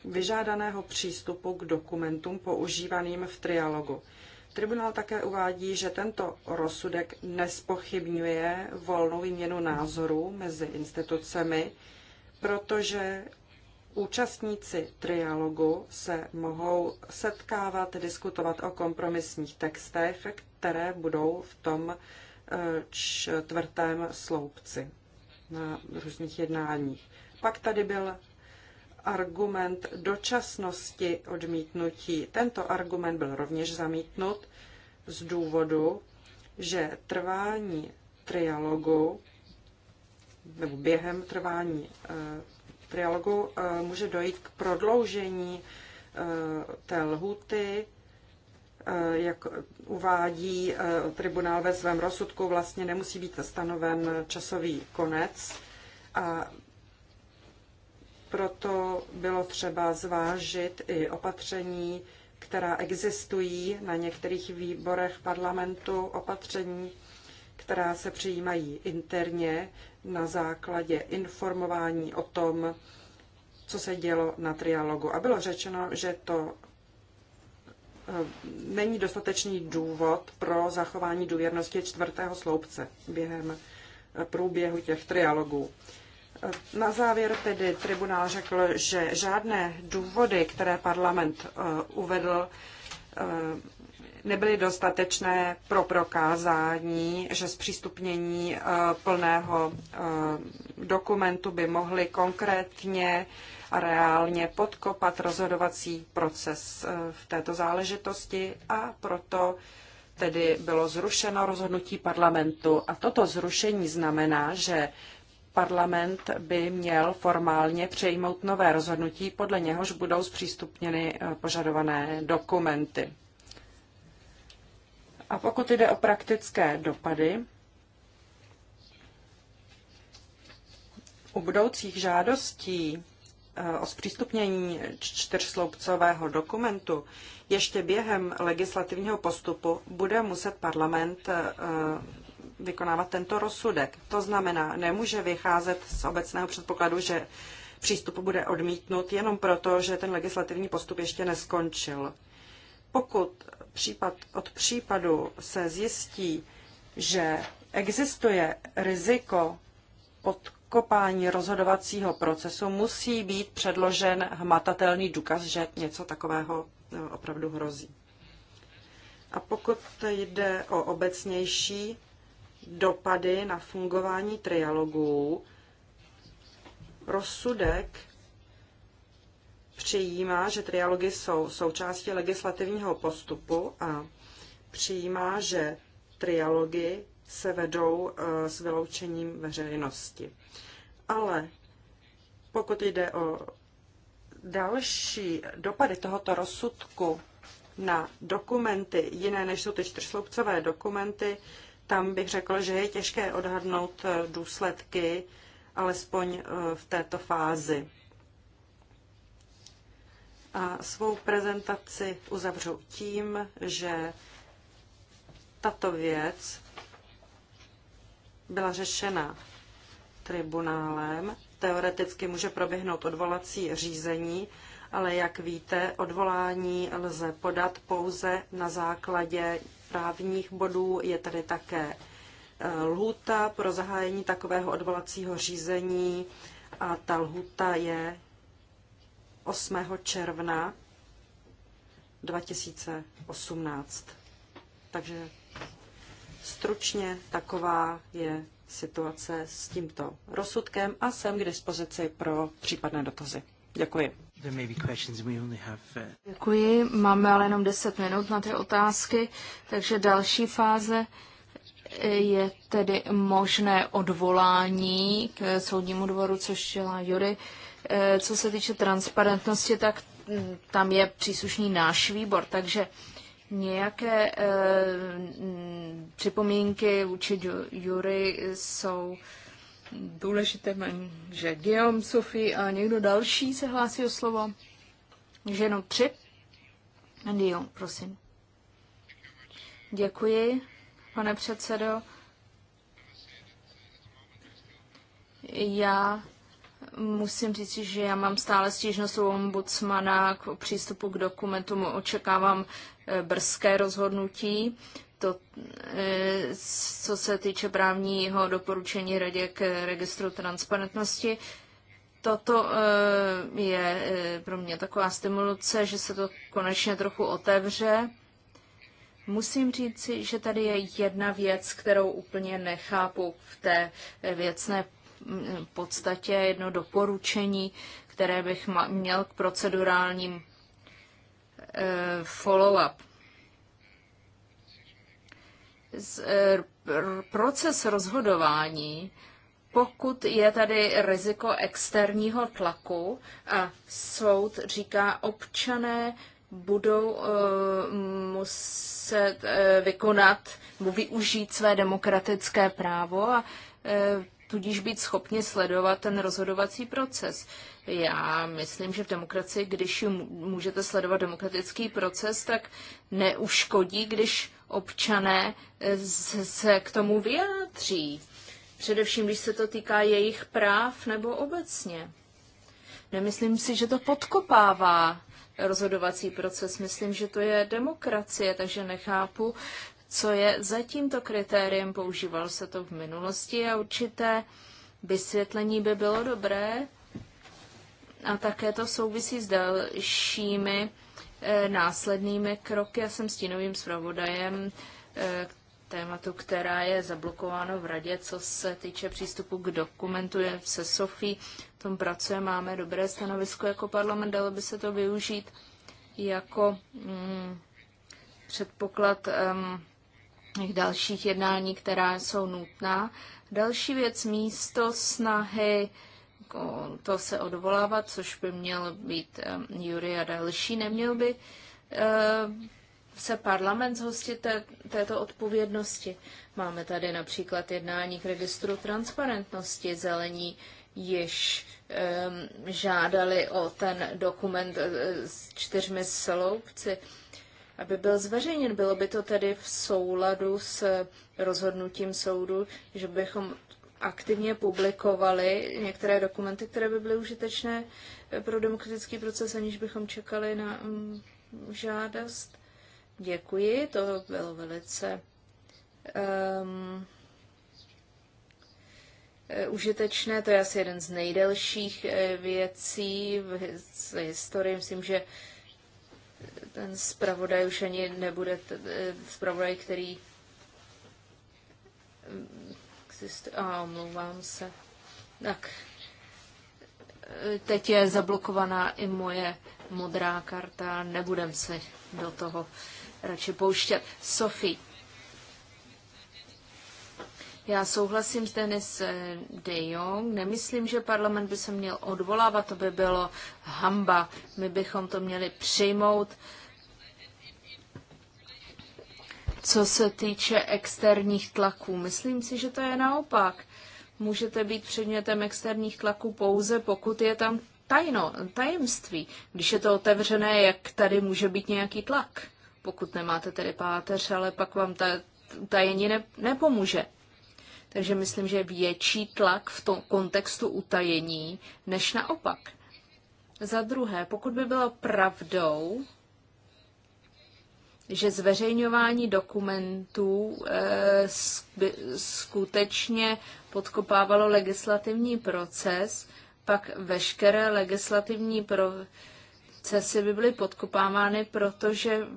vyžádaného přístupu k dokumentům používaným v trialogu. Tribunál také uvádí, že tento rozsudek nespochybňuje volnou výměnu názorů mezi institucemi, protože Účastníci trialogu se mohou setkávat, diskutovat o kompromisních textech, které budou v tom eh, čtvrtém sloupci na různých jednáních. Pak tady byl argument dočasnosti odmítnutí. Tento argument byl rovněž zamítnut z důvodu, že trvání trialogu nebo během trvání eh, trialogu eh, může dojít k prodloužení eh, té lhuty, eh, jak uvádí tribunál ve svém rozsudku, vlastně nemusí být stanoven časový konec a proto bylo třeba zvážit i opatření, která existují na některých výborech parlamentu, opatření, která se přijímají interně na základě informování o tom, co se dělo na trialogu. A bylo řečeno, že to eh, není dostatečný důvod pro zachování důvěrnosti čtvrtého sloupce během eh, průběhu těch trialogů. Eh, na závěr tedy tribunál řekl, že žádné důvody, které parlament uvedl, nebyly dostatečné pro prokázání, že zpřístupnění eh, plného eh, dokumentu by mohly konkrétně a reálně podkopat rozhodovací proces eh, v této záležitosti a proto tedy bylo zrušeno rozhodnutí parlamentu. A toto zrušení znamená, že parlament by měl formálně přejmout nové rozhodnutí, podle něhož budou zpřístupněny požadované dokumenty. A pokud jde o praktické dopady, u budoucích žádostí eh, o zpřístupnění čtyřsloupcového dokumentu ještě během legislativního postupu bude muset parlament eh, vykonávat tento rozsudek. To znamená, nemůže vycházet z obecného předpokladu, že přístup bude odmítnut jenom proto, že ten legislativní postup ještě neskončil. Pokud případ od případu se zjistí, že existuje riziko podkopání rozhodovacího procesu, musí být předložen hmatatelný důkaz, že něco takového eh, opravdu hrozí. A pokud jde o obecnější dopady na fungování trialogů, rozsudek přijímá, že triálogy jsou součástí legislativního postupu a přijímá, že triálogy se vedou eh, s vyloučením veřejnosti. Ale pokud jde o další dopady tohoto rozsudku na dokumenty jiné než jsou ty čtyřsloupcové dokumenty, tam bych řekl, že je těžké odhadnout eh, důsledky, alespoň eh, v této fázi. A svou prezentaci uzavřu tím, že tato věc byla řešena tribunálem. Teoreticky může proběhnout odvolací řízení, ale jak víte, odvolání lze podat pouze na základě právních bodů. Je tady také e, lhůta pro zahájení takového odvolacího řízení a ta lhůta je 8. června 2018. Takže stručně taková je situace s tímto rozsudkem a jsem k dispozici pro případné dotazy. Děkuji. Uh, Děkuji, máme ale jenom 10 minut na ty otázky, takže další fáze je tedy možné odvolání k soudnímu dvoru, což dělá Jury. Eh, co se týče transparentnosti, tak mm, tam je příslušný náš výbor, takže nějaké eh, mm, připomínky vůči Jury jsou důležité, že Guillaume, Sophie a někdo další se hlásí o slovo. Takže jenom tři. Dion, prosím. Děkuji, pane předsedo. Já musím říct, že já mám stále stížnost u ombudsmana k přístupu k dokumentům. Očekávám eh, brzké rozhodnutí. To, eh, co se týče právního doporučení radě k registru transparentnosti, toto eh, je pro mě taková stimulace, že se to konečně trochu otevře. Musím si, že tady je jedna věc, kterou úplně nechápu v té věcné podstatě jedno doporučení, které bych měl k procedurálním eh, follow-up. Eh, proces rozhodování, pokud je tady riziko externího tlaku a soud říká, občané budou eh, muset vykonat, využít své demokratické právo a tudíž být schopni sledovat ten rozhodovací proces. Já myslím, že v demokracii, když můžete sledovat demokratický proces, tak neuškodí, když občané eh, se k tomu vyjádří. Především, když se to týká jejich práv nebo obecně. Nemyslím si, že to podkopává rozhodovací proces. Myslím, že to je demokracie, takže nechápu, co je za tímto kritériem. Používal se to v minulosti a určité vysvětlení by bylo dobré. A také to souvisí s dalšími e, následnými kroky. Já jsem stínovým zpravodajem e, eh, k tématu, která je zablokováno v radě, co se týče přístupu k dokumentu je se Sofí. V tom pracuje, máme dobré stanovisko jako parlament, dalo by se to využít jako mm, předpoklad um, dalších jednání, která jsou nutná. Další věc místo snahy jako to se odvolávat, což by měl být eh, Jury a další, neměl by eh, se parlament zhostit té, této odpovědnosti. Máme tady například jednání k registru transparentnosti zelení, již um, žádali o ten dokument s čtyřmi sloupci. Um, aby byl zveřejněn. Bylo by to tedy v souladu s rozhodnutím soudu, že bychom aktivně publikovali některé dokumenty, které by byly užitečné pro demokratický proces, aniž bychom čekali na mm, žádost. Děkuji, to bylo velice um, užitečné. To je asi jeden z nejdelších eh, věcí v historii. Myslím, že ten zpravodaj už ani nebude e, zpravodaj, který mm, existuje. A omlouvám se. Tak. E, teď je zablokovaná i moje modrá karta, nebudem se do toho radši pouštět. Sofie. Já souhlasím s Denis eh, de Jong. Nemyslím, že parlament by se měl odvolávat, to by bylo hamba. My bychom to měli přijmout. Co se týče externích tlaků, myslím si, že to je naopak. Můžete být předmětem externích tlaků pouze, pokud je tam tajno, tajemství. Když je to otevřené, jak tady může být nějaký tlak? Pokud nemáte tedy páteř, ale pak vám ta tajení ne, nepomůže. Takže myslím, že je větší tlak v tom kontextu utajení, než naopak. Za druhé, pokud by bylo pravdou, že zveřejňování dokumentů eh, skutečně podkopávalo legislativní proces, pak veškeré legislativní procesy by byly podkopávány, protože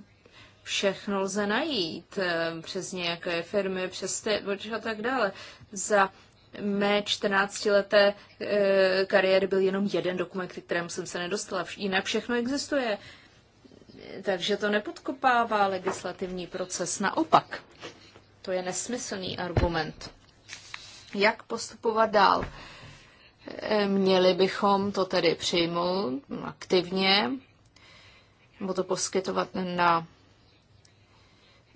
všechno lze najít eh, přes nějaké firmy, přes ty a tak dále. Za mé 14-leté e, eh, kariéry byl jenom jeden dokument, k kterému jsem se nedostala. Jinak všechno existuje. Takže to nepodkopává legislativní proces. Naopak, to je nesmyslný argument. Jak postupovat dál? Eh, měli bychom to tedy přijmout aktivně, nebo to poskytovat na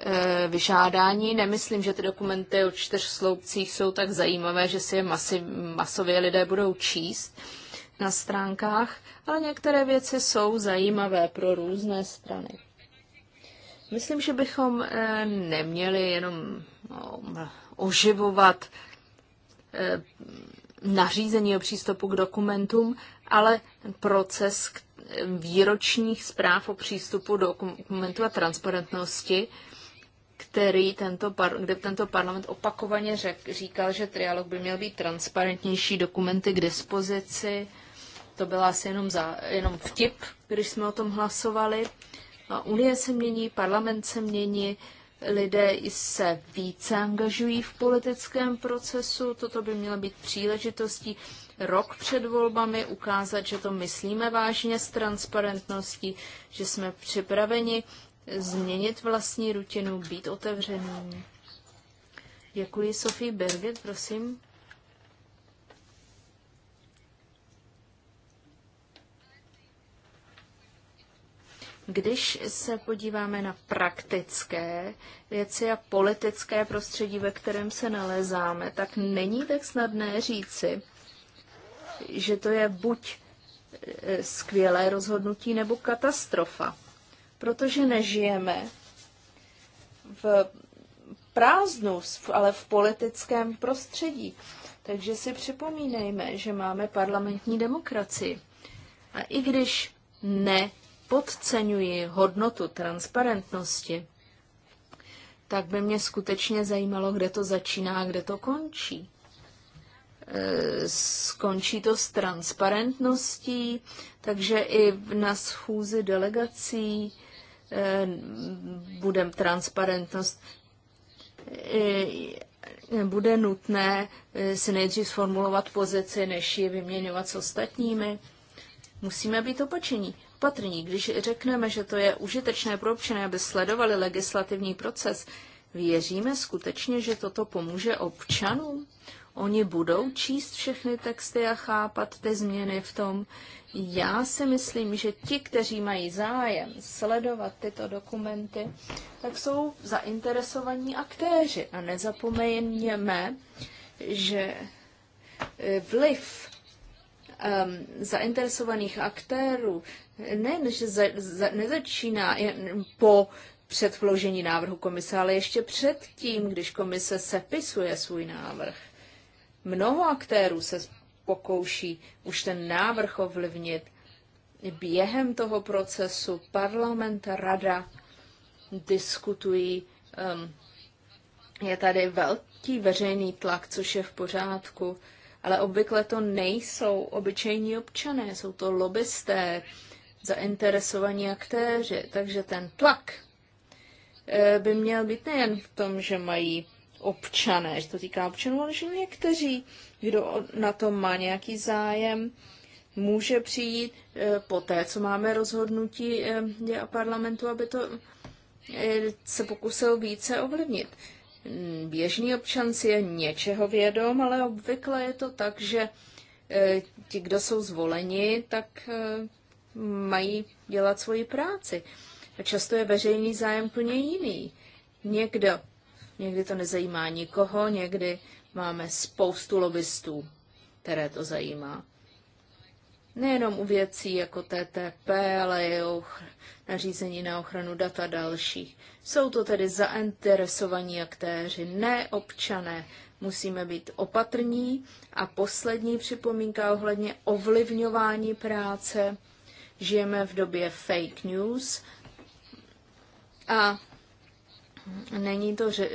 E, vyžádání. Nemyslím, že ty dokumenty o čtyř sloupcích jsou tak zajímavé, že si je masy, masově lidé budou číst na stránkách, ale některé věci jsou zajímavé pro různé strany. Myslím, že bychom e, neměli jenom no, oživovat e, nařízení o přístupu k dokumentům, ale proces výročních zpráv o přístupu do dokumentu a transparentnosti, který tento par, kde tento parlament opakovaně řek, říkal, že trialog by měl být transparentnější, dokumenty k dispozici. To byl asi jenom, za, jenom vtip, když jsme o tom hlasovali. A Unie se mění, parlament se mění, lidé se více angažují v politickém procesu. Toto by mělo být příležitostí rok před volbami ukázat, že to myslíme vážně s transparentností, že jsme připraveni změnit vlastní rutinu, být otevřený. Děkuji Sofie Birgit, prosím. Když se podíváme na praktické věci a politické prostředí, ve kterém se nalézáme, tak není tak snadné říci, že to je buď eh, skvělé rozhodnutí nebo katastrofa protože nežijeme v prázdnu, ale v politickém prostředí. Takže si připomínejme, že máme parlamentní demokracii. A i když nepodceňuji hodnotu transparentnosti, tak by mě skutečně zajímalo, kde to začíná a kde to končí. E, skončí to s transparentností, takže i na schůzi delegací Eh, bude transparentnost, eh, bude nutné eh, si nejdřív sformulovat pozici, než je vyměňovat s ostatními. Musíme být opačení. Opatrní, když řekneme, že to je užitečné pro občany, aby sledovali legislativní proces, věříme skutečně, že toto pomůže občanům? Oni budou číst všechny texty a chápat ty změny v tom. Já si myslím, že ti, kteří mají zájem sledovat tyto dokumenty, tak jsou zainteresovaní aktéři. A nezapomeňme, že eh, vliv um, zainteresovaných aktérů nejen, že za, za, nezačíná jen po předložení návrhu komise, ale ještě předtím, když komise sepisuje svůj návrh. Mnoho aktérů se pokouší už ten návrh ovlivnit. Během toho procesu parlament, rada diskutují. Um, je tady velký veřejný tlak, což je v pořádku, ale obvykle to nejsou obyčejní občané, jsou to lobbysté, zainteresovaní aktéři, takže ten tlak eh, by měl být nejen v tom, že mají občané, že to týká občanů, ale že někteří, kdo na to má nějaký zájem, může přijít eh, po té, co máme rozhodnutí eh, a parlamentu, aby to eh, se pokusil více ovlivnit. Hmm, běžný občan si je něčeho vědom, ale obvykle je to tak, že ti, kdo jsou zvoleni, tak mají dělat svoji práci. A často je veřejný zájem plně jiný. Někdo Někdy to nezajímá nikoho, někdy máme spoustu lobbystů, které to zajímá. Nejenom u věcí jako TTP, ale i o nařízení na ochranu data dalších. Jsou to tedy zainteresovaní aktéři, ne občané. Musíme být opatrní. A poslední připomínka ohledně ovlivňování práce. Žijeme v době fake news a Není to, že,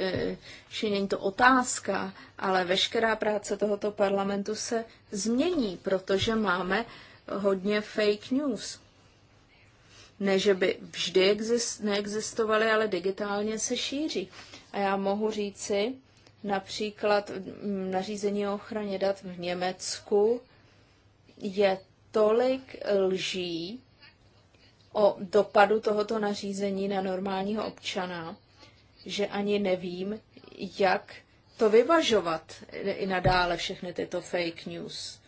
že eh, není to otázka, ale veškerá práce tohoto parlamentu se změní, protože máme hodně fake news. Ne, že by vždy exist, neexistovaly, ale digitálně se šíří. A já mohu říci, například mm, nařízení o ochraně dat v Německu je tolik lží o dopadu tohoto nařízení na normálního občana, že ani nevím, jak to vyvažovat i nadále všechny tyto fake news.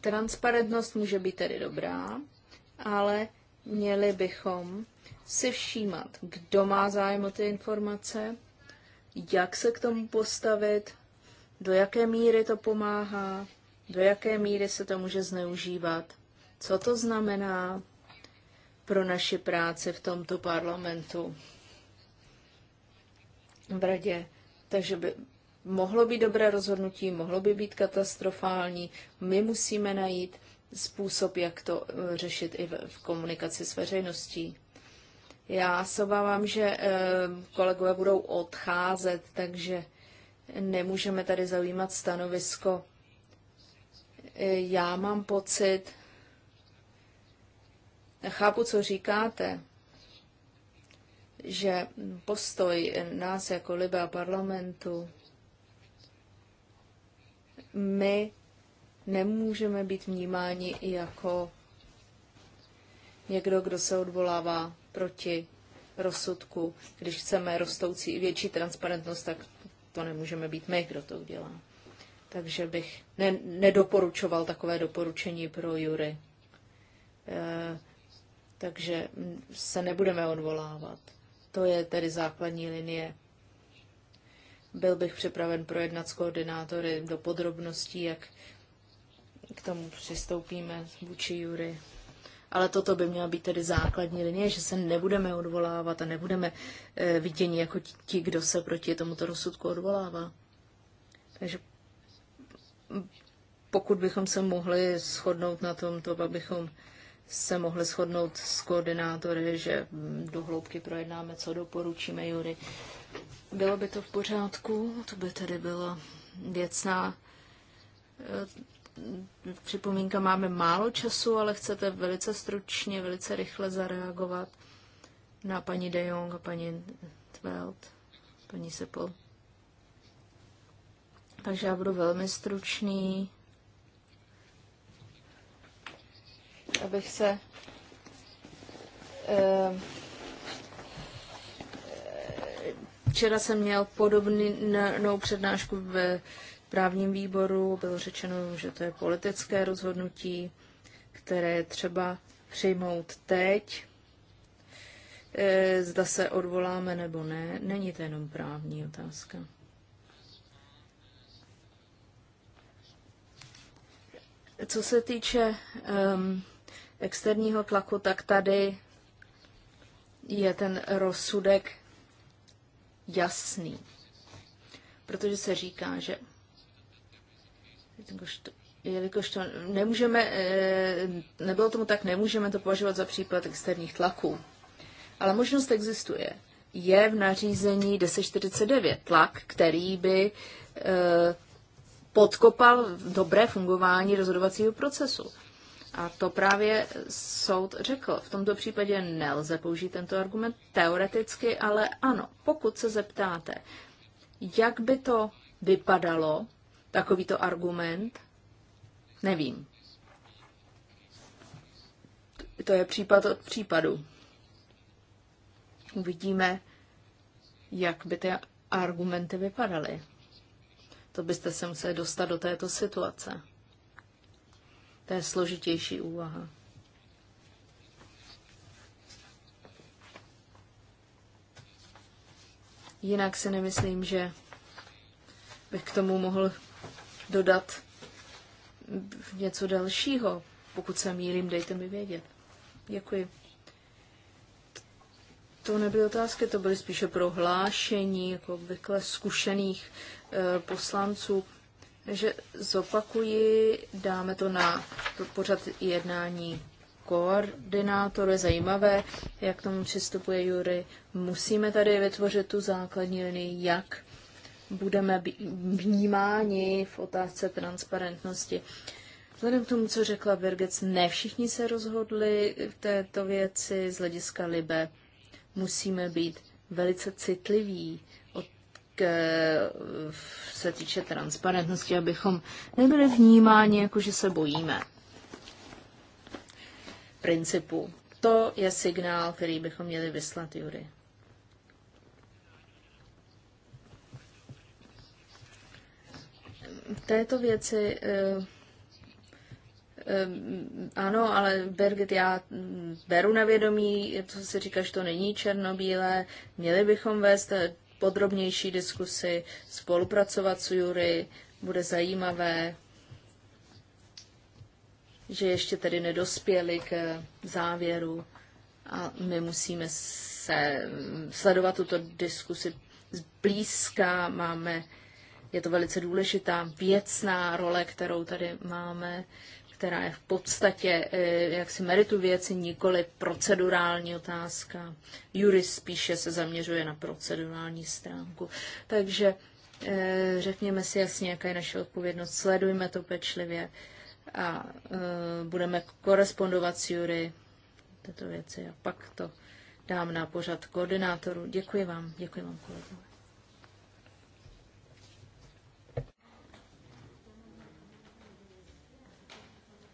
Transparentnost může být tedy dobrá, ale měli bychom si všímat, kdo má zájem o ty informace, jak se k tomu postavit, do jaké míry to pomáhá, do jaké míry se to může zneužívat, co to znamená, pro naše práce v tomto parlamentu v radě. Takže by mohlo být dobré rozhodnutí, mohlo by být katastrofální. My musíme najít způsob, jak to eh, řešit i v komunikaci s veřejností. Já se obávám, že eh, kolegové budou odcházet, takže nemůžeme tady zaujímat stanovisko. Eh, já mám pocit, chápu, co říkáte, že postoj nás jako Libe a parlamentu, my nemůžeme být vnímáni jako někdo, kdo se odvolává proti rozsudku. Když chceme rostoucí větší transparentnost, tak to nemůžeme být my, kdo to udělá. Takže bych ne, nedoporučoval takové doporučení pro Jury. E, takže mm, se nebudeme odvolávat. To je tedy základní linie. Byl bych připraven projednat s koordinátory do podrobností, jak k tomu přistoupíme vůči Jury. Ale toto by měla být tedy základní linie, že se nebudeme odvolávat a nebudeme e, viděni jako ti, kdo se proti tomuto rozsudku odvolává. Takže pokud bychom se mohli shodnout na tom, to abychom se mohli shodnout s koordinátory, že dohloubky projednáme, co doporučíme Jury. Bylo by to v pořádku, to by tedy byla věcná eh, připomínka. Máme málo času, ale chcete velice stručně, velice rychle zareagovat na paní De Jong a paní Tveld, paní Sepol. Takže já budu velmi stručný. abych se eh, Včera jsem měl podobnou přednášku v právním výboru. Bylo řečeno, že to je politické rozhodnutí, které je třeba přijmout teď. Eh, zda se odvoláme nebo ne, není to jenom právní otázka. Co se týče um, externího tlaku, tak tady je ten rozsudek jasný. Protože se říká, že jelikož to nemůžeme, eh, nebylo tomu tak, nemůžeme to považovat za případ externích tlaků. Ale možnost existuje. Je v nařízení 1049 tlak, který by eh, podkopal dobré fungování rozhodovacího procesu. A to právě soud řekl. V tomto případě nelze použít tento argument teoreticky, ale ano, pokud se zeptáte, jak by to vypadalo, takovýto argument, nevím. To je případ od případu. Uvidíme, jak by ty argumenty vypadaly. To byste se museli dostat do této situace. To je složitější úvaha. Jinak si nemyslím, že bych k tomu mohl dodat něco dalšího. Pokud se mýlím, dejte mi vědět. Děkuji. To nebyly otázky, to byly spíše prohlášení, jako obvykle zkušených e, poslanců. Takže zopakuji, dáme to na to pořad jednání koordinátor, je zajímavé, jak tomu přistupuje Jury. Musíme tady vytvořit tu základní linii, jak budeme vnímáni v otázce transparentnosti. Vzhledem k tomu, co řekla Birgec, ne všichni se rozhodli v této věci z hlediska Libe. Musíme být velice citliví se týče transparentnosti, abychom nebyli vnímáni, jako že se bojíme principu. To je signál, který bychom měli vyslat Jury. Této věci eh, eh, ano, ale Birgit, já beru na vědomí, co si říkáš, to není černobílé. Měli bychom vést podrobnější diskusi, spolupracovat s jury, bude zajímavé, že ještě tedy nedospěli k závěru a my musíme se sledovat tuto diskusi zblízka. Máme, je to velice důležitá věcná role, kterou tady máme která je v podstatě eh, jak si meritu věci, nikoli procedurální otázka. Juris spíše se zaměřuje na procedurální stránku. Takže eh, řekněme si jasně, jaká je naše odpovědnost, sledujme to pečlivě a eh, budeme korespondovat s Jury této věci a pak to dám na pořad koordinátoru. Děkuji vám, děkuji vám kolegové.